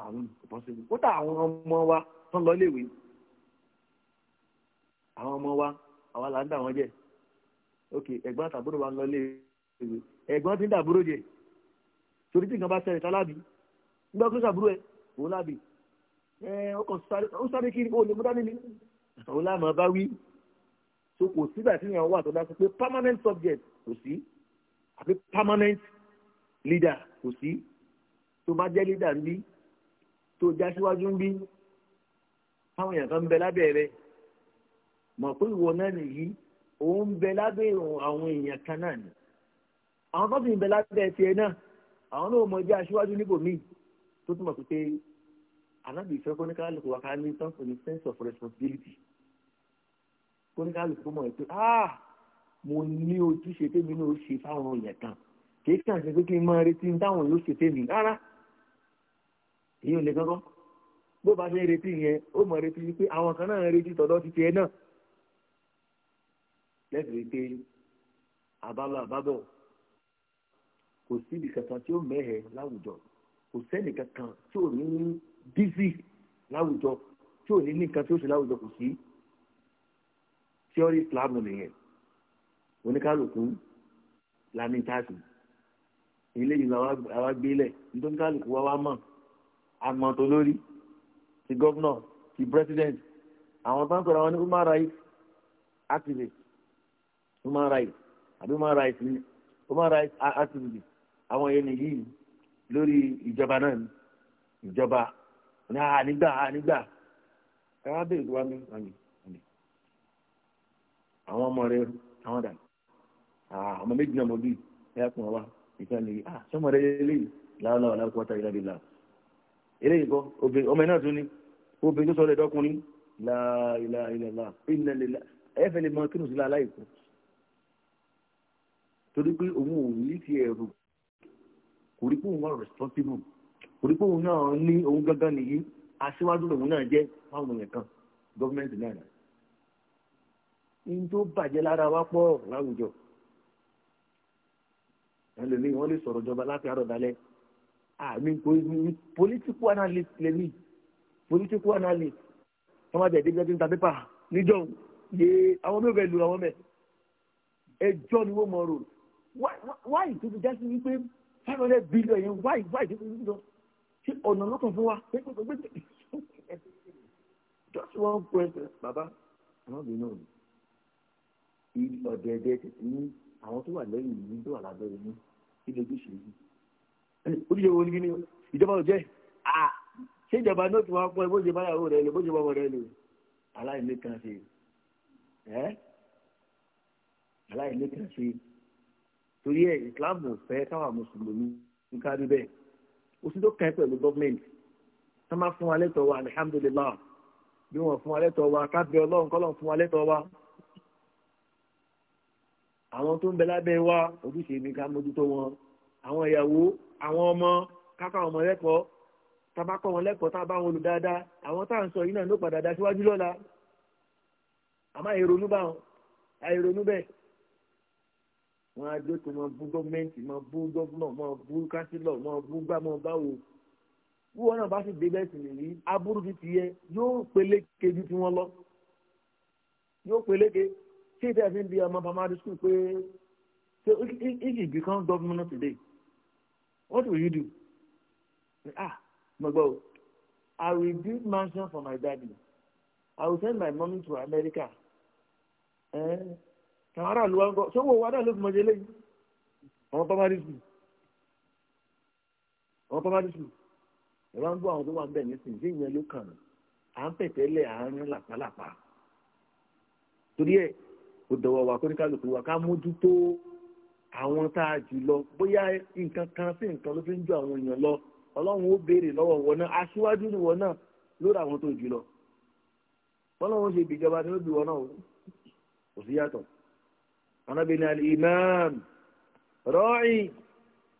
àwọn ìpọ́sibú kódà àwọn ọmọ wa tó ń lọ léèwé àwọn ọmọ wa àwa là ń dà wọ́n jẹ́ ok ẹ̀gbọ́n àtàbúrò wa ń lọ léèwé ẹ̀gbọ́n ti ń dàbúrò jẹ́ torí tí nǹkan bá ṣẹlẹ̀ tálábì nígbà tó ṣàbúrò ẹ̀ òun lábì ẹ̀ ọkọ̀ sáré kiri ó lè mú dání ni òun láàmú bá wí so kò sígbà tí ìyàwó wà tó dá sí pé permanent subject kò sí àbí permanent leader kò sí tó bá jẹ́ leader ń bí tó já síwájú ń bí táwọn èèyàn kan ń bẹ lábẹ́ rẹ mọ̀ pé ìwọ náà nìyí òun ń bẹ lábẹ́ àwọn èèyàn kan náà ni àwọn tó sì ń bẹ lábẹ́ tiẹ̀ náà àwọn náà mọ̀ já síwájú níbòmíì tó túmọ̀ pé anábì ìfẹ́ kóníkálùkù wa ká ní tọ́sán ní sense of responsibility kóníkálùkù mọ̀ pé ah mo ní ojúṣe tèmi náà ó ṣe fáwọn èèyàn kan kì í kàn ṣe pé kí n máa retí táwọn yóò ṣe tèmi rárá èyí ò lè kankan bó bá ṣe ń retí yẹn ó mọ̀ retí pé àwọn kan náà ń retí tọ̀dọ̀ ti tiẹ̀ náà lẹ́sìn rí pé àbálọ àbábọ̀ kò síbi kankan tí ó mẹ́hẹ̀ láwùjọ kò sẹ́nì kankan tí ò ní bízì láwùjọ tí ò ní ní nǹkan tí ó ṣe láwùjọ kò sí tíọ́rí Islam nìyẹn oníkálukú lamíntàsì eléyìí làwọn gbélẹ̀ nítorí kálukú wa wá mọ̀ àmọ̀tò lórí ti gọ́vnà ti president àwọn tó ń sọ̀rọ̀ àwọn ní human rights activists human rights àbí human rights ni human rights activists àwọn yẹn nìyí lórí ìjọba náà ni ìjọba ní ànígbà ànígbà káwá bèrè tó wá ní ìwà yìí àwọn ọmọ rẹ àwọn dà ọmọ méjì náà mo bí ẹ kún ọ wá ìkànnì ah sọmọ rẹ lè láwọn náà wọn lákòótá ìlàbí làwọn eléyìí kọ́ obìnrin ọmọ náà tún ní obìnrin tó sọ ọ́ lẹ́dọ́kùnrin láìláìlá ìnàlélá ẹ̀fẹ̀ lè mọ kírun sílá aláìkú torí pé òun ò ní ti ẹ̀rù kò rí pé òun wà responsible kò rí pé òun náà ní òun gángan nìyí aṣíwájú lòun náà jẹ́ fáwọn èèyàn kan gọ́ọ̀mẹ́ntì náà nà ní tó bàjẹ́ lára wa pọ̀ láwùjọ ẹlòmíì wọ́n lè sọ̀rọ̀ ìjọba láti àrọ̀dálẹ́ àmì ah, political analyst lèmi political analyst wọn máa bẹ̀ẹ́ débi ẹgbẹ́ pépà níjọ́ yé àwọn mi ò fẹ́ lu àwọn mẹ́ ẹjọ́ ni wọ́n mọ̀ ọ́ Why? Why? tó fi já sí wípé five hundred billion yẹn Why? wáyì tó fi ń lọ sí ọ̀nà lọ́kàn fún wa just one question baba àwọn mi náà ni ọ̀dẹ̀ẹ̀dẹ̀ tètè ní àwọn tó wà lẹ́yìn ìlú tó wà lábẹ́ ìlú kí lójú yìí oríṣi owó ní ìjọba ò jẹ́ à ṣé ìjọba náà ti wá pọ́ bó ṣe báyàwó rẹ lò bó ṣe bọ́ ọmọ rẹ lò aláìní kan ṣe ẹ́ aláìní kan ṣe torí ẹ̀ ìsìláàmù fẹ́ káwọn mùsùlùmí ń kárí bẹ́ẹ̀ ó sì tó kàn ẹ́ pẹ̀lú gọ́ọ̀mẹ̀ntì tó máa fún wa lẹ́tọ̀ọ́ wa alihamudulilayi bí wọ́n fún wa lẹ́tọ̀ọ́ wa kábíyọ̀ ọlọ́run kọ́lọ́run fún wa lẹ́tọ̀ọ́ wa àwọn tó ń bẹ lábẹ́ wa ojúṣe mi ká mójútó wọn àwọn ìyàwó àwọn ọmọ kápá ọmọ lẹ́kọ̀ọ́ tábà kọ́ wọn lẹ́kọ̀ọ́ tábà wọn lò dáadáa àwọn tá à ń sọ yìí náà ló padà dá síwájú lọ́la àmọ́ àìrònú bá wọn àìrònú bẹ́ẹ̀ wọn á dé tó máa bú gọ́ọ̀mẹ́ǹtì máa bú gọ́ọ̀mọ̀ máa bú kánsílọ̀ máa bú gbá máa bá wò bí wọn náà bá sì dé bẹ́ẹ̀ nìyí aburú ti ti yẹ yóò peléke ju ti wọn lọ yóò peléke ṣé ìtẹ́ àfi ń bi ọmọ pamari school pé ṣé ìgbì kan gọ́ọ̀mù náà today what will you do ah mo gbọ́ i will build mansion for my daddy i will send my mommy to america Eh? àwọn aráàlú I ń kọ́ sọ́wọ́ wa náà ló fi mọ̀ ṣe léyìn àwọn primary school àwọn to school ẹ̀rọ ń you àwọn tó wà ń bẹ̀ nísìnyí sí ìyẹn ló kàn à ń pẹ̀tẹ́lẹ̀ àárín làpálàpá torí ẹ̀ kò dọ̀wọ̀ wà work wà ká mójútó àwọn tá a jù lọ bóyá nǹkan kan sí nǹkan ló fi ń ju àwọn èèyàn lọ ọlọ́run ó béèrè lọ́wọ́ wọn náà aṣíwájú ni wọn náà lórí àwọn tó jù lọ ọlọ́run ṣe ìgbìjọba ni ó bí wọn náà kò sí yàtọ̀ anábìnrin àlè imam rọ́ọ̀ì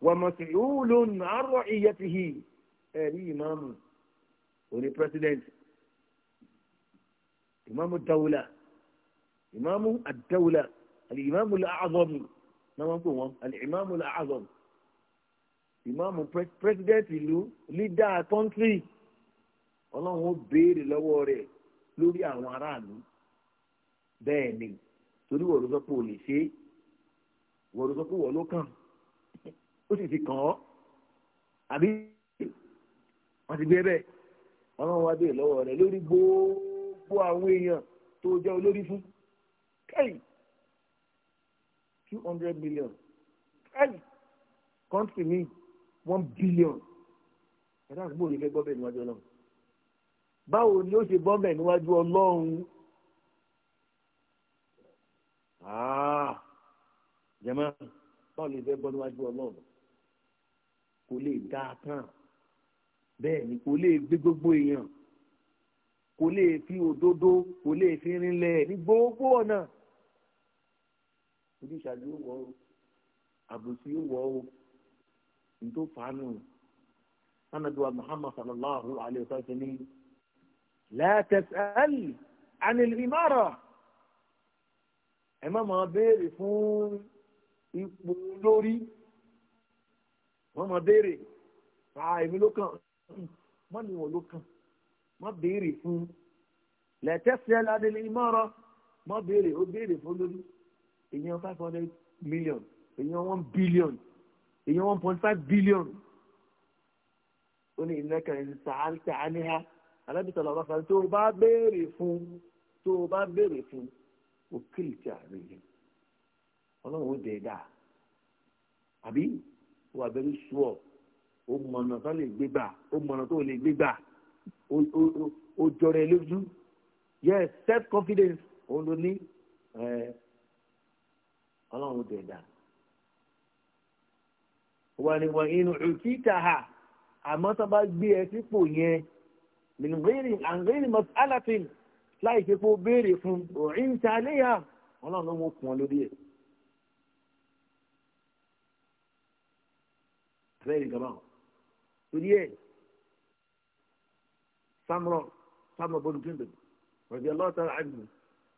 wàmọ̀síhùlùn àárọ̀ ìyẹ́tìhì ẹ̀rí ìmáàmù òní pírẹsidẹ́ǹtì ìmáàmù dáwùlà ìmáàmù àdáwùlà àlè ìmáàmù làázọ́mù náà wọ́n pè wọ́n al-Imamul A'zam ìmáàmù president ilu leader country ọlọ́run ó béèrè lọ́wọ́ rẹ̀ lórí àwọn aráàlú bẹ́ẹ̀ ni torí wọ́n ló sọ pé ò lè ṣe é wọ́n ló sọ pé wọ́n ló kàn ó sì ti kàn ọ́ àbí wọ́n ti gbé bẹ́ẹ̀ ọlọ́run wá béèrè lọ́wọ́ rẹ̀ lórí gbogbo àwọn èèyàn tó jẹ́ olórí fún kẹ́yìn two hundred million ẹ̀yìn kọ́ńtì mi one billion ẹ̀dá àgbò yìí fẹ́ gbọ́ bẹ́ẹ̀ níwájú ọlọ́run báwo ni ó ṣe gbọ́ bẹ́ẹ̀ níwájú ọlọ́run ah, jẹ́mọ́ báwo ni ìfẹ́ gbọ́ níwájú ọlọ́run kò lè dáa tán bẹ́ẹ̀ ni kò lè gbé gbogbo èèyàn kò lè fi òdodo kò lè fi rinlẹ̀ ní gbogbo ọ̀nà ojúṣàjú ó wọ̀ ọ́ àbòsí ó wọ̀ ọ́ nítorí fàánù sanaduwa muhammad sallallahu alayhi wa sallam la tas'al anil imara ẹ má máa béèrè fún ipò lórí wọ́n máa béèrè fa èmi ló kàn má ní wọn ló kàn má béèrè fún la tas'al má béèrè ó béèrè fún lórí èèyàn five hundred million èèyàn one billion èèyàn one point five billion ó ní ìnáka ẹni sàálítà áníhá alábìsọ̀lá ọba fàáyé tó o bá béèrè fún tó o bá béèrè fún òkèlè tí a rè é ọlọ́run ó dẹ̀ dáa àbí wà bẹ́ẹ̀ sùọ́ ó mọ̀nà tó lè gbé gbà ó mọ̀nà tó lè gbé gbà ó jọrọ ẹ lójú yes self confidence òun ló ní ọlọ́run ó dẹ̀dà wà ní wà inú ìkíta ha àmọ́ tó bá gbé ẹ sípò yẹn mìngírì àngírì mọ́tálàfin láì ṣe kó béèrè fún òrìn ta léyà ọlọ́run ló mú kùn ọ lórí ẹ̀. àbẹ́rẹ́ ìjọba torí ẹ̀ samurọ samurọ bọ́lú kíndùn rọ̀bì ọlọ́ọ̀tà àdùn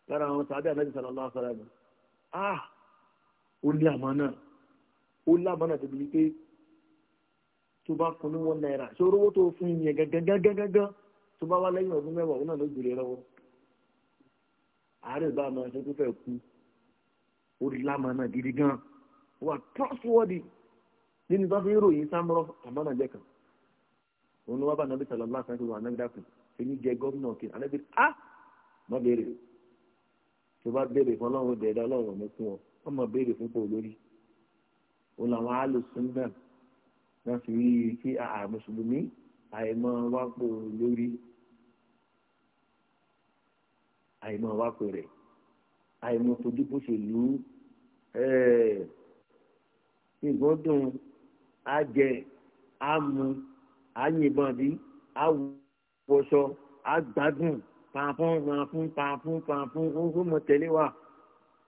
lára àwọn sàbẹ̀ àmẹ́jì sàlọ́lá sàlẹ́ ah ó ní àmánà ó lámánà tó bí pé tó bá fún ní one naira ṣé orówó tó fún yẹn gangan tó bá wá lẹ́yìn ọdún mẹ́wàá òun náà ló gbèrè lọ́wọ́ àárẹ̀ bá a máa ṣe tó fẹ́ kú ó lámánà gidi gan wà trustworthy nínú bá fi ń ròyìn sámúrọ́ àmánà jẹ́ kan òun ló wá bá nàbí sàlọ́lá kan tó wà náà dàpọ̀ èmi jẹ gómìnà òkè wọ́n mọ̀ béèrè fún pò lórí òun làwọn alùsùn náà wọ́n fi rí i kí àà mùsùlùmí àìmọ̀ wá pò lórí àìmọ̀ wá pò rẹ̀ àìmọ̀ fojú bó ṣe lù ú nǹkan dùn á jẹ á bí á wọṣọ á gbádùn pàfún pàfún pàfún pàfún ó mọ tẹ̀lé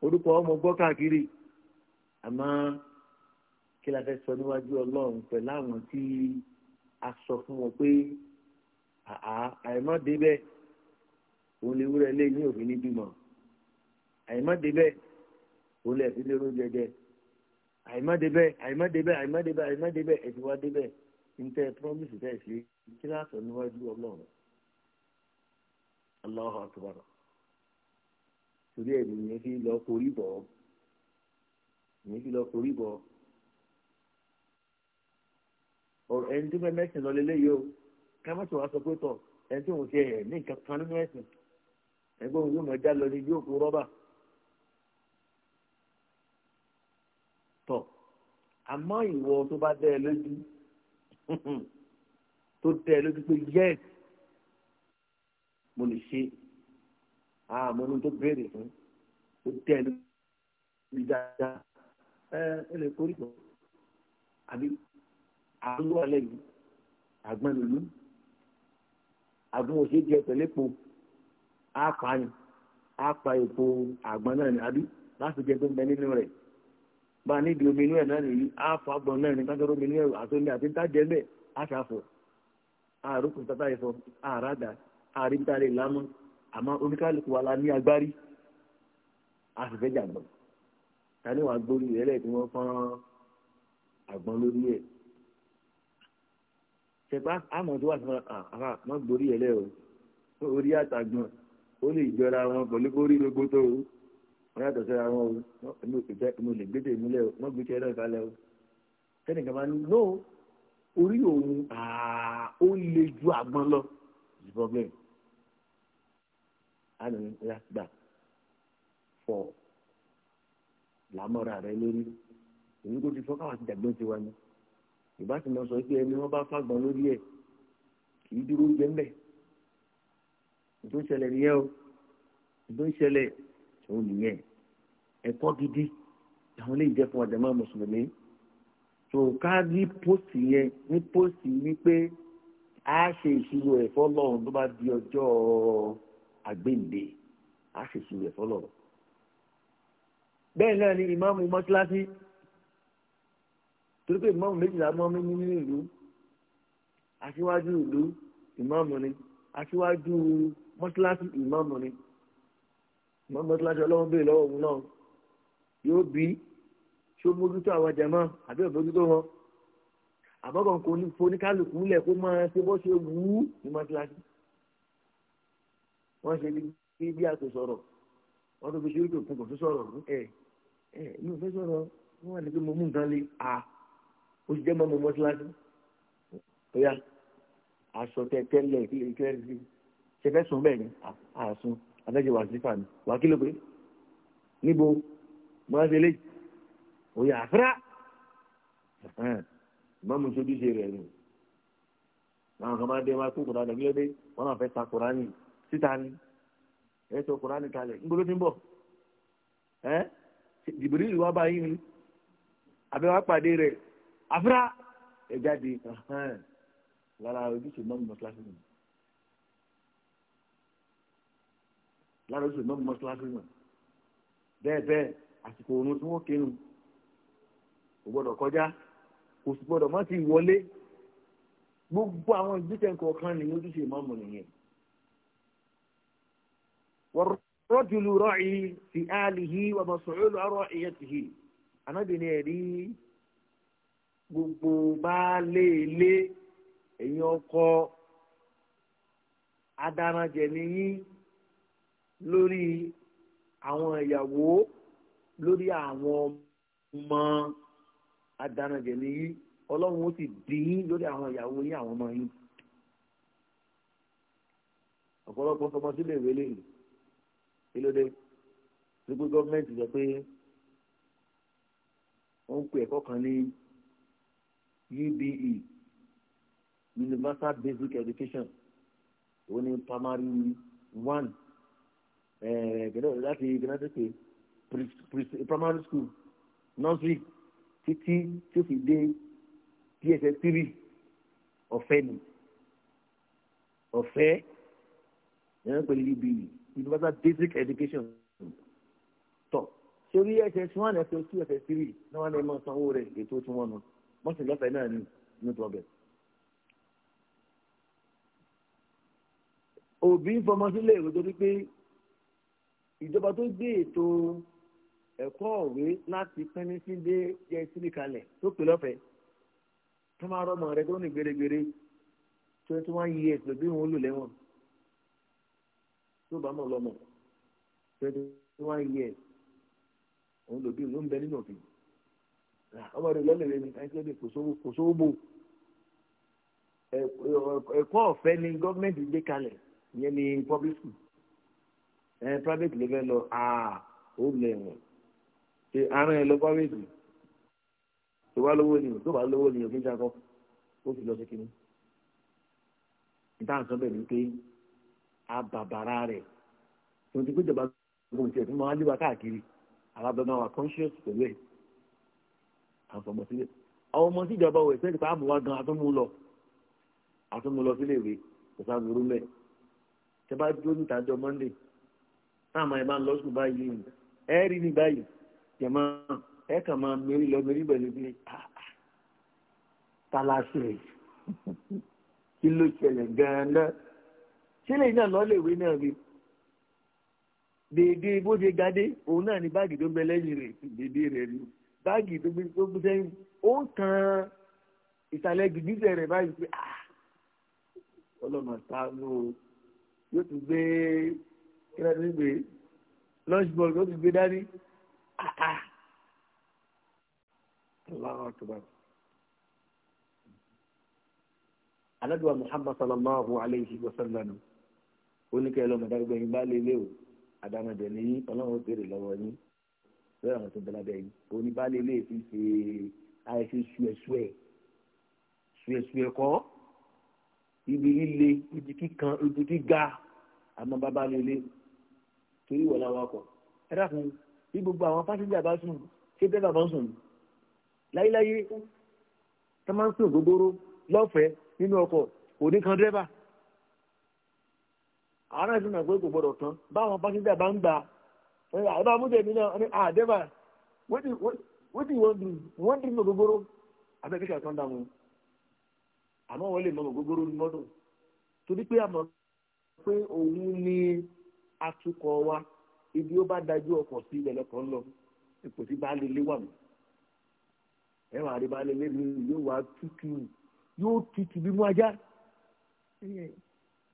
orúkọ ọmọ gbọ́ káàkiri àmọ́ kí la fẹ́ sọ níwájú ọlọ́run pẹ̀lú àwọn tí a sọ fún wọn pé àìmọ́ débẹ̀ òun lè wúrẹ́ lé ní òfin níbí mọ́ àìmọ́ débẹ̀ òun lè fi lé oúnjẹ jẹ àìmọ́ débẹ̀ àìmọ́ débẹ̀ àìmọ́ débẹ̀ àìmọ́ débẹ̀ ẹ̀sìn wá débẹ̀ níta ẹ̀ promise tẹ̀ sí kí la sọ níwájú ọlọ́run Allah akbar torí ẹ̀ nìyẹn fi lọ forí bọ̀ nìyẹn fi lọ forí bọ̀ ọ̀rọ̀ ẹni tó fẹ́ mẹ́sìn lọ lélẹ́yìí o ká má tó wá sọ pé tọ̀ ẹni tó ń ṣe ẹ̀ ní nǹkan kan nínú ẹ̀sìn ẹgbẹ́ òun yóò mọ̀ já lọ ní yóò kó rọ́bà tọ̀ àmọ́ ìwọ tó bá dẹ́ ẹ lójú tó dẹ́ ẹ lójú pé yẹ́ẹ̀sì mo lè ṣe é àmọ́ ah, ohun tó béèrè fún ó tẹ́ ẹ lórí dáadáa ẹ ẹ lè kórè pọ̀ àbí àwọn ọ̀lẹ́ yìí àgbọn nìlú àgbọn òṣèlú jẹ pẹ̀lẹ́pọ̀ àpààyàn àpà èpo àgbọn náà ni àbí láti jẹ tó ń bẹ nínú rẹ̀ bá a níbi omi inú ẹ̀ náà nìyí àfọ àgbọn náà ni kájọ́rọ́ omi inú ẹ̀ àtúndì àti tájẹ́ bẹ́ẹ̀ àṣàfọ̀ àrùkù tata ìfọ̀ àràdà àríntàlẹ̀ lámọ́ àmọ́ oníkálukú wa la ní agbárí a sì fẹ́ jàgbọ́n ta ni wàá gbórí rẹ̀ lẹ́yìn tí wọ́n fọ́n àgbọn lórí ẹ̀ ṣẹpá àmọ́ tó wà sí àfà má gbórí ẹ̀ lẹ́ o orí àtàgbọ̀n ó lè jọra wọn pẹ̀lú kó rí gbogbo tó o wọ́n yàtọ̀ síra wọn o mo lè gbé tèmi lẹ́ o wọ́n gbé tiẹ̀ kalẹ̀ o sẹ́nìkan máa ní no orí òun ó le ju àgbọn lọ is the problem àná ńlá gbà fọ làmọ́ra rẹ lórí èmi kò ti fọ́ káwọn àtìdàgbọ́n ti wá ni ìbá ti mọ sọ pé ẹni wọn bá fàgbọ́n lórí ẹ̀ kì í dúró jẹ́ mbẹ́ ìtò ìṣẹ̀lẹ̀ nìyẹn o ìtò ìṣẹ̀lẹ̀ òun nìyẹn ẹ̀kọ́ gidi àwọn lè jẹ́ fún ọ̀dẹ̀mọ́ mùsùlùmí tó ká ní póòsì yẹn ní póòsì wípé a ṣe ìṣirò ẹ̀fọ́ lọ́run tó bá di ọjọ́ ọ̀ọ́ àgbéǹde á sì sùn rẹ̀ fọlọ́ bẹ́ẹ̀ náà ni ìmáàmù mọ́síláṣí torí pé ìmáàmù méjìlá mọ́ mi nínú ìlú aṣíwájú ìlú ìmáàmù ni aṣíwájú mọ́síláṣí ìmáàmù ni mọ́síláṣí ọlọ́run bèèrè lọ́wọ́ òun náà yóò bí ṣó mójútó àwọn jẹ̀mọ́ àbí òbójútó wọn àbọ̀kàn kò ní foníkálukú lẹ̀ kó máa ṣe bó ṣe wú ní mọ́síláṣí wọ́n ṣe bí bí àtò sọ̀rọ̀ wọ́n tó fi ṣe oríkè òkun kò tó sọ̀rọ̀ ẹ ẹ mi ò fẹ́ sọ̀rọ̀ wọ́n wà ní pé mo mú nǹkan le à ó ti jẹ́ mọ́ mo mọ́ṣáláṣí ọ̀yà aṣọ tẹ́tẹ́lẹ̀ ìkírẹ́sì ṣe fẹ́ sùn bẹ́ẹ̀ ni àsun abẹ́jẹ́ wà sí fàmì wà kí ló pé níbo mo á ṣe lé ọ̀yà àfẹ́rà mọ́mú sojúṣe rẹ̀ nù àwọn kan máa dé wá kó kùnà dàgbélé dé wọ́n máa fẹ́ ta kùnà síta ni ẹ sọ kùránì kalẹ̀ ń gbọ́dọ̀ ti ń bọ̀ ẹ́ jìbìrì ìlú bá yín ni pàdé rẹ̀ àfúrá ẹ jáde lára ojúṣe mọ́mú mọ́sálásí nù lára ojúṣe mọ́mú mọ́sálásí bẹ́ẹ̀ kọjá kò sì gbọ́dọ̀ gbogbo àwọn والرجل راعي في آله ومسؤول عن رعيته أنا بنيري gbogbo baálé ilé ẹ̀yin ọkọ adaranjẹ nìyín lórí àwọn ìyàwó lórí ọmọ lórí àwọn ìyàwó yín àwọn ọmọ yín kí ló dé gbogbo gọ́ọ̀mẹ̀ntì sọ pé wọ́n ń pè ẹ̀kọ́ kan ní UBE Universal Basic Education òun ni primary one ẹ̀ẹ́dẹ̀gbẹ̀rẹ̀ eh, láti ìgbìnàdẹ́pẹ̀ primary school nursery títí tí ó fi dé pss three ọ̀fẹ́ ni ọ̀fẹ́ ẹ̀rọ pẹ̀lú UBE universal basic education tọ̀ sórí ss one ss two ss three náà wà ní ẹ̀mọ́ sanwó rẹ̀ ètò tí wọ́n nu mọ́sí lọ́fẹ̀ẹ́ náà ní ní tọ́bẹ̀. òbí ń fọmọ sílé ìwé torí pé ìjọba tó gbé ètò ẹ̀kọ́ òwe láti pẹ́nisí dé jẹ́ sílẹ̀ kalẹ̀ tó pè lọ́fẹ̀ẹ́ tó máa rọ́mọ rẹ tó ní gbèrègbèrè twenty one years ló bí wọn ó lò lẹ́wọ̀n tó bá mọ̀ lọ́mọ twenty one years òun lòbí ló ń bẹ nínú òbí ọmọ rẹ lọ́lẹ̀ rẹ ni àìsílẹ̀ kò sówó bò ẹ̀kọ́ ọ̀fẹ́ ni gọ́ọ̀mẹ̀ntì gbé kalẹ̀ ìyẹn ni public school ẹ̀ private level lọ ó lẹ̀ wọ̀n ṣe àárín ẹ̀ lọ private tó bá lówó ni tó bá lówó ni òfin jákọ́ ó fi lọ sí kinní ìtàn sọ bẹ́ẹ̀ ni abàbàrà rẹ̀ tó ń ti péjọba gbogbo ìṣẹ̀ tó máa ń léwa káàkiri àwọn abẹ́mọ́ conscious pẹ̀lú ẹ̀ àǹfọ̀mọ̀ sílẹ̀ àwọn ọmọ síjọba ò ìṣẹ́ nípa àmúwá gan atúmú lọ atúmú lọ sílé ìwé kò sáà lóru mẹ́ tẹ bá dúró níta jọ monday táwọn ẹ̀ máa ń lọ sùn báyìí ẹ rí ní báyìí jẹ̀mọ́ ẹ kàn máa mérí lọ mérí pẹ̀lú bí tálásì rẹ̀ kí ló ṣẹlẹ̀ gan-an náà ṣé lè náà lọ lèwe náà rí dèdè bó ṣe gadé òun náà ní báàgì tó ń bẹ lẹ́yìn rẹ̀ dèdè rẹ̀ rí báàgì tó gbé tó gbé sẹ́yìn ó ń kan ìsàlẹ̀ gìgísẹ̀ rẹ̀ báyìí pé ah, ọlọ́mọ sáánú yóò tún gbé kí ló ti gbé lunch box yóò tún gbé dání aláwọ̀ tó bá. aláduwa muhammad sallallahu alayhi wa sallam oníkẹ́ lọ́mọ dágbé yín bá lé léwu àdàmọ̀dẹ̀ ní yín ọlọ́run ó béèrè lọ́wọ́ yín lọ́wọ́ àwọn tó ń bẹ lábẹ́ yín òní bá lé léwu fi ṣe àìsí suẹ̀suẹ̀ suẹ̀suẹ̀ kọ́ ibi líle ibi kíkan ibi gíga àmọ́ bàbá lé léwu torí wọ̀ làwọn ọkọ̀ ẹ dákun bí gbogbo àwọn pásítà bá sùn ṣé bẹ́ẹ̀ bàbá sùn láyéláyé tó máa ń sùn gbogbooro lọ́fẹ̀ẹ́ nínú ọkọ̀ òní kan dẹ́bà àwọn náà sì mọ̀ pé kò gbọdọ̀ tán báwọn pásítà bá ń gbà ẹ bá mú tèmi náà ní àdébà wọ́n ti wọ́n dùn wọ́n dùn gbogbogbòrò abẹ́kẹ́ kà tán dànù àmọ́ wọ́n lè mọ gbogbogbòrò ní mọ́tò torí pé àmọ́ pé òun ni atukọ̀ wa ibi ó bá dájú ọkọ̀ sí ilẹ̀ lọ́kọ̀ ńlọ ipò tí bá lè lé wà mí ẹ wà rí bá lè lé mi yóò wá tútù yóò tútù bí mú ajá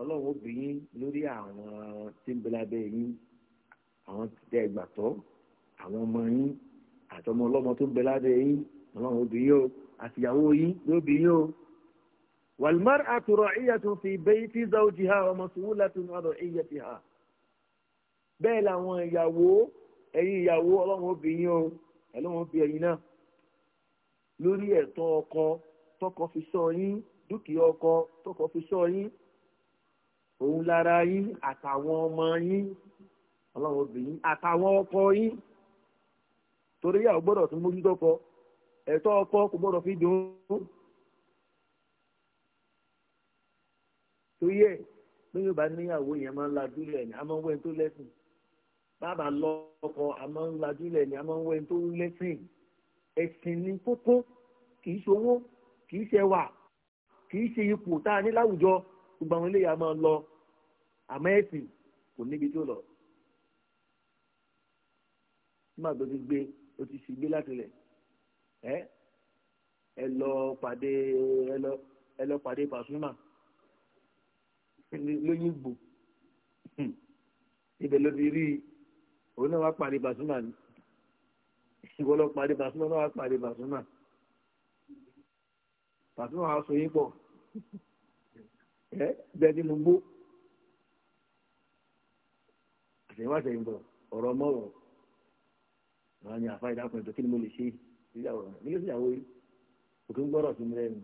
ọlọ́run ó bí yín lórí àwọn tí ń bẹ lábẹ́ yín àwọn tẹ ẹgbàtọ́ àwọn ọmọ yín àtọmọ ọlọ́mọ tó ń bẹ lábẹ́ yín ọlọ́run ó bí yín o àtìyàwó yín ló bí yín o. wàlmar àtúrọ̀ ìyàtún fi bẹ́yì tí zá ojì ha ọmọ sùn wúlà tún ọ̀rọ̀ ìyẹ̀ ti hà. bẹ́ẹ̀ làwọn ìyàwó ẹ̀yin ìyàwó ọlọ́run ó bí ẹlọ́run ó ẹ̀yin náà lórí ẹ̀tọ́ ọkọ tọkọ fi sọ yín dúkìá ọkọ tọkọ fi sọ yín òun lára yín àtàwọn ọmọ yín ọlọ́run obìnrin àtàwọn ọkọ yín torí yà ó gbọ́dọ̀ tún mójútó kọ ẹ̀tọ́ ọkọ kò gbọ́dọ̀ fi dùn ún tó yẹ pé yóò bá níyàwó yẹn máa ń lajú lẹ̀ ní a máa ń wẹ́n tó lẹ́sìn bàbá lọ́kọ a máa ń lajú lẹ̀ ní a máa ń wẹ́n tó lẹ́sìn ẹ̀sìn ní kókó kì í ṣowó kì í ṣẹwà kì í ṣe ipò tá a ní láwùjọ gbogbo àwọn eléyà máa lọ àmọ́ ẹ̀sìn kò níbi tó lọ. nígbà tó ti gbé o ti sì gbé láti lẹ̀ ẹ́ ẹ lọ pàdé ẹ lọ ẹ lọ pàdé pàṣúmà lóyún gbò hmm. ibẹ̀ ló ti rí òun náà wá pàdé pàṣúmà ni ìwọ lọ pàdé pàṣúmà náà wá pàdé pàṣúmà pàṣúmà wá so yín pọ̀ ẹ bẹ́ẹ̀ nínú gbó àtẹ̀yìnwáṣẹ̀ ìbọ̀ ọ̀rọ̀ mọ́rọ̀ wọn ni àfa ìdákùn ìjọ kí ni mo lè ṣe ìyàwó rẹ̀ nílé ìyàwó yìí òkè ń gbọ́rọ̀ sí mi lẹ́nu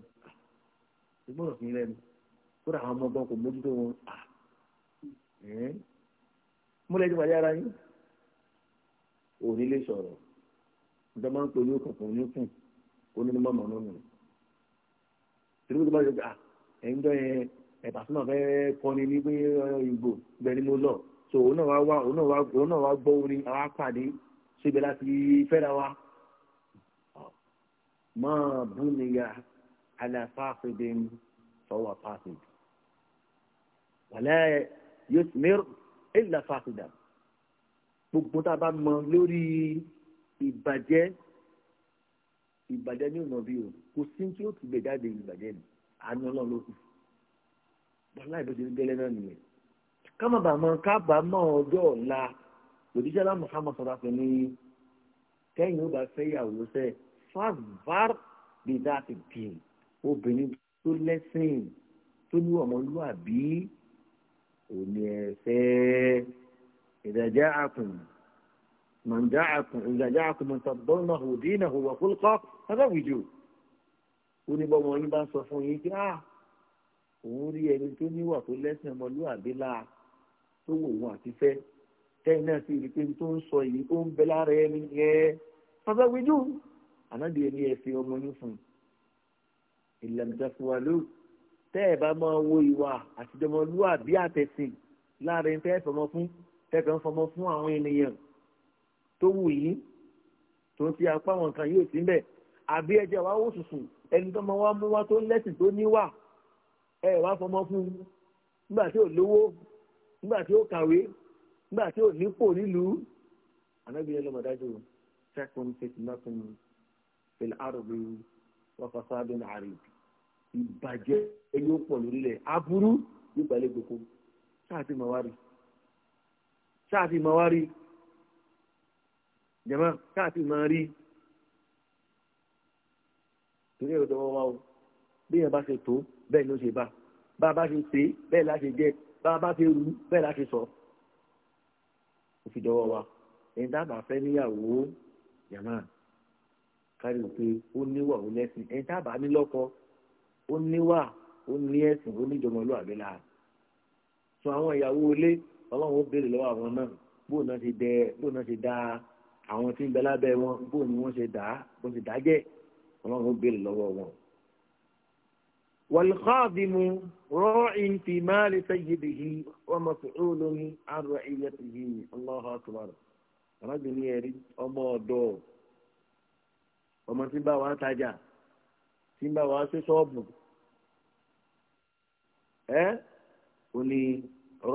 ń gbọ́rọ̀ sí mi lẹ́nu kódà àwọn ọmọ ọgbọ́n kò mójútó wọn à ẹ́n mo lẹ́jọ́ pàdé ara yín òní lè sọ̀rọ̀ ǹjẹ́ máa ń pè ní òkùn ní kùn ó ní mọ́mọ́ náà nù tìrìbù tó bá ṣe ẹ̀bà tó náà fẹ́ kọrin ní pé eh, ìgbò bẹ́ẹ̀ ni mo lọ so òun náà wá òun náà wá òun náà wá gbọ́ orin àwa pàdé síbi láti fẹ́ra wa máa bú nìyà aláfáàfẹ́dẹ́ fọwọ́ fáàfẹ́dẹ́ wàlẹ́ yóò sì mẹ́rọ ìlà fáàfẹ́dà gbogbo tá a bá mọ lórí ìbàjẹ́ ìbàjẹ́ ní ọ̀nà bí o kò sí tí ó ti gbẹ̀ jáde ìbàjẹ́ ni àánú ọlọ́run ló kù wàhálà ìbòjì gẹ́lẹ́ náà nìyẹn kámá bàá mọ kábàámọ̀ ọjọ́ ọ̀la òdíjà lá Muhammad sọ̀rọ̀ àfẹ́ ní kẹ́yìn ó bá fẹ́ yàwó sẹ́ fàvar bí dáàtì dì obìnrin tó lẹ́sìn tó ní ọmọlúwàbí òní ẹ̀fẹ́ ìdájá àkùn mọ̀njá àkùn ìdájá àkùn mọ̀tàbọ́nà òdínà òwò fúlùkọ́ sábà wìjò ó ní bọ́ wọn yín bá sọ fún yín pé ah òun rí ẹni tó níwà tó lẹ́sìn ọmọlúwàbí láà tó wò wọn àti fẹ́ tẹ́yìn náà sì rí pé tó ń sọ yìí ó ń bẹ lára ẹni yẹn fàfẹ́wíjú ànábìyẹ ni ẹ fi ọmọ yín fún ìlànàjàfọwàlú tẹ́ ẹ bá máa wo ìwà àtijọ́mọlúwàbí àtẹ̀sìn lára ẹni tẹ́ ẹ fọmọ fún tẹ́ ẹ kàn fọmọ fún àwọn ènìyàn tó wù yín tó ti apá àwọn kan yóò sí mbẹ̀ àbí ẹjẹ wa ó sùsù ẹni tó máa wá mú wá tó lẹ́sìn tó níwà ẹ wá fọmọ fún un nígbà tí ò lówó nígbà tí ó kàwé nígbà tí ò nípò nílùú anábìyẹn ló mọ̀ dájú ṣẹ́kùn fìtìmọ́kùn fìlà àròbí wọ́fọ́sọ́dún àríbí ìbàjẹ́ yóò pọ̀ lórílẹ̀ aburú yóò gbalẹ̀ gbogbo ṣáàtì mọ̀wárí ṣáàtì mọ̀wárí jẹ̀mọ́ ṣáàtì mọ̀ rí torí ẹ̀rọ tó wọ́n wá o bí yẹn bá ṣe tó bẹ́ẹ̀ ló ṣe bá bá a bá ṣe ṣe bẹ́ẹ̀ la ṣe jẹ bá bá ṣe rú bẹ́ẹ̀ la sọ ó fi dọwọ́ wa ẹni dábàá fẹ́ níyàwó yàmá kárí òpè ó níwà ó lẹ́sìn ẹni dábàá nílọ́kọ ó níwà ó ní ẹ̀sìn ó níjọmọlú àbẹ́là sọ àwọn ìyàwó ilé ọlọ́run ó béèrè lọ́wọ́ àwọn náà bóun náà ṣe dẹ bóun náà ṣe dáa àwọn tí ń bẹ lábẹ́ wọn bóun ni wọ́n ṣe dá bóun ṣe dájẹ́ ọlọ́run ó béèrè lọ́wọ́ wọn والخادم راع في مال سيده ومسؤول عن رعيته الله أكبر رجل يريد ọmọ ọ̀dọ̀ ọmọ tí ń bá wa tajà tí ń bá wa ṣe ṣọ́ọ̀bù ẹ ò ní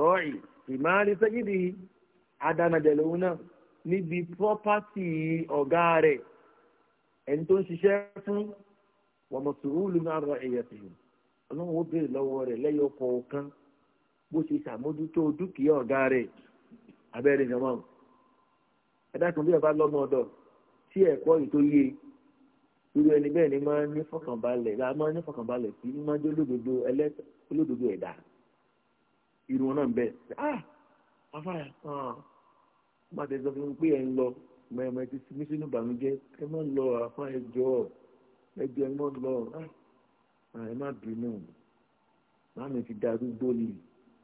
rọ́ọ̀ì ìmáàlì sẹ́gìdì adánadẹ̀ lòun náà níbi pọ́pátì ọ̀gá rẹ̀ ẹni tó ń ṣiṣẹ́ fún wọ́n mọ̀ sùúrù lónà rọ̀ ẹ̀yẹ̀ tìyẹ̀ ọlọ́run ó béèrè lọ́wọ́ rẹ̀ lẹ́yọ kọ̀ọ̀kan bó ṣe ṣàmójútó dúkìá ọ̀gá rẹ̀ abẹ́rẹ́ ìjọba ọ̀hún ẹ̀dákun bí ọba lọ́mọ ọ̀dọ̀ tí ẹ̀kọ́ yìí tó yé irú ẹni bẹ́ẹ̀ ni máa ń ní fọkànbalẹ̀ la máa ń ní fọkànbalẹ̀ sí ní máa ń jẹ́ olódodo ẹlẹ́sẹ̀ olódodo ẹ̀dá irun náà bẹ́ẹ̀ ah afárá hàn ah! má ti sọ fún mi pé ẹ̀ ń lọ mẹ́ẹ̀mẹ́ ti mí sínú ìbànújẹ́ ẹ má lọ àfáà ẹjọ́ ẹjọ́ ẹ má lọ ah Ah, ẹ má bínú màmí ti darúgbó ni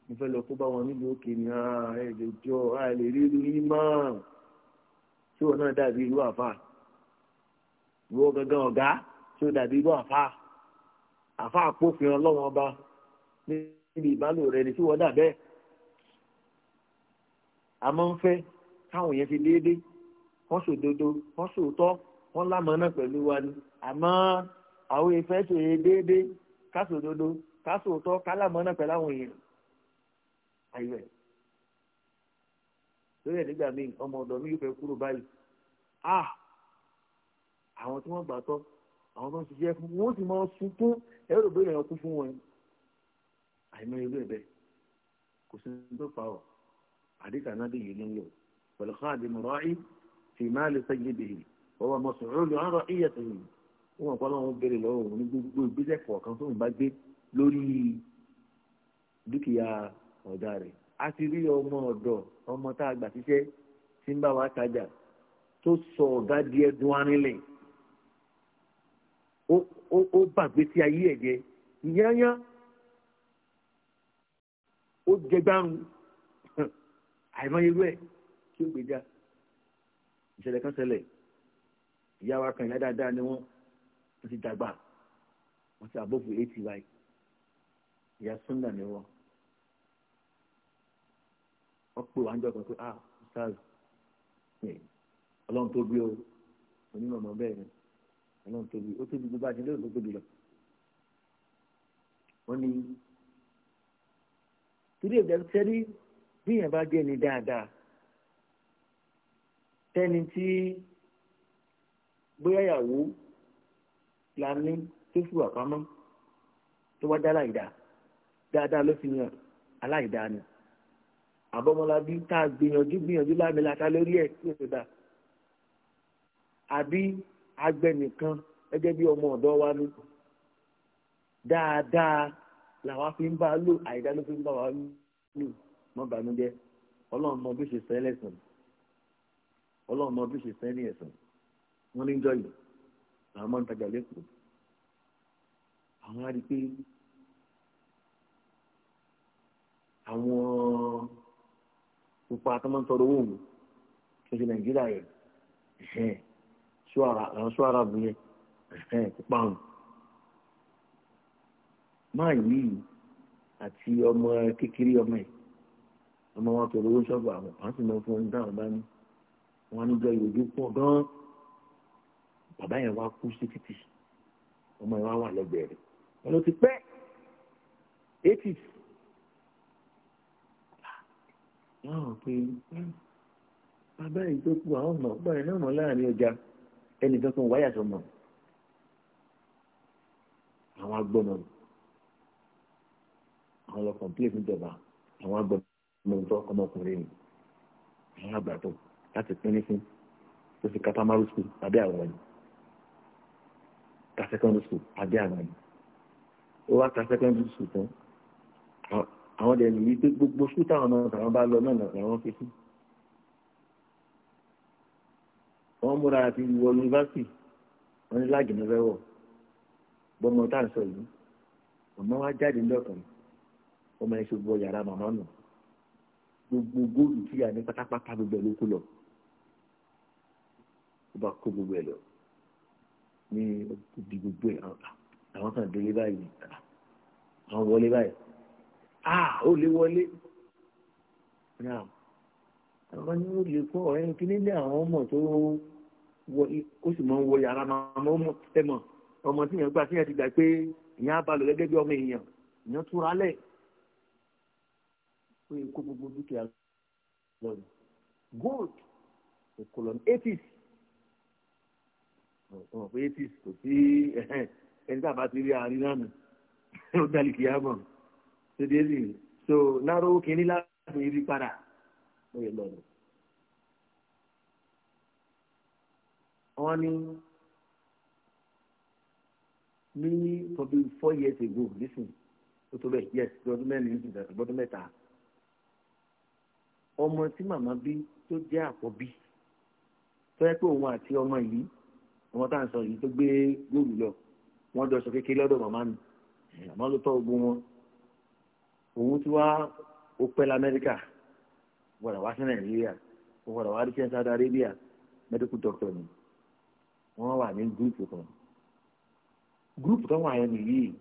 mo fẹ́ lọ kó bá wọn nílùú òkè ni ah, ẹ lè jọ ẹ lè rí irú yín mọ́ tí wọn náà dàbí irú àfa ìwọ gangan ọ̀gá tí ó dàbí irú àfa àfa àpòfin ọlọ́wọ́n ọba níbi ìbálò rẹ ni tí wọ́n dà bẹ́ẹ̀ a máa ń fẹ́ káwọn yẹn ti déédéé wọ́n sòdodo wọ́n sòótọ́ wọ́n lámọ́ náà pẹ̀lú wa ni àmọ́ àwọn ìfẹ́ ṣe é déédé káṣò dodo káṣò tọ́ kálámọ́ náà pẹ̀lú àwọn èèyàn àyẹ̀wẹ̀ lórí ẹ̀ nígbà míì ọmọ ọ̀dọ̀ mi yóò fẹ́ kúrò báyìí ah àwọn tí wọ́n gbà tọ́ àwọn tó ń ṣiṣẹ́ fún wọn ó sì máa sunkún ẹ̀rọ ìbéèrè yẹn kú fún wọn àìmọ irú ẹ̀ kò sí tó fa ọ àdìsá náà bí yìí nílò pẹ̀lú káàdì mọ̀rọ́ ayé fi máa lè sẹ́yìn bèèrè ọwọ́ mọ̀sùn rẹ̀ lọ́rọ̀ ìyẹ̀sẹ̀ yìí ó mọ̀ pọ́nlọ́wọ́ ń béèrè lọ́wọ́ òun ní gbogbo ìgbésẹ̀ kọ̀ọ̀kan tó ń bá gbé lórí dúkìá ọ̀dà rẹ̀ a ti rí ọmọ ọ̀dọ̀ ọmọ tá a gbà síṣẹ́ tí ń bá wa tajà tó sọ ọ̀gá di ẹdun arinlẹ̀ ó bàgbé sí ayé ẹ̀jẹ̀ yányá ó jẹ gbárùn àìmọye irú ẹ̀ kí ó gbèjà ìṣẹ̀lẹ̀ kan ṣẹlẹ̀ ìyá wa kan ìyá dáadáa ni wọ́n wọ́n ti dàgbà wọ́n ti above eighty five ìyá sunna ni wọ́n wọ́n pè wá ń jọ kan pé ah stars ọlọ́run tó bí o onímọ̀ ọmọ bẹ́ẹ̀ ni ọlọ́run tóbi ó tóbi gbogbo àti lóòótọ́ tóbi lọ. wọ́n ní torí ẹ̀dá sẹ́rí bíyàn bá jẹ́ ni dáadáa tẹ́ni tí bóyá ìyàwó la ní tó sì wà pamọ́ tó wá dá láìdá dáadáa ló fi yàn aláìdá ni àbọ̀mọlábí tá a gbìyànjú gbìyànjú lámìlaka lórí ẹ̀ tí èso dá àbí agbẹ̀ nìkan gẹ́gẹ́ bí ọmọ ọ̀dọ́ wa ní dáadáa làwa fi ń bá a lò àìdá ló fi ń bá wa lò mọ́ bànújẹ́ ọlọ́run mọ bí ó ṣe sẹ́ lẹ́sàn ọlọ́run mọ bí ó ṣe sẹ́ ní ẹ̀sán wọ́n ní jọ́yìn àwọn máa ń tajà lẹ́kọ̀ọ́ àwọn á rí i pé àwọn pupa tó máa ń tọrọ owó òun tó ṣe nàìjíríà yẹn àwọn sọ ara bù yẹn pupa òun máa yìí àti ọmọ kékeré ọmọ yìí ọmọ wọn tọrọ owó ṣọ́ọ̀bù àwọn àwọn sì fún ọdún táwọn bá ní wọn á ní jọ ìròjú pọ̀ gan bàbá yẹn wá kú sí títì ọmọ yẹn wá wà lẹ́gbẹ̀ẹ́ rẹ̀ wọn ló ti pẹ́ eighty wọn rò pé hmm, bàbá yìí tó kú àwọn ọmọ ọgbà yẹn náà mọ láàrin ọjà ẹnì kankan wáyà tó mọ àwọn agbọmọ àwọn lọ kọ̀ǹpìlẹ̀tì ìjọba àwọn agbọmọ tó ọmọkùnrin ni àwọn àgbàdo láti pín ní fún tó fi kápá márùsùn tàbí àwọn ọ̀nà ta secondary school adé àgbàdo ó wá ta secondary school tán àwọn dẹ̀ nìyí pé gbogbo school táwọn náà táwọn bá lọ náà làwọn fi sí wọ́n múra àti wọ yunifásitì wọ́n ní láàgì ní fẹ́wọ̀ bọ́mọ tá à ń sọ yìí màmá wa jáde lọ́kàn ọmọ ẹ̀ ṣe bọ yàrá màmá nù gbogbo góòlù tíyà ní pátápátá gbogbo ẹ̀ ló kú lọ ó bá kó gbogbo ẹ̀ lọ ní ibi gbogbo ẹ̀ àwọn kan délé báyìí àwọn wọlé báyìí ah ó lè wọlé àwọn ni ó lè kọ́ ọ̀rẹ́ ní kíní ní àwọn ọmọ tó ó sì máa ń wọ yàrá máa ń tẹ̀mọ̀ ọmọ tí yẹn gbà tí yẹn ti gbà pé ìyẹn á balọ̀ gẹ́gẹ́ bí ọmọ èèyàn ìyẹn túra lẹ̀ ó kó gbogbo dúkìá lọ́nà gold èkó lọ́nà eighties ọmọ pé eighties kò sí ẹni tá a bá ti rí àárín náà nù ó dálì kìá mọ̀ tó dé sí so náró kínní láti rí padà ó yẹ lọ́nà. wọ́n ní ní probably four years ago nisin o tó bẹ́ẹ̀ yes bí ọdún mẹ́rin nísìnyí tàbí ọdún mẹ́ta ọmọ tí màmá bí tó jẹ́ àkọ́bí tó yẹ pé òun àti ọmọ yìí ọmọ tá à ń sọ yìí tó gbé góòlù lọ wọ́n jọ sọ kékeré lọ́dọ̀ màmá mi àmọ́ ló tọ́ ogun wọn òun tí wá ó pẹ́ lamẹ́ríkà wọ́n wá sí nàìjíríà wọ́n wá sí Saudi Arabia medical doctor ni wọ́n wà ní gúrúùpù kan gúrúùpù tó wà yẹn nìyí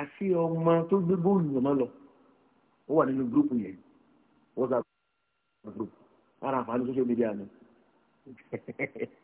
àti ọmọ tó gbé góòlù ọmọ lọ ó wà nínú gúrúùpù yẹn WhatsApp gúrúùpù ara àǹfààní social media ni.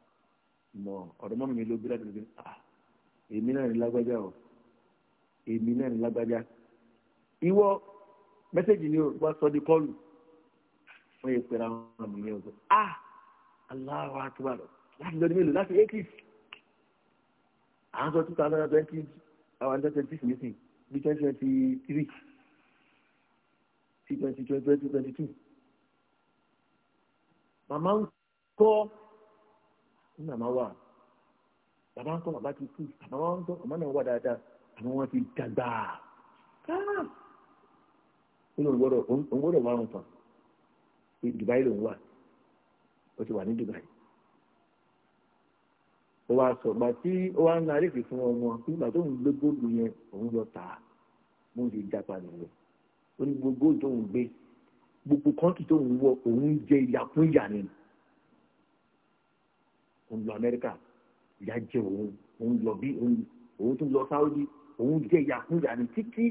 mọ ọ̀dọ́ mọ́mí mi ló bí láti lè ah èmi náà ní lágbájá o èmi náà ní lágbájá ìwọ mẹ́sẹ̀gì ni o wá sọ di kọ́ọ̀lù wọ́n yẹ pẹ̀lú àwọn ọmọ mi ọ̀gbọ́n ah Allahu akbar láti lọ́dún mélòó láti eighties à ń sọ two thousand and twenty àwọn hundred twenty six missing bí twenty twenty three twenty twenty twenty twenty two màmá ń kọ́ ní màmá wà bàbá ń kọ́ bàbá ti kú bàbá ń tọ́ ọmọ náà wà dáadáa àmọ́ wọ́n ti dàgbà ó ah! lóun gbọ́dọ̀ òun gbọ́dọ̀ wá wọn tán Dubai lòun wà ó ti wà ní Dubai ó wá sọ gbà tí ó wá ń na àríkì fún ọmọ nígbà tó ń gbé góòlù yẹn òun lọ tà á bó ń nìyẹn ó ní gbogbo tó ń gbé gbogbo kọ́ńtì tó ń wọ òun jẹ ìyàkúnyà nìyẹn. òun lọ amẹ́ríkà ìyá jẹ òun òun lọ bí òun tún lọ sáwọ́dí òun jẹ ìyàkúnyà ní títí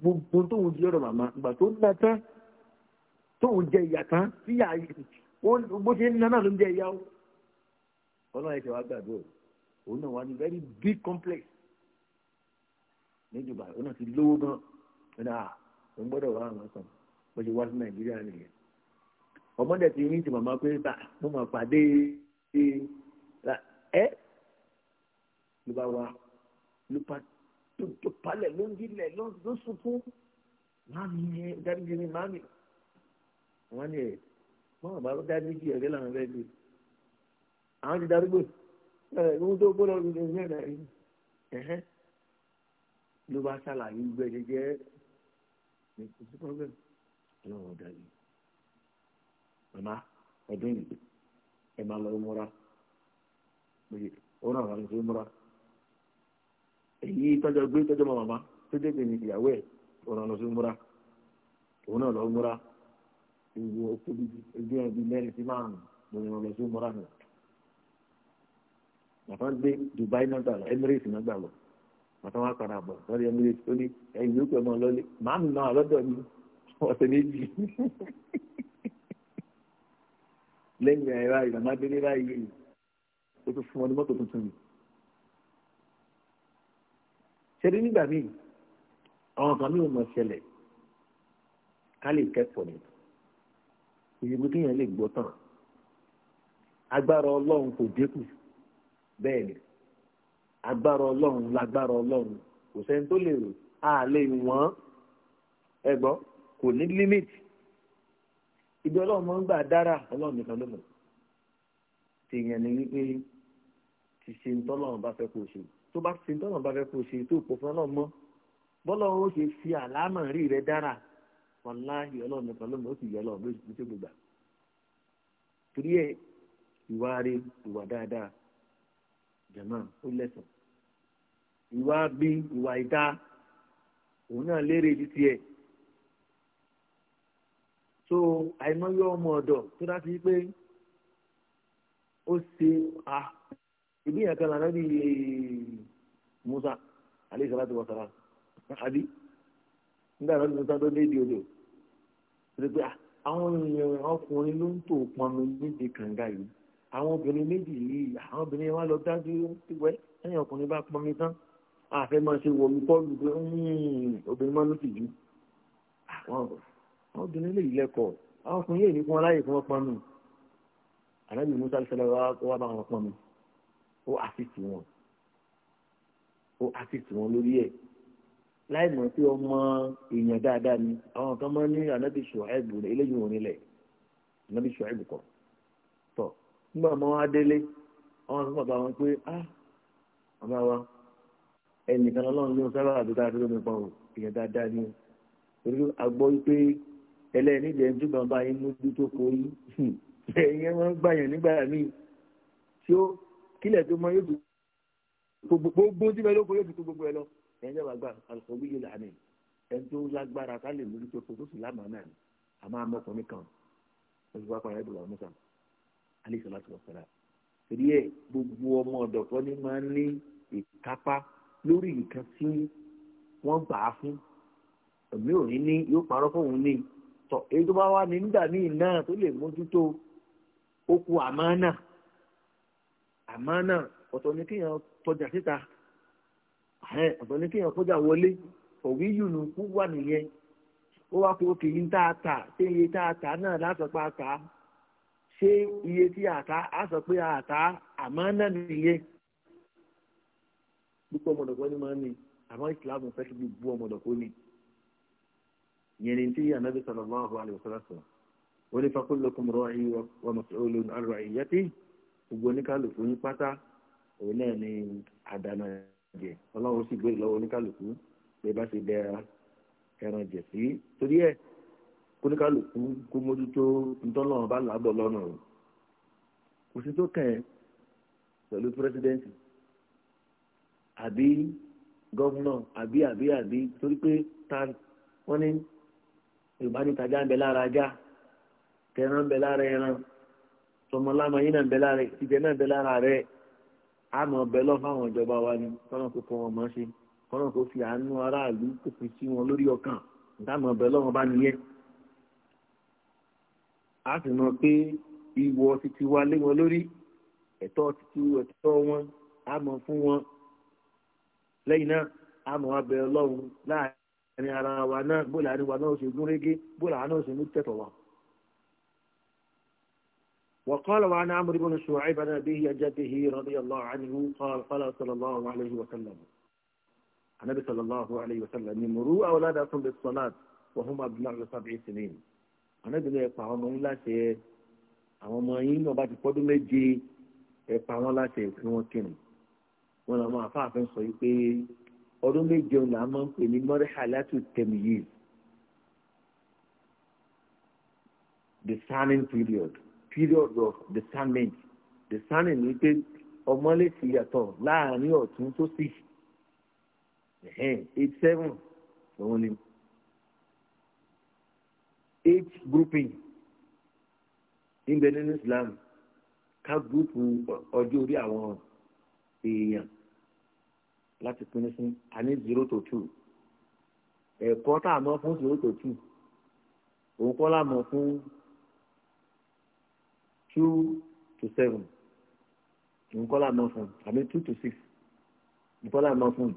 gbogbo tóun di lọ́dọ̀ màmá ìgbà tó ń na tán tóun jẹ ìyà tán tí yà bó ṣe ń naná ló ń jẹ ìyá o ọlọ́run ẹ̀ṣẹ̀ gbàdúrà òun náà wà ní very big complex ní òun náà ti lówó gan ah, òun gbọ́dọ̀ ẹ́ ló bá wá ló bá tó palẹ̀ ló ń dilẹ̀ ló sunkún máàmì yẹn dáríji ni máàmì wọn ni ẹ wọn bá dáríji ẹ̀rẹ́ làwọn fẹ́ di àwọn ti darúgbò ẹ ohun tó gbọ́dọ̀ ló ń yẹn dàrí ẹ̀hẹ́ ló bá ṣàlàyé gbẹ jẹjẹ ní kò sí pọ́blẹ́mù ọlọ́run màmá ọdún yìí ẹ máa lọ múra péye òun náà ràn sí múra èyí tọ́jọ́ gbé tọ́jọ́ mọ́ màmá tó débè ní ìyàwó ẹ̀ òun náà lọ sí múra òun náà lọ múra ìwò òkúbi ẹgbẹ́ ẹbí mẹ́rin sí márùn lórí wọn lọ sí múra nù màtá gbé Dubai náà gbà lọ Emirates náà gbà lọ màtá wọn padà bọ̀ lórí Emirates tó ní ẹ̀yìn yóò pẹ̀ mọ́ lọ́lé màámi náà lọ́dọ̀ mi ọ̀sẹ̀ méjì lẹ́yìn ẹ̀rọ ìgbàmádélé ó tún fún wọn ní mọ́tò tuntun ni ṣeré nígbà míì àwọn kan míì mọ̀ ṣẹlẹ̀ ká lè kẹ́kọ̀ọ́ ni ìyẹ̀wò kéèyàn lè gbọ́ tán agbára ọlọ́run kò dínkù bẹ́ẹ̀ ni agbára ọlọ́run lágbára ọlọ́run kò sẹ́ni tó lè rò á lè wọ́n ẹ gbọ́ kò ní limit ibi ọlọ́run máa ń gbà dára ọlọ́run nìkan ló mọ̀ tèèyàn ní wípé ti ṣe ntọ́lọ́run bá fẹ́ kó ṣe tó bá ṣe ntọ́lọ́run bá fẹ́ kó ṣe tó pọ̀ fún ọlọ́run mọ́ bọ́lọ́run ó ṣe fi àlámọ̀ rí rẹ dára wàláhì ọlọ́run nìkan lónìí ó sì yẹ ọlọ́run lóṣù tó gbogbo torí ẹ ìwà rẹ ìwà dáadáa jẹ̀mọ́ ó lẹ́sàn ìwà bí ìwà ìta òun náà lérè ti tiẹ̀ so àìmọye ọmọ ọ̀dọ̀ tó dá sí pé ó ṣe ah, ìbí yẹn kan lànà Musa aleyhi salatu wa salam Abi, nígbà tó Musa tó dé di odò ṣe pé ah, àwọn èèyàn ọkùnrin ló ń tò pọnmi níbi kànga yìí àwọn obìnrin méjì yìí àwọn obìnrin wa lọ dájú wẹ ẹ̀yìn ọkùnrin bá pọnmi tán àfẹ máa ṣe wọlú pọlù pé hmm, obìnrin máa ló sì jù ah, àwọn obìnrin lè yí lẹkọọ àwọn ọkùnrin yìí ní fún aláyè fún ọpọnù ànábì Musa ṣẹlẹ̀ wá bá wọn ó àtìtì wọn ó àtìtì wọn lórí ẹ̀ láì mọ̀ pé ọmọ èèyàn dáadáa ni àwọn kan máa ń ní ànábì ṣùháìbù eléyìí wọn nílẹ̀ ànábì ṣùháìbù kọ̀ tọ̀ nígbà ọmọ wa délé àwọn kan bàbá wọn pé ah bàbá wa ẹnìkan ọlọ́run ló ń sábà àdúrà tó lómi pa ò èèyàn dáadáa ni torí àgbọ̀ pé ẹlẹ́ni ìdẹ́ni tó bàbá yín mójú tó kọ yín ẹ̀yìn ẹ̀ máa ń gbàyàn nígbà míì tí ó kílẹ̀ tó mọ yóò dùn gbogbo tí bẹ́ẹ̀ lóko yóò dùn tó gbogbo ẹ lọ ẹ̀yin jẹ́ wàá gbà alùpùpù yìí lànà ẹni tó lágbára ká lè mójútó kó tó sì lámàá náà ni àmọ́ amọ́kùnrin kan oṣù pápá yẹn dùn lọ́mọ́sà alẹ́ sọlá sọlá sọlá torí ẹ gbogbo ọmọ ọ̀dọ̀ kan ní máa ń ní ìkápá lórí nǹkan tí wọ́n gbà á fún èmi ò ní yóò parọ́ fóun ní tọ èyí bá wà ní nígbà míì náà tó lè mójútó ó ku àmọ́ náà àmọ́ náà ọ̀tọ̀ ni kéèyàn tọjà síta ọ̀tọ̀ ni kéèyàn tọjà wọlé òwí yùnú kú wà nìyẹn ó wá pé òkè yìí tá a tà ṣé iye tá a tà náà láti pa tà á ṣé iye tí a tà á sọ pé a tà á àmọ́ náà nìyẹn púpọ̀ ọmọdọ̀kọ́ ni máa ń ní àmọ́ ìsìláàmù fẹ́ kí gbogbo ọmọdọ̀kọ́ ni yẹn ni tí anabi sallallahu alaihi wasallam ó ní fakúlùkùn rọ̀ ẹ̀yìn wa mas'ulun an ra'iyatihi gbogbo oníkàlùkù yín pátá òun náà ni àdànà jẹ ọlọ́run sì gbèrè lọ́wọ́ oníkàlùkù pé bá ṣe bẹ ẹran jẹ sí torí ẹ kóníkàlùkù kó mójútó ntọ́lọ́run bá làbọ̀ lọ́nà o kò sí tó kàn ẹ́ pẹ̀lú pírẹsidẹ́ǹtì àbí gọ́vùnà àbí àbí àbí torí pé ta wọ́n ní yorùbá ń bẹ lára ajá kẹran ń bẹ lára ẹran tọmọláma yín náà ń bẹ lára rẹ ìbẹ náà ń bẹ lára rẹ àmọ́ ọbẹ lọ fáwọn ìjọba wa ni kọ́nà kó fọ wọn mọ́ ṣe kọ́nà kó fi àánú aráàlú kó fi sí wọn lórí ọkàn dáàmú ọbẹ lọ́wọ́n bá nìyẹn. a sì mọ pé ìwọ títí wa lé wọn lórí ẹ̀tọ́ títí ẹ̀tọ́ wọn a mọ̀ fún wọn lẹ́yìn náà a mọ̀ abẹ ọlọ́run láàárín ara wa náà bóòlù àárín náà ó ṣe gún régé bóòlù àárín náà ó ṣe mú tẹ̀tọ̀ wa. وقال وعن عمرو بن شعيب عن أبيه عن جده رضي الله عنه قال قال صلى الله عليه وسلم النبي صلى الله عليه وسلم مروا أولادكم بالصلاة وهم أبناء سبع سنين أنا لا يفهم إلا شيء àwọn ọmọ yín náà bá ti pọ́dún méje ẹ̀pà wọn láti ẹ̀sìn wọn kírun wọn làwọn àfáàfin sọ yìí pé ọdún méje the signing period period of discernment discerning ni pé ọmọ lè ti yàtọ̀ láàrin ọ̀tún tó sì eight seven òun ni eight grouping níbẹ̀ nínú Islam ká gúrúùpù ọjọ́ orí àwọn èèyàn láti pinnu sí a ní zero to two ẹ̀kọ́ tá a mọ̀ fún zero to two òun kọ́ la mọ̀ fún two to seven nǹkan là mọ fún mean two to six nǹkan là mọ fún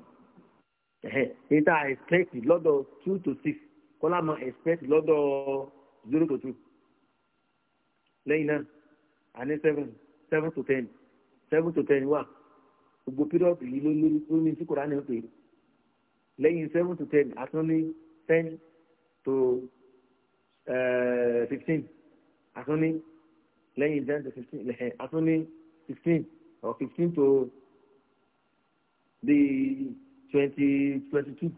èyí tá a expect lọ́dọ̀ two to six kọ́ là mọ expect lọ́dọ̀ zero to two lẹ́yìn náà a ní seven seven to ten seven to ten wà gbogbo period yìí ló lórí ló ní sí kòránì pé lẹ́yìn seven to ten a tún ní ten to eh, fifteen a tún ní lẹ́yìn ten to fifteen lẹ́hìn eh, eh, atún ní fifteen or fifteen to bíi twenty twenty two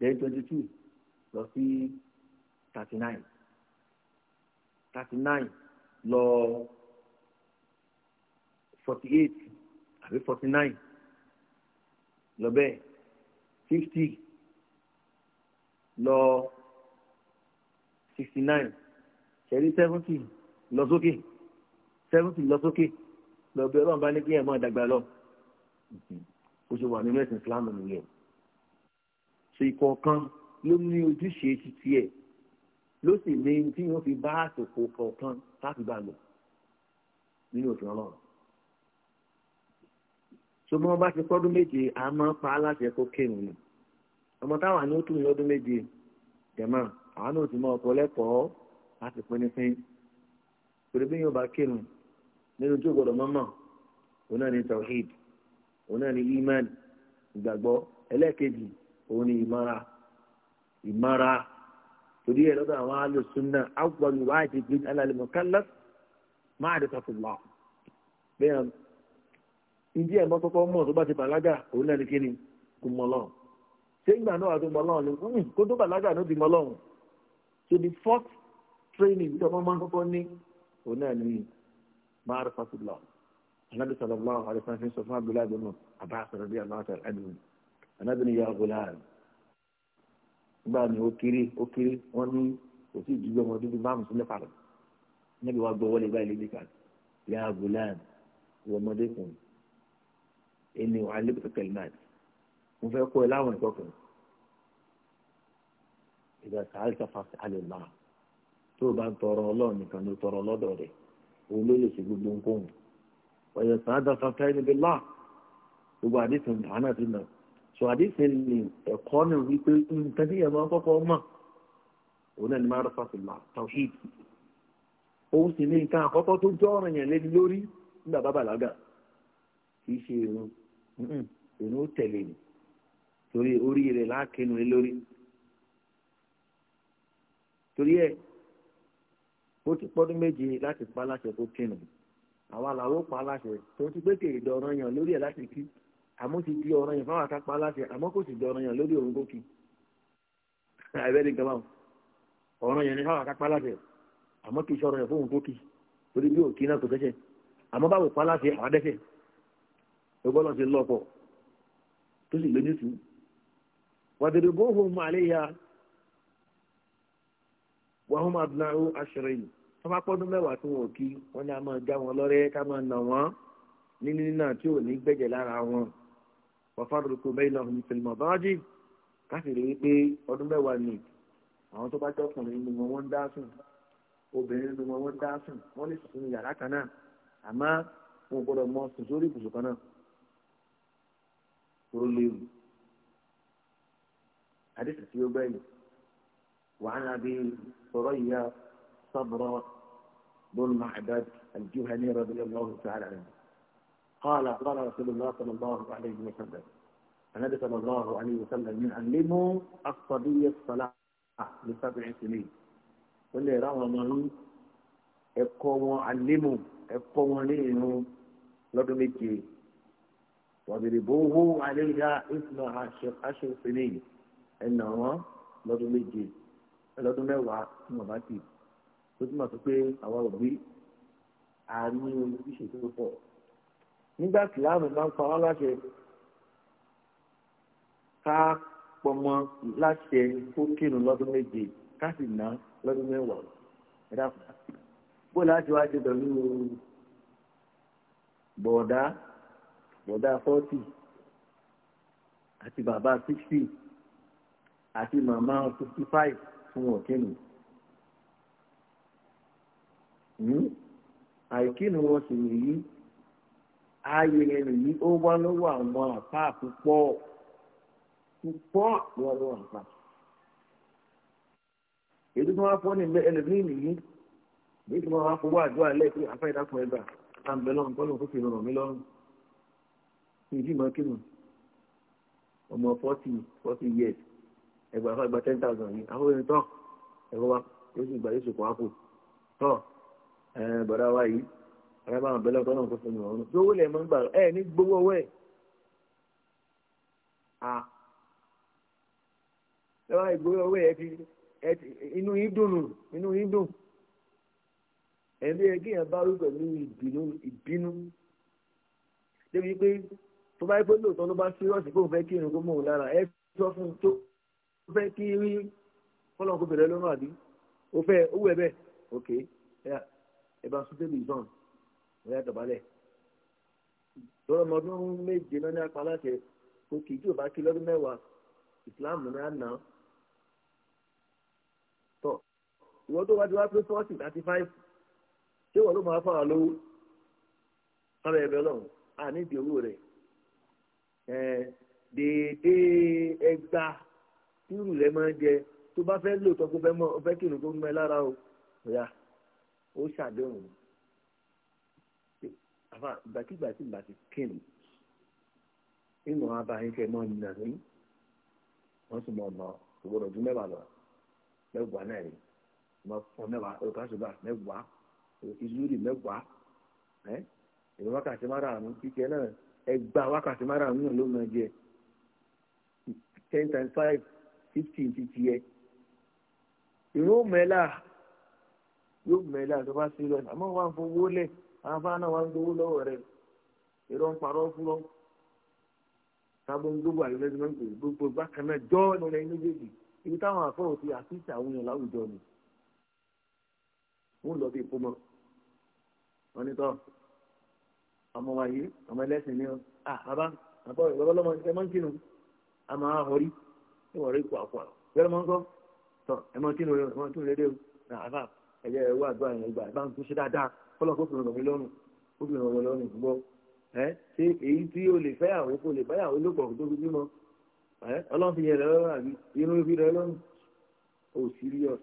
then twenty two lọ sí thirty nine thirty nine lọ forty eight àbí forty nine lọ bẹ́ẹ̀ fifty lọ sixty nine ṣẹ̀rí seventy lọ sókè seventy lọ sókè lọ bí ọlọ́run bá ní kí ẹ̀ mọ́ dàgbà lọ ó ṣe wà nínú ẹ̀sìn Islam nìyẹn ṣe ìkọ̀ọ̀kan ló ní ojúṣe ti tiẹ̀ ló sì ní tí wọ́n fi bá àsìkò kọ̀ọ̀kan láti bá lọ nínú òfin ọlọ́run ṣùgbọ́n wọ́n bá ti pọ́dún méje a máa ń pa á láṣẹ kó kéwìn ni ọmọ táwọn àní ó tún lọ́dún méje jẹ̀mọ́ àwọn náà ti mọ ọkọ lẹ́kọ̀ọ́ láti pín torí bí yóò bá kírun nínú tó gbọdọ̀ mọ́mọ́ òun náà ní tawhid òun náà ní iman ìgbàgbọ́ ẹlẹ́ẹ̀kejì òun ní ìmara ìmara torí ẹ̀ lọ́dọ̀ àwọn alùsùnà àgbọ̀nù wáàjì bíi alàlùmọ̀ kálá máa dẹ̀ tàkùlá bẹ́ẹ̀ ìdí ẹ̀ mọ́kọ́kọ́ mọ̀ tó bá ti bàlágà òun náà ní kíni kò mọ̀ lọ́wọ́ ṣé ìgbà náà àti mọ̀ lọ́wọ́ ni hmm, kó tó bàlágà ló ti mọ̀ lọ́wọ́ so the fourth training tí ọmọ máa ń ní òun náà ní ma'rifatullah anabi sallallahu alayhi wa sallam sọ fún abdullahi bin abbas radiyallahu ta'ala anhu anabi ni ya gulam nígbà ní ó kéré ó kéré wọn ní kò sí ìdúgbò ọmọ dúdú bá mùsùlùmí pàrọ̀ níbi wàá gbọ́ wọlé báyìí lébi kan ya gulam ọmọdékùnrin ẹni wàá lébi kẹkẹlẹ náà mo fẹ́ kọ́ ẹ láwọn ìkọkùnrin ìgbà sàálì káfà sí alẹ́ náà tó o bá ń tọrọ ọlọ́run nìkan ló tọrọ lọ́dọ̀ rẹ̀ òun ló lè ṣe gbogbo nǹkan ọ̀yọ̀ sàádà sàkáyé níbi lá gbogbo àdìsìn àánà ti nà sọ àdìsìn ní ẹ̀kọ́ ní wípé nǹkan tí yẹn máa kọ́kọ́ mọ̀ òun náà ni máa rọ́pàá sí là tawhid òun sì ní nǹkan àkọ́kọ́ tó jọ́ ọ̀ràn yẹn lé lórí nígbà bá bàlágà kì í ṣe irun irun ó tẹ̀lé ni torí orí láàkínú lórí torí ẹ̀ ó ti pọ́dún méje láti pa láṣẹ kó kínú àwa làwọn pa láṣẹ tó ti gbé kèrè dọ ọ̀ràn yàn lórí ti di ọ̀ràn yàn fáwọn akápá láṣẹ àmọ́ kò sì di ọ̀ràn yàn lórí òun kó kí ẹ̀bẹ́ ní yàn ni fáwọn akápá láṣẹ àmọ́ kì í ṣọ̀ràn yàn fóun kó kí bí òkì náà kò dẹ́ṣẹ̀ àmọ́ báwo pa àwọn bá pọ́dún mẹ́wàá tí wọn ò kí wọ́n ní a máa já wọn lọ́rẹ́ ká máa nà wọ́n nínú nínú náà tí ò ní gbẹ̀jẹ̀ lára wọn wàfàdùrùkù bẹ́ẹ̀nà ìfẹ̀lìmọ̀ báwájì káfí rí pé ọdún mẹ́wàá ni àwọn tó bá jọkùnrin nínú wọn wọ́n ń dá sùn obìnrin nínú wọn wọ́n ń dá sùn wọ́n lè sùn sínú yàrá kan náà àmọ́ wọn gbọ́dọ̀ mọ sùn sórí ibùsùn kan náà kúrò léwu بن معبد الجهني رضي الله تعالى عنه قال قال رسول الله صلى الله عليه وسلم النبي صلى الله عليه وسلم يعلموا الصبي الصلاة لسبع سنين واللي روى معه ẹ̀kọ́ علموا ẹ̀kọ́ wọn ní inú lọ́dún وضربوه عليها اثنا عشر عشر سنين ẹ̀nà wọn lọ́dún méje tó túmọ̀ sí pé àwọn òbí àní olùdíṣe tó pọ̀ nígbà kìláàmù máa ń pa wọ́n láṣẹ ká pọmọ láṣẹ kó kírun lọ́dún méje ká sì ná lọ́dún mẹ́wàá ẹ dákun bó láti wá ṣe pẹ̀lú bọ̀dá bọ̀dá fọ́tì àti bàbá sixty àti màmá fifty five fún ọ̀kẹ́nu. Hmm? àìkíni wọn sì nìyí ààyè yẹn nìyí ó wá lọ́wọ́ àwọn àpá púpọ̀ púpọ̀ lọ́wọ́ àpá. èdè tí wọ́n fọ́ ní ilé ẹlẹ́mìí nìyí èyí tí wọ́n wá fowó àdúrà lẹ́ẹ̀kí afẹ́ ìdákùn ẹgbà àǹbẹ̀ lọ́run kọ́ lóun kó fi rọrùn mí lọ́rùn ní ìmọ̀ kí nù ọmọ forty forty years ẹgbàá fún ẹgbàá ten thousand yìí àwọn ènìyàn tán ẹ̀rọ wa yóò sì gbà yóò sì kọ́ àpò tán. Eh, bọ̀dá wa yìí arábà àwọn abẹ́lẹ́ ọ̀tọ́nà fún mi ọ̀run tó wọlé ẹ̀mọ́ ń gbà ẹ̀ ní gbowó ọwọ́ ẹ̀ à lọ́wọ́ ìgbowó ọwọ́ ẹ̀ ti inú yín dùn nù inú yín dùn ẹ̀ ló yẹ kí èèyàn bá rú pẹ̀lú ìbínú ìbínú débi pé tó bá yẹ pé lóòótọ́ ló bá sírọ́ọ̀sì kó fẹ́ kí irun kó mọ̀ ọ́ lára ẹ sọ fún un tó fẹ́ kí rí fọlọ́nkó bẹ̀rẹ̀ lọ́nà àbí ó fẹ́ ó wẹ̀ bẹ́ẹ̀ ẹ bá sún tẹ́lẹ̀ ìzọ́n wọ́n yá dọ̀bálẹ̀ lọ́rọ̀ ọmọdún méje náà ní apá aláṣẹ kò kì í jù bá kí lọ́dún mẹ́wàá ìsìláàmù ní àná tọ̀ ìwọ́n tó wájú wá pé fọ́ọ̀sì àti fáìfù ṣé wọ́n ló máa fọ́ àwọn lówó sábẹ́ ẹ̀bẹ̀ lọ́hùn á ní ìdí owó rẹ̀ dèédé ẹgbà tírù rẹ̀ máa ń jẹ tó bá fẹ́ lò tó kó fẹ́ kírun tó ń mẹ́ lára o ó ṣàdéhùn àfa ìgbàkigbà tí ìgbà ti kéwì nínú abayín kẹ mọ nà ní wọn sì mọ ọmọ ògbódò ju mẹ́wàá lọ mẹ́wàá náà rí ọmọ mẹ́wàá òkà ṣùgbà mẹ́wàá ìṣúlì mẹ́wàá ẹ ìwé wákàtí mara àrùn kíkẹ náà ẹgbà wákàtí mara àrùn náà ló máa jẹ ten times five fifteen ti tiẹ̀ ìrún mẹ́la yóò mẹ́lẹ́ àtọ́fà sílẹ̀ àmọ́ wà ń fowó lẹ̀ àfa náà wà ń gbowó lọ́wọ́ rẹ̀ èrò ń parọ́ fúlọ́ sábọ́n gbogbo àyọ̀lẹ́dìmọ́ gbogbo bákan náà jọ́ nílẹ̀ méjèèjì ibi táwọn àfọ́ òfi àtúnṣe àwọn èèyàn láwùjọ ni wọ́n lọ bí ìpomọ́ wọn ní tọ́ ọmọ wa yìí ọmọ ẹlẹ́sìn ni ọ́ ah bàbá àbọ̀ ìwọ́lọ́mọ ẹ máa ń kírun a máa họrí ìwọ̀n rí kó àpò àrò bẹ́ẹ̀ máa ń kọ́ tọ́ ẹ máa kírun ẹ máa tún lédè o àbá ẹ̀yẹ ẹ̀wọ́ àdúrà yẹn gbà bá ń tún dáadáa kọ́lọ̀ kó fìràn mi lọ́rùn kó fìràn wọn lọ́rùn gbọ́ ẹ ṣé èyí tí o lè fẹ́yàwó kó lè báyàwó ló pọ̀ tó fi bímọ ọlọ́run fi yẹn rẹ lọ́rùn àbí irun fi rẹ lọ́rùn o serious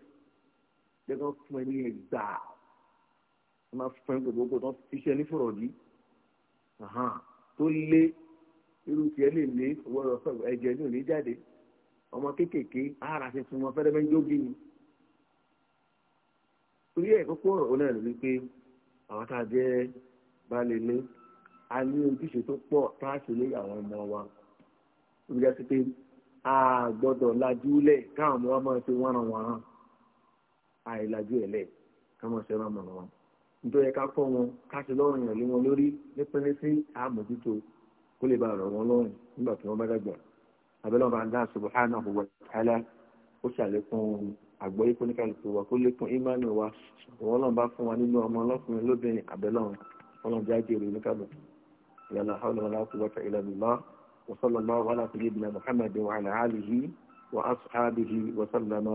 jẹ́ kán fún ẹ ní ẹgbà ẹ máa fún ẹ gbogbo tán fiṣẹ́ ní fọ̀rọ̀dí tó lé irú tiẹ̀ lè lé owó ẹ̀jẹ̀ ní òní jáde ọmọ kéékèèké ara ṣe fún wọn fẹ́rẹ́ fẹ́ jógi orí ẹ̀ kókó ọ̀rọ̀ náà ni wípé àwọn tá a jẹ́ baálé ní a ní ojúṣe tó pọ̀ tá a sì ní àwọn ọmọ wa orí ẹ̀ sí pé a gbọ́dọ̀ lajú lẹ̀ káwọn ọmọ wa máa ṣe wọ́n ran wọn hàn àìlajú ẹ̀ lẹ̀ káwọn ṣe rán mọ̀ràn wọn nítorí ká kọ́ wọn ká ṣe lọ́rùn yàn lé wọn lórí nípínlẹ̀ sí àmójútó kó lè bá rọ̀ wọn lọ́rùn nígbà tí wọ́n bá dàgbà abẹ́lẹ́ ọba dá subhanahu wa ta'ala ó àgbọ́yé kó ní kálukú wa kó lékún ìmánì wa òun ọlọ́run bá fún wa nínú ọmọ ọlọ́kùnrin lóbìnrin àbẹ́lọ́run ọlọ́run jáde èrè oníkálukú ìyàlá hàlọ́ wọn láti wọ́ta ilẹ̀ lùlá wasalama wàhálà tó yé bìnà muhammed wa ala alihi wa asuhabihi wasalama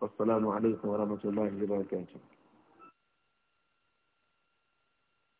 wasalaamu alaykum wa rahmatulahi wa barakatuh.